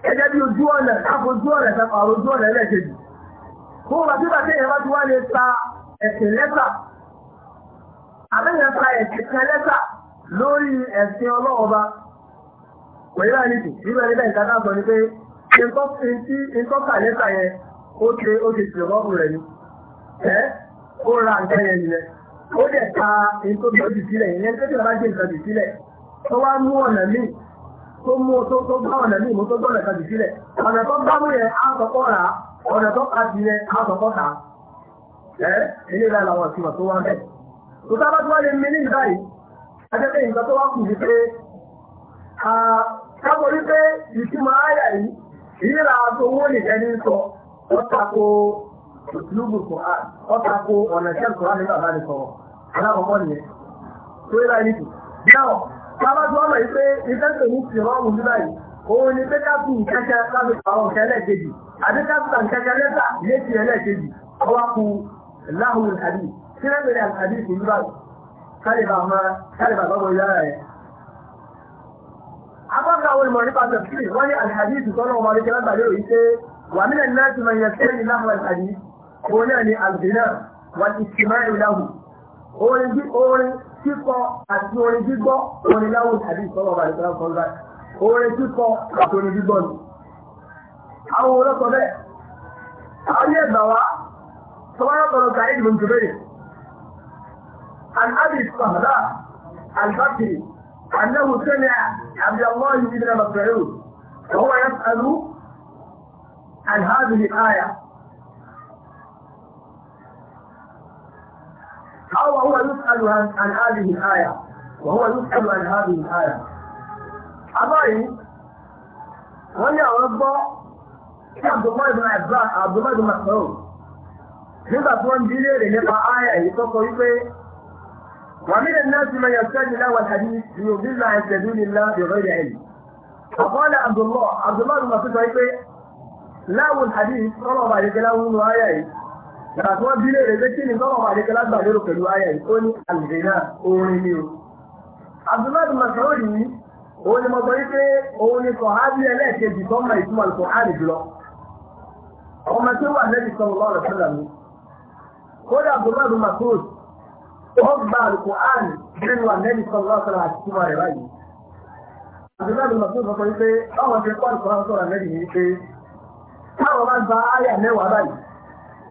ẹjẹ́ bí ojú ọ̀nà, àfojú ọ̀nà ẹ̀sẹ̀ pàrọ̀ ojú ọ̀nà ẹlẹ́kejì. Fún bàtí bàtí èèyàn bá ti wá lè ta ẹ̀sẹ̀ lẹ́tà. Àbẹ́yẹn ta ẹ̀sẹ̀ kan lẹ́tà lórí ẹ̀sìn ọlọ́ọba. Kò yíra ní ó ra nǹkan yẹn nílẹ̀ ó dẹ̀ ta ètò bí ó ti sílẹ̀ ìyẹn tó ti jẹ́ nǹkan ti sílẹ̀ tó wá mú ọ̀nà míì tó mú tó bá ọ̀nà míì mú tó gbọ́nà kan ti sílẹ̀ ọ̀nà tó bá mú yẹn á rà ọ̀nà tó pa sí yẹn á sọ̀kọ́ ẹ́ ilé ìlà làwọn ìtumọ̀ tó wá bẹ̀. tó sábà tó wá lè mi ní ìbáyìí ajẹ́pẹ́ nǹkan tó wá kù ní pé wípé ìtumọ̀ ìtìlúbù kòhán ọ́tàkó ọ̀nà ìṣẹ́ kòhán nígbà bá ní sọ̀rọ̀ alákọ̀ọ́kọ́ nìyẹn tó yẹ láì nìkú. Náà bábá tí wọ́n mọ̀ yìí pé iṣẹ́ tó ní ti rọ́ọ̀mù ní báyìí òun ni pé káàpù kẹ́kẹ́ láti pàrọ̀ nǹkan ẹlẹ́ẹ̀kejì àti káàpù kẹ́kẹ́ lẹ́tà létí ẹlẹ́ẹ̀kejì ọwọ́ ku láhùn àdì kí lẹ́gbẹ̀rẹ̀ àdì kì í báyìí kálíbà máa kálíbà lọ́wọ́ yára rẹ̀. Abọ́dá wo ìmọ̀ nípa tẹ̀sílì wọ́n ní àdìsí tọ́lọ́ ọmọdé kẹ́lá gbàlérò yìí pé wàmílẹ̀ náà ti mọ̀ yẹ òun náà ni àgbìnà wọ́n ti ti máa ìlàhù orin kíkọ àti orin gbígbọ́ orin láwù tàbí ìsọ́wọ́ bàbá ìsọ́wọ́ kan bá orin kíkọ àti orin gbígbọ́ ni. àwọn olókọ̀ bẹ́ẹ̀ àwọn yẹ́ gbà wá tọ́wọ́ tọrọ kàrí ìdìbò jùbẹ́rẹ̀ al'adì sọ̀hádà albákiri annahu sẹ́lẹ̀ abdullahi ibn masarau وهو يسأل عن هذه الآية أو هو يسأل عن, عن هذه الآية وهو يسأل عن هذه الآية أبائي ويا رب عبد الله بن عباس عبد الله بن مسعود nígbà tí wọ́n ń dílé rẹ̀ nípa ayà èyí tó kọ wípé ومن الناس من يستجي له الحديث ليضل عن سبيل الله بغير علم فقال عبد الله عبد الله بن مسعود wípé له الحديث طلب عليك له آية Ìgbà tí wọ́n bí lè rèé kí ni sọ́wọ́ wà nípa lágbà lérò pẹ̀lú ayẹ̀ tó ní àlùfẹ́ náà orin ni o. Abdullahi Masoud yìí, òun ni mo gbọ́ wípé òun ni Sọ̀hábí ẹlẹ́ẹ̀kejì tó mọ ìtumọ̀ Sọ̀hábì jùlọ. Ọmọ tí ó wà lẹ́bi sọ̀rọ̀ lọ́rọ̀ sílẹ̀ mi. Kódà Abdullahi Masoud, ó gba àlùkò àrùn nínú àlẹ́bi sọ̀rọ̀ lọ́sọ̀rọ̀ àti túmọ̀ rẹ̀ báyìí. Abdullahi Masoud sọ pé ọmọ ti kọ́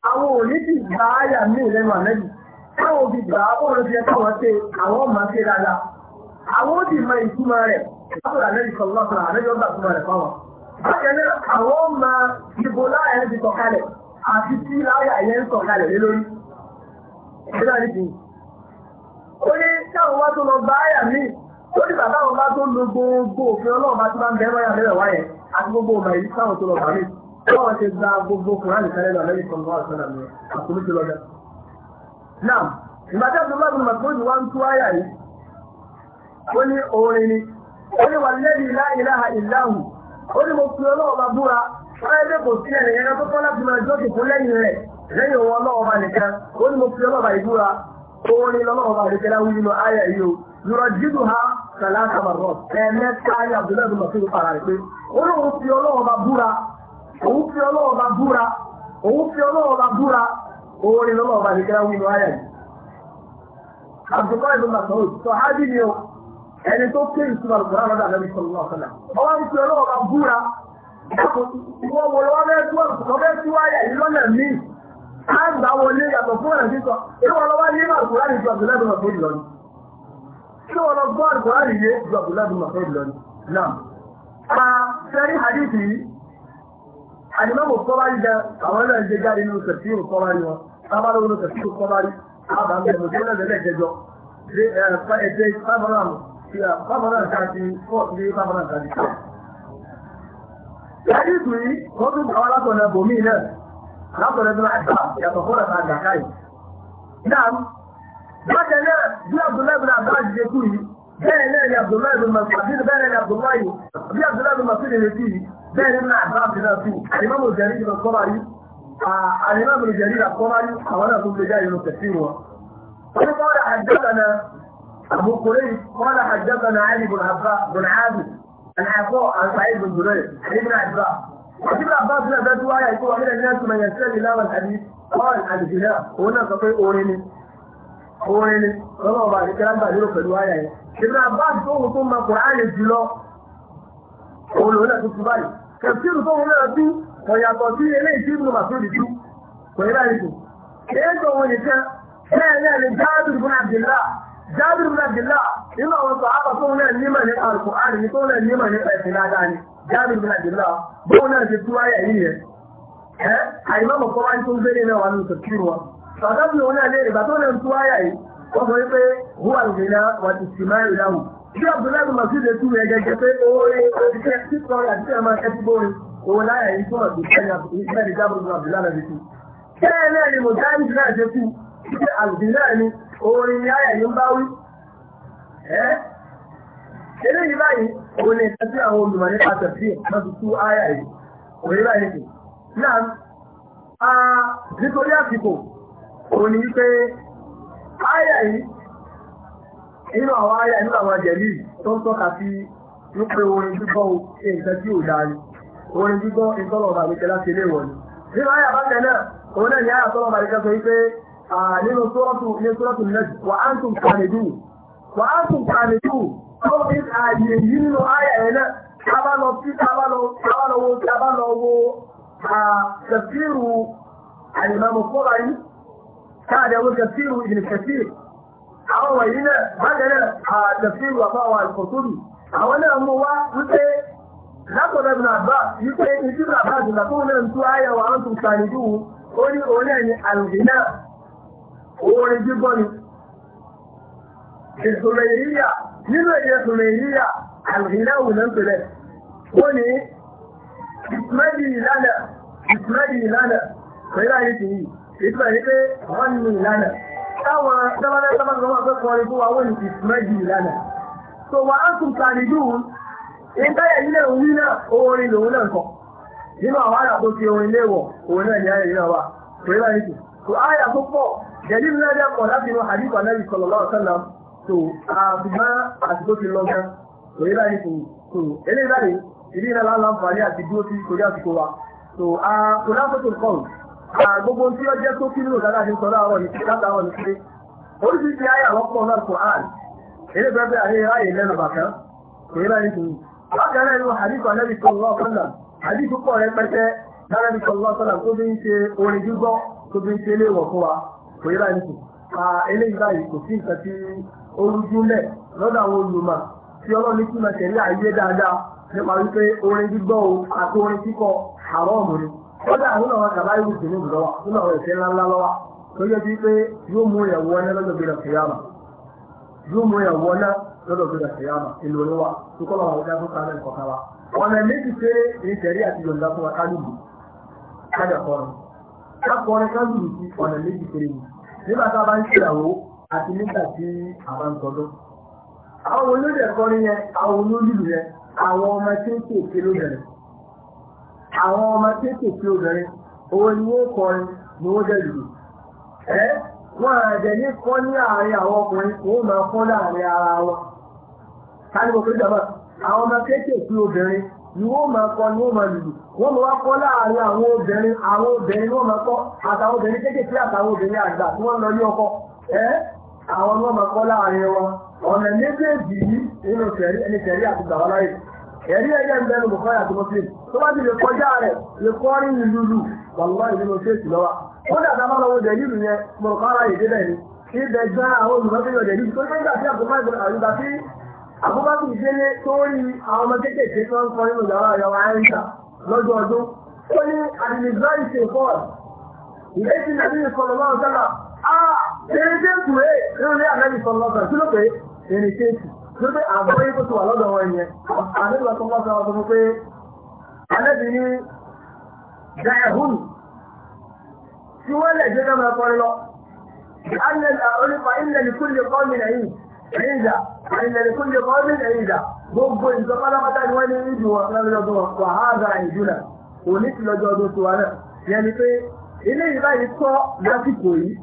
àwọn òní ti gbà áyà mí lẹ́nu àmẹ́jì táwọn òbí gbà á bọ́ọ̀rọ̀ ti ẹ̀kọ́ wọn ṣe àwọn ọmọ ṣe dáadáa àwọn ó sì mọ ìtumọ̀ rẹ̀ látọ̀dọ̀ àmẹ́jì kan lọ́sọ̀rọ̀ àmẹ́jì ọgbà rẹ̀ fáwọn. bákan náà àwọn ọmọ ìbò láàyè ti sọ àti tí láyà yẹn ń sọ lé lórí. Báwọn ṣe gba gbogbo Kùránì kálẹ̀ lọ lẹ́yìn kan wọ́n sọ́nà mi, àkúrú ti lọ́dọ̀. Náà, ìgbà tí Abdullahi bin Mas'ud wá ń tú àyà yìí, ó ní orin ni, ó ní wà lẹ́yìn la ilaha illahu, ó ní mo fi ọlọ́wọ́ bá búra, wáyé dé kò sí ẹ̀rẹ̀ yẹn tó tọ́ láti máa jókè fún lẹ́yìn rẹ̀, lẹ́yìn òun ọlọ́wọ́ bá nìkan, ó ní mo fi ọlọ́wọ́ bá ìbúra, orin lọ́wọ́ bá nìkan láwùjọ nínú àyà yìí o, yọ̀rọ̀ jídù ha sàlá àtàbàrọ̀, ẹ̀ẹ́mẹ́ta ayé Abdullahi bin Mas'ud rẹ̀ pé, ó ní òun fi ọlọ́wọ́ búra, òun fi ọlọ́ọ̀bá búra òun fi ọlọ́ọ̀bá búra oore lọ́lọ́ọ̀bá ti kẹ́ra wínú ayẹ̀ àbùkọ́ ìlú masoud sọ hábì ni o ẹni tó ké ìtura lùkúrá lọ́dọ̀ àlẹ́bí sọ̀rọ̀ náà sọ̀lá ọwọ́ ń fi ọlọ́ọ̀bá búra wọ́n wọ lọ́wọ́ bẹ́ẹ̀ tí wọ́n bẹ́ẹ̀ tí wáyà yìí lọ́nà míì á ń gbà wọlé yàtọ̀ fún ẹ̀rọ sísọ ìwọ lọ́wọ́ wọ́n lọ gbọ́ àbúrá yìí ju àbúlá dùn àbúlá lọ́nà náà. a fẹ́rí hadithi yìí àdìmọ́mù kọ́bárì gan àwọn náà ń gbé jáde nínú tẹ̀síwò kọ́bárì wọn sábàlú nínú tẹ̀síwò kọ́bárì àbàmì ẹ̀mọ̀tí náà lẹ́lẹ́ jẹjọ ẹ̀jẹ̀ fábọ́nàmù ti fábọ́nàmù káàkiri fọ́ọ̀tù ní fábọ́nàmù káàkiri. Yàrá ìtù yìí, wọ́n tún kọ́ látọ̀nà bòmí náà látọ̀nà bí wọ́n yàtọ̀ fún ọ̀nà àjàkáyì. Náà, bákan náà bí Abdullahi bin Abbas ṣe kú yìí, bẹ́ẹ̀ náà ni Abdullahi bin Mas'ud bẹ́ẹ̀ náà ni Abdullahi bí Abdullahi bin Mas'ud ṣe kú yìí bẹ́ẹ̀ ní àbá àbìnà sí àdìmọ́mù ìjẹ̀rí ìlọ sọ́ra yìí àdìmọ́mù ìjẹ̀rí ìlọ sọ́ra yìí àwọn náà tó gbé jáde lọ tẹ̀sí wọn. wọ́n kọ́ ọ́dà àjẹ́kànnà àbúkùnrin kọ́ ọ́dà àjẹ́kànnà àyè bùn àbá bùn àbù àlàfọ́ àǹfààní bùn يقول من الناس من يستمع له الحديث قال الجهاد هنا قطيع أوريني أوريني رضا الله الكلام بعد يروح الرواية جبنا عباس ثم قرآن الجلو òun lòun náà tuntun báyìí kẹfìrù tó wọn náà bí kò yàtọ̀ sí eléyìí tí ìbùnú màtó dìdú tó èyí tó wọn ni jábìrì bùnà àdìlá jábìrì bùnà àdìlá nínú àwọn sọ àbà tó wọn náà nímọ̀ ní àrùkù àrùn ní tó wọn ni jábìrì bùnà àdìlá bóun náà ti túwá yẹ yìí yẹ ẹ àyìnbá mọ̀ fọwọ́ tó ń gbélé náà wà ní ìtòkìrì wọn wà ti sì máa ìlàwù bí abdullahi masu de tu yẹn gẹ́gẹ́ pé oore ìfẹ́ títọ àti ẹmọ ẹtúgbó òun láyà yìí fún ọdún ìfẹ́ ní jábọ̀ ní abdullahi ti tu bẹ́ẹ̀ náà ni mujahid náà ṣe kú ṣe abdullahi ni oore ni ayà yìí ń bá wí ẹ́ eléyìí báyìí òun ni ìfẹ́ sí àwọn olùmọ̀ nípa tẹ̀sí náà ti tú ayà yìí òun báyìí kù náà a nítorí àsìkò òun ni wípé ayà yìí inú àwọn ayá inú àwọn jẹ̀lì tó ń tọ́ka sí wípé orin gbígbọ́ nǹkan tí ò dáa ni orin gbígbọ́ ìtọ́lọ̀ ọba àgbẹ̀kẹ́ láti ilé ìwọ̀n ni nínú ayá bákẹ́ náà òun náà ni ayá tọ́lọ̀ ọba àgbẹ̀kẹ́ sọ wípé nínú sọ́ọ̀tù ní sọ́ọ̀tù nẹ́ẹ̀tì wà á ń tún kànídù wà á ń tún kànídù tó ní ààyè yìí nínú ayá ẹ̀ náà tábàlọ sí tábàlọ wo tábàlọ wo tẹ̀síìrù àyìnbámu fọ́lá yìí káàdì àwọn tẹ̀síìrù ìdìlẹ̀ tẹ̀síìrù àwọn wọ̀nyí náà bájẹ́lẹ̀ àtẹ̀síwò àbáwọn àìkòtòrì àwọn náà mú wá wípé lápọ̀dọ̀ ìbìnà àbá wípé ìdí bàbá àdìgbà tó náà ń tú ayẹwà ń tún sàrìdú ó ní orí ẹ̀yìn àlùfínà orin gbígbọ́ ni ìṣòro ìríyà nínú èdè ìṣòro ìríyà àlùfínà wù náà pẹ̀lẹ̀ ó ní ìsúmẹ́lì ìlànà ìsúmẹ́lì ìlànà pẹ̀lú àyíkì yìí ìtumẹ̀ ní pé wọ́n nínú ìlànà táwọn dábàdá sábàdá wọn fẹ́ kọrin ti mẹ́jì ìlànà so wà á tún kàrí dùn ní táyà ilé òun náà orin lòun náà kọ nínú àwọn àyà tó fi orin léwọ̀ òun náà ní ayà yìí náà wà pé bá ní tù àyà tó pọ̀ jẹ̀dí mi náà jẹ́ pọ̀ láti inú àdìpọ̀ náà sallallahu alaihi wasallam tó àbùmá àti tó ti lọ gan pé bá ní tù tù eléyìí àsìkò wa tó àkùnrin àkótó kọ̀ọ̀rù gbogbo tí ó jẹ́ tó kílò dáadáa ṣe sọ láàárọ̀ ní látàárọ̀ ní pé oríṣiríṣi àyà lọ́pọ̀ náà kò áàl eré bẹ́ẹ̀ bẹ́ẹ̀ àyè ráyè lẹ́nu bàtà kò yẹ láyé tòun bákan náà inú àdìsọ alẹ́ nìkan lọ́wọ́ sọ́nà àdìsọ pọ̀ rẹ pẹ́tẹ́ lálẹ́ nìkan lọ́wọ́ sọ́nà tó fi ń ṣe orin gbígbọ́ tó fi ń ṣe léèwọ̀ fún wa kò yẹ láyé tòun a eléyìí báyìí kò sí nǹkan tí ó rújú lẹ̀ lọ́dọ̀ àwọn olùmọ̀ tí ọlọ́run kí máa tẹ̀lé àyè dáadáa nípa wípé orin gbígbọ́ o àti orin kíkọ àrọ́ ọ̀mùnrin kọ́dà nínú àwọn àgbà yóò dùn ní ìlọ́wà nínú àwọn ìfẹ́ ńláńlá lọ́wà tó yẹ bí pé yóò mú ìyàwó ọ̀nà lọ́dọ̀ bí rẹ̀kìyàmà yóò mú ìyàwó ọ̀nà lọ́dọ̀ bí rẹ̀kìyàmà ìlú oníwà tó kọ́ àwọn ọ̀dà fún kálẹ̀ nǹkan wa. ọ̀nà méjì pé ìṣẹ̀rí àti yọ̀ǹda fún wa kálùbù kájà kọrin kákọrin kálùbù sí ọ̀nà méjì péré ni nígbà tá a bá ń ṣèyàwó àti nígbà tí a bá ń tọdún. àwọn olóde ẹ̀kọ́ ni yẹn àwọn olólùlù yẹn àwọn ọmọ tí ń pè é lóbẹ̀rẹ̀ àwọn ọmọ kéékèèké obìnrin owó ni wọ́n kọrin ni wọ́n jẹ́ lùlù ẹ́ wọ́n àjẹ́ ní kọ́ ní àárín àwọn ọkùnrin wọ́n máa kọ́ láàrin ara wọn káníkò pé jọba àwọn ọmọ kéékèèké obìnrin ni wọ́n máa kọ́ ni wọ́n máa lùlù wọ́n máa kọ́ láàrin àwọn obìnrin àwọn obìnrin wọ́n máa kọ́ àtàwọn obìnrin kéékèèké àtàwọn obìnrin àgbà tí wọ́n lọ ní ọkọ ẹ́ àwọn máa kọ́ láàrin wọn ọ̀nà méjèèjì yìí nínú tẹ̀rí ẹ̀rí ẹ̀jẹ̀ ń bẹnu bùkọ́ àti mọ́tì tó bá ti lè kọjá rẹ̀ lè kọ́ rí ní lulu wàlúwà ìlú ló ṣe èsì lọ́wọ́ ó dàgbà máa lọ́wọ́ dẹ̀ nílùú yẹn mọ̀rọ̀kọ́ ara yìí débẹ̀ ni kí bẹ̀ gbá àwọn olùmọ́tẹ́yọ̀ dẹ̀ níbi tó ṣe ń gbà sí àgbà tí àbúkọ́ sì délé tó rí àwọn ọmọ kéékèèké tó ń kọ nínú yàrá yàrá ẹ̀ńtà lọ́jọ́ ọdún ó ní àdìlẹ́gbẹ́rì ah, ṣe fọ́ọ̀lù ìrètí nàbí ìkọlọ́lọ́ Nígbé àgbóyé tó ti wà lọ́dọ̀ wọn yẹn, àdébà tó wọ́n sọ fún pé, Alẹ́bì ní Dàẹ̀hùn, tí wọ́n lẹ̀ jẹ́ náà mẹ́kọ́ lọ. Onípa ilẹ̀ ní kúlẹ̀ kọ́mì lẹ́yìn, ẹ̀yìnjà, ilẹ̀ ní kúlẹ̀ kọ́mì lẹ́yìnjà, gbogbo ìjọpálápátá ni wọ́n ní ìjù wọn lọ́dọ̀ wà á gba ìjù náà, òní ti lọ́jọ́ ọdún tiwa náà. Yẹn ni pé, ilé ìbáyìí kọ́ lásìkò yìí,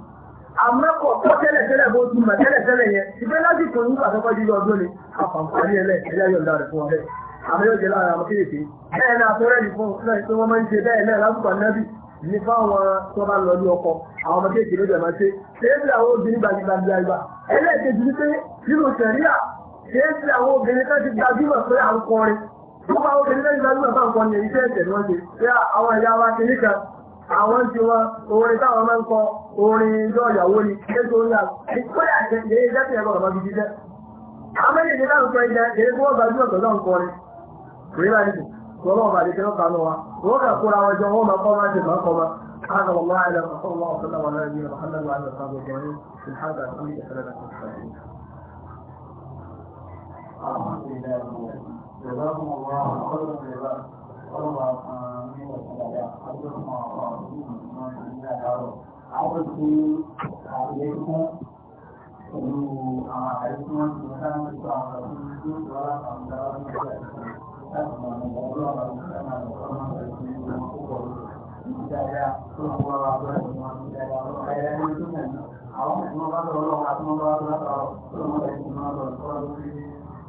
àmọ́ kọ̀ tó tẹ́lẹ̀ tẹ́lẹ̀ bó ti mà tẹ́lẹ̀ tẹ́lẹ̀ yẹn ìgbẹ́ lásìkò ní àkọ́kọ́ jíjọ ọdún ni àfàǹfààní ẹlẹ́ ẹ̀yà yọ̀ǹda rẹ̀ fún ọ̀rẹ́ àmọ́ yóò jẹ́ lára àwọn kéèké bẹ́ẹ̀ náà tó rẹ́ni fún náà tí wọ́n máa ń ṣe bẹ́ẹ̀ náà lásìkò ànábì ní fáwọn tó bá lọ ní ọkọ àwọn ọmọ kéèké ló dẹ̀ máa ṣe ṣéèṣì àwọn obìnrin gbajúgbajúgba ẹlẹ́ẹ̀kejì ni pé nínú sẹ̀ríà ṣéèṣì àwọn obìnrin kan ti gbajúmọ̀ pé à ń kọrin nípa obìnrin kan ti gbajúmọ̀ pé à ń kọrin èyí tẹ́ẹ̀tẹ̀ ni wọ́n ṣe pé àwọn ẹ̀yà wa kiri kan àwọn tí wọn orin táwọn máa ń kọ orin ìjọ ìyàwó ni kéèkó ń yà kódà ìdè ìdẹ́sìn ẹ̀kọ́ ọ̀mọ́ gidi jẹ́ amẹ́yìn ní láwùjọ ìjẹ èyí tí wọ́n gbajúmọ̀ pẹ̀lú àwọn kọrin rí bá nìkú lọ́wọ́ bàdé kí wọ́n kanú wa wọ́n kà kóra wọn jọ wọ́n máa kọ́ máa ṣe máa kọ́ máa هذا والله اعلم وصلى الله وسلم على àwọn tí àyè fún pẹ̀lú àwọn àyè tí wọ́n ti rán nípa àwọn ọdún tí ó wà láti àwọn ọdún láti mọ̀ ní ọlọ́run àti ìṣẹ́nà ọ̀pọ̀lọpọ̀ àwọn ọdún tí ó pọ̀ ìdájá tó ń wọ́n wá bẹ́ẹ̀ ni wọ́n ti dájá lọ́wọ́ ẹ̀yà ní ìdúnnà àwọn tí wọ́n bá lọ́wọ́ àti wọ́n bá lọ́wọ́